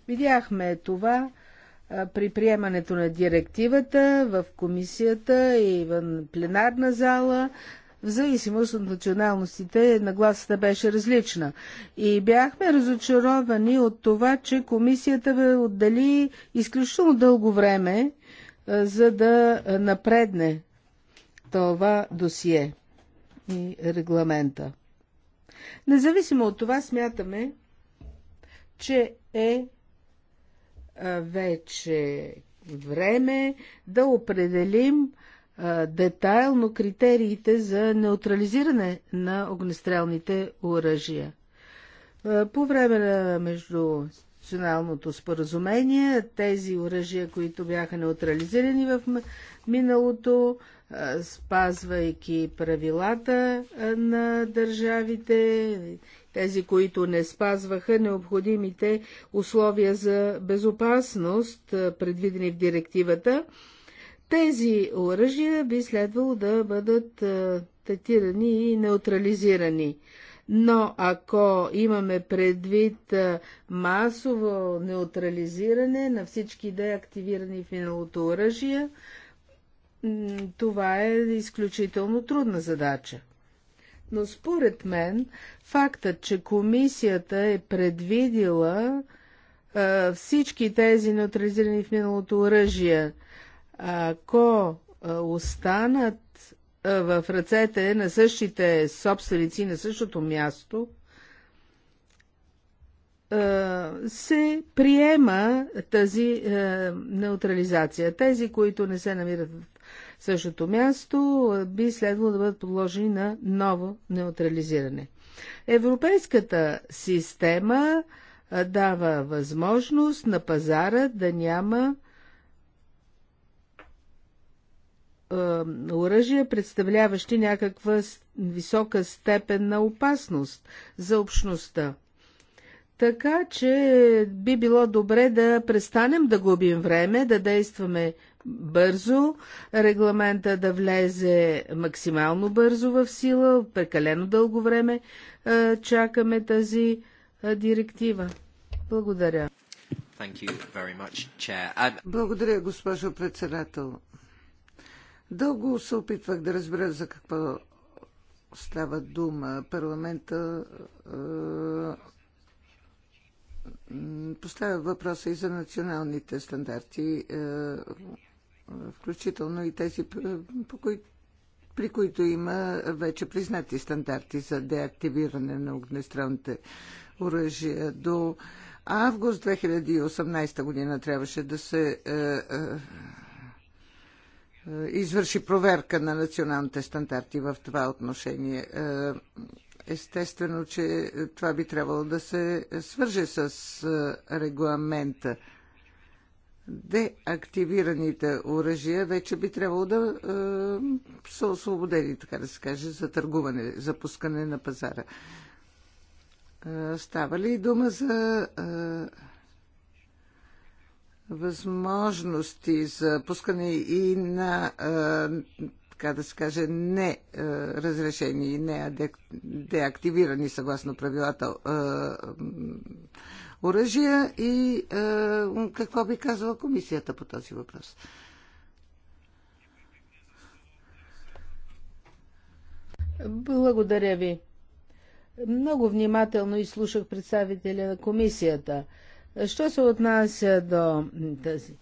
Speaker 3: Видяхме това при приемането на директивата в комисията и в пленарна зала. В зависимост от националностите нагласата беше различна. И бяхме разочаровани от това, че комисията бе отдели изключително дълго време, за да напредне това досие и регламента. Независимо от това, смятаме, че е вече време да определим детайлно критериите за неутрализиране на огнестрелните оръжия. По време на междунационалното споразумение тези оръжия, които бяха неутрализирани в миналото, спазвайки правилата на държавите тези, които не спазваха необходимите условия за безопасност, предвидени в директивата. Тези оръжия би следвало да бъдат тетирани и неутрализирани. Но ако имаме предвид масово неутрализиране на всички деактивирани в миналото оръжие, това е изключително трудна задача. Но според мен фактът, че комисията е предвидила а, всички тези неутрализирани в миналото оръжия, ако а, останат а, в ръцете на същите собственици на същото място, се приема тази неутрализация. Тези, които не се намират в същото място, би следвало да бъдат подложени на ново неутрализиране. Европейската система дава възможност на пазара да няма оръжия, представляващи някаква висока степен на опасност за общността. Така че би било добре да престанем да губим време, да действаме бързо, регламента да влезе максимално бързо в сила, прекалено дълго време е, чакаме тази е, директива. Благодаря.
Speaker 1: Much, um, Благодаря, госпожо председател.
Speaker 2: Дълго се опитвах да разбера за какво става дума. Парламента е, поставя въпроса и за националните стандарти. Е, включително и тези, по кои, при които има вече признати стандарти за деактивиране на огнестрелните оръжия. До август 2018 година трябваше да се е, е, е, извърши проверка на националните стандарти в това отношение. Естествено, че това би трябвало да се свърже с регламента деактивираните оръжия вече би трябвало да е, са освободени, така да се каже, за търгуване, за пускане на пазара. Е, става ли дума за е, възможности за пускане и на е, така да се каже, не е, разрешени и не деактивирани съгласно правилата е, оръжия и е, какво би казала комисията по този въпрос?
Speaker 3: Благодаря ви. Много внимателно изслушах представителя на комисията. Що се отнася до тази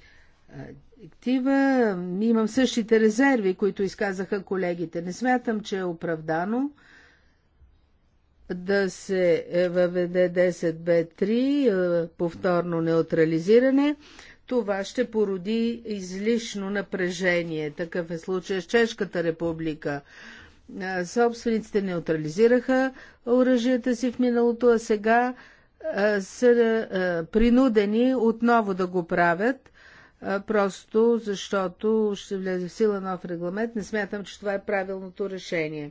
Speaker 3: директива. Имам същите резерви, които изказаха колегите. Не смятам, че е оправдано да се въведе 10 б 3 повторно неутрализиране. Това ще породи излишно напрежение. Такъв е случай с Чешката република. Е, собствениците неутрализираха оръжията си в миналото, а сега е, са е, принудени отново да го правят просто защото ще влезе в сила нов регламент. Не смятам, че това е правилното решение.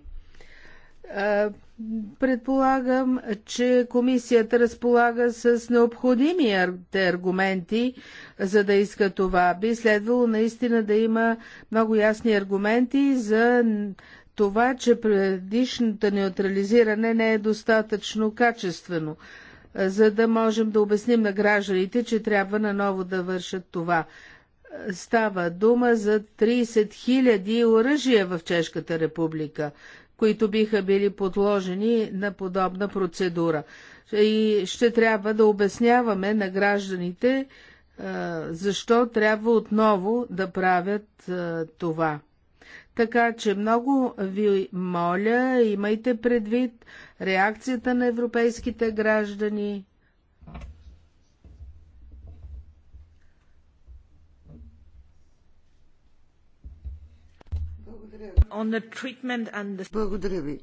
Speaker 3: Предполагам, че комисията разполага с необходимите аргументи, за да иска това. Би следвало наистина да има много ясни аргументи за това, че предишното неутрализиране не е достатъчно качествено за да можем да обясним на гражданите, че трябва наново да вършат това. Става дума за 30 000 оръжия в Чешката република, които биха били подложени на подобна процедура. И ще трябва да обясняваме на гражданите защо трябва отново да правят това. Така че много ви моля, имайте предвид реакцията на европейските граждани.
Speaker 2: Благодаря ви.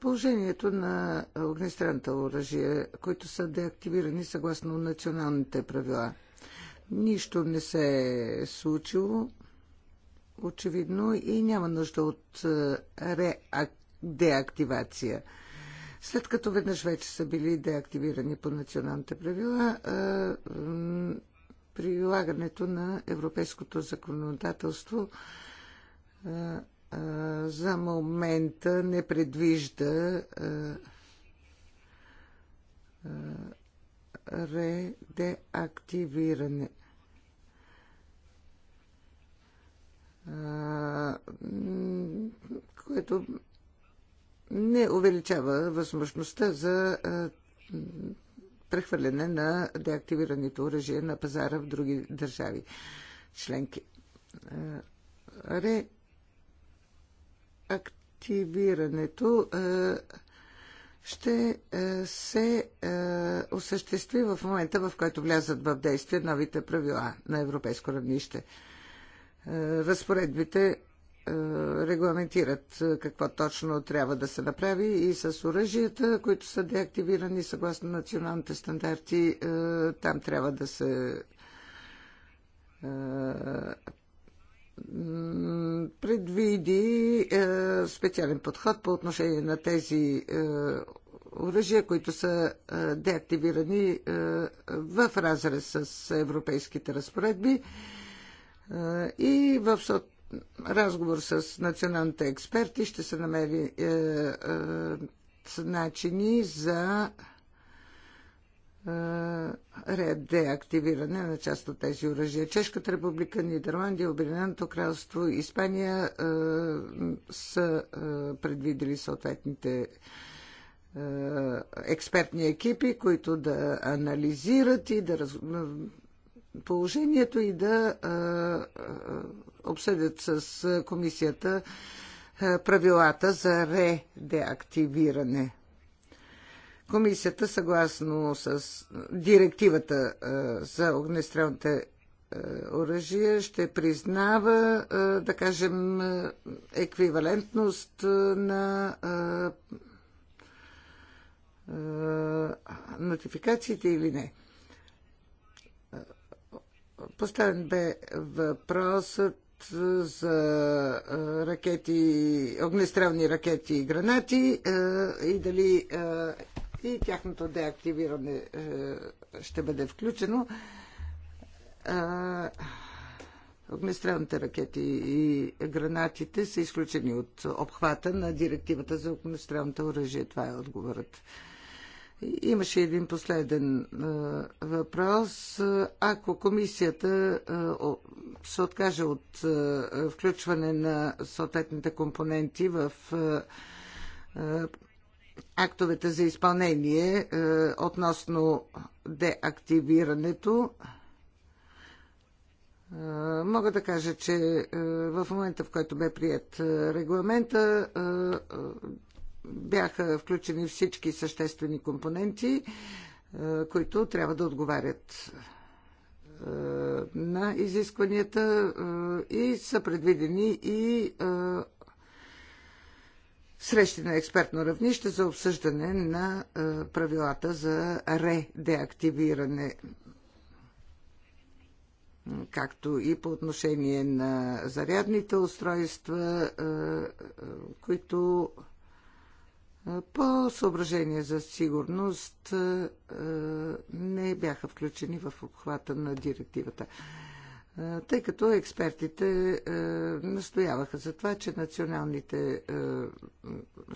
Speaker 2: Положението на огнестрелните оръжия, които са деактивирани съгласно националните правила – Нищо не се е случило, очевидно, и няма нужда от е, деактивация. След като веднъж вече са били деактивирани по националните правила, е, прилагането на европейското законодателство е, за момента не предвижда редеактивиране. Което не увеличава възможността за прехвърляне на деактивираните оръжия на пазара в други държави членки. Реактивирането ще е, се е, осъществи в момента, в който влязат в действие новите правила на европейско равнище. Е, разпоредбите регламентират какво точно трябва да се направи и с оръжията, които са деактивирани съгласно националните стандарти, там трябва да се предвиди е, специален подход по отношение на тези е, оръжия, които са е, деактивирани в разрез с европейските разпоредби и в разговор с националните експерти ще се намери начини за е, редеактивиране на част от тези оръжия. Чешката република, Нидерландия, Обединеното кралство, Испания е, са е, предвидели съответните е, експертни екипи, които да анализират и да раз... положението и да е, е, обсъдят с комисията правилата за редеактивиране Комисията, съгласно с директивата е, за огнестрелните е, оръжия, ще признава, е, да кажем, еквивалентност на нотификациите или не. Поставен бе въпросът за ракети, огнестрелни ракети и гранати и дали и тяхното деактивиране е, ще бъде включено. Е, огнестрелните ракети и гранатите са изключени от обхвата на директивата за огнестрелните оръжия. Това е отговорът. Имаше един последен е, въпрос. Ако комисията е, се откаже от е, включване на съответните компоненти в е, е актовете за изпълнение е, относно деактивирането. Е, мога да кажа, че е, в момента, в който бе прият регламента, бяха включени всички съществени компоненти, които трябва да отговарят на изискванията и са предвидени и срещи на експертно равнище за обсъждане на е, правилата за редеактивиране както и по отношение на зарядните устройства, е, е, които по съображение за сигурност не бяха включени в обхвата на директивата. Е, тъй като експертите е, настояваха за това, че националните е,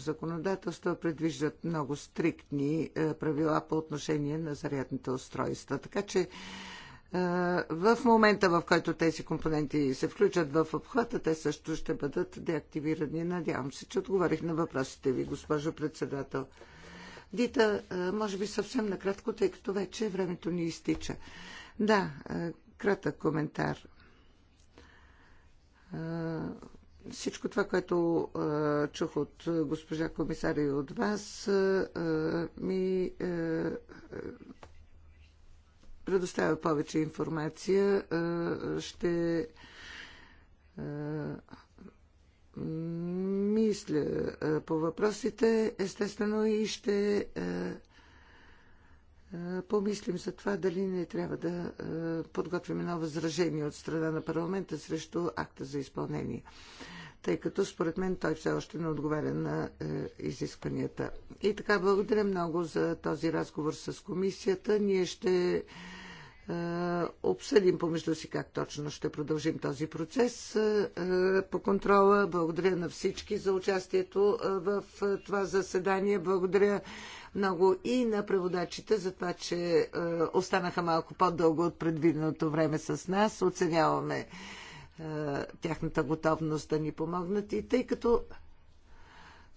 Speaker 2: законодателства предвиждат много стриктни правила по отношение на зарядните устройства. Така че в момента, в който тези компоненти се включат в обхвата, те също ще бъдат деактивирани. Надявам се, че отговорих на въпросите ви, госпожо председател. Дита, може би съвсем накратко, тъй като вече времето ни изтича. Да, кратък коментар. Всичко това, което чух от госпожа комисаря и от вас, ми предоставя повече информация. Ще мисля по въпросите, естествено и ще помислим за това дали не трябва да подготвим едно възражение от страна на парламента срещу акта за изпълнение, тъй като според мен той все още не отговаря на е, изискванията. И така, благодаря много за този разговор с комисията. Ние ще е, обсъдим помежду си как точно ще продължим този процес е, по контрола. Благодаря на всички за участието в това заседание. Благодаря много и на преводачите за това, че е, останаха малко по-дълго от предвиденото време с нас. Оценяваме е, тяхната готовност да ни помогнат и тъй като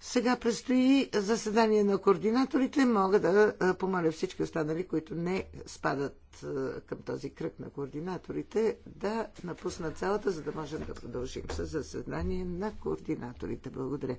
Speaker 2: сега предстои заседание на координаторите. Мога да е, помоля всички останали, които не спадат към този кръг на координаторите, да напуснат залата, за да можем да продължим с заседание на координаторите. Благодаря.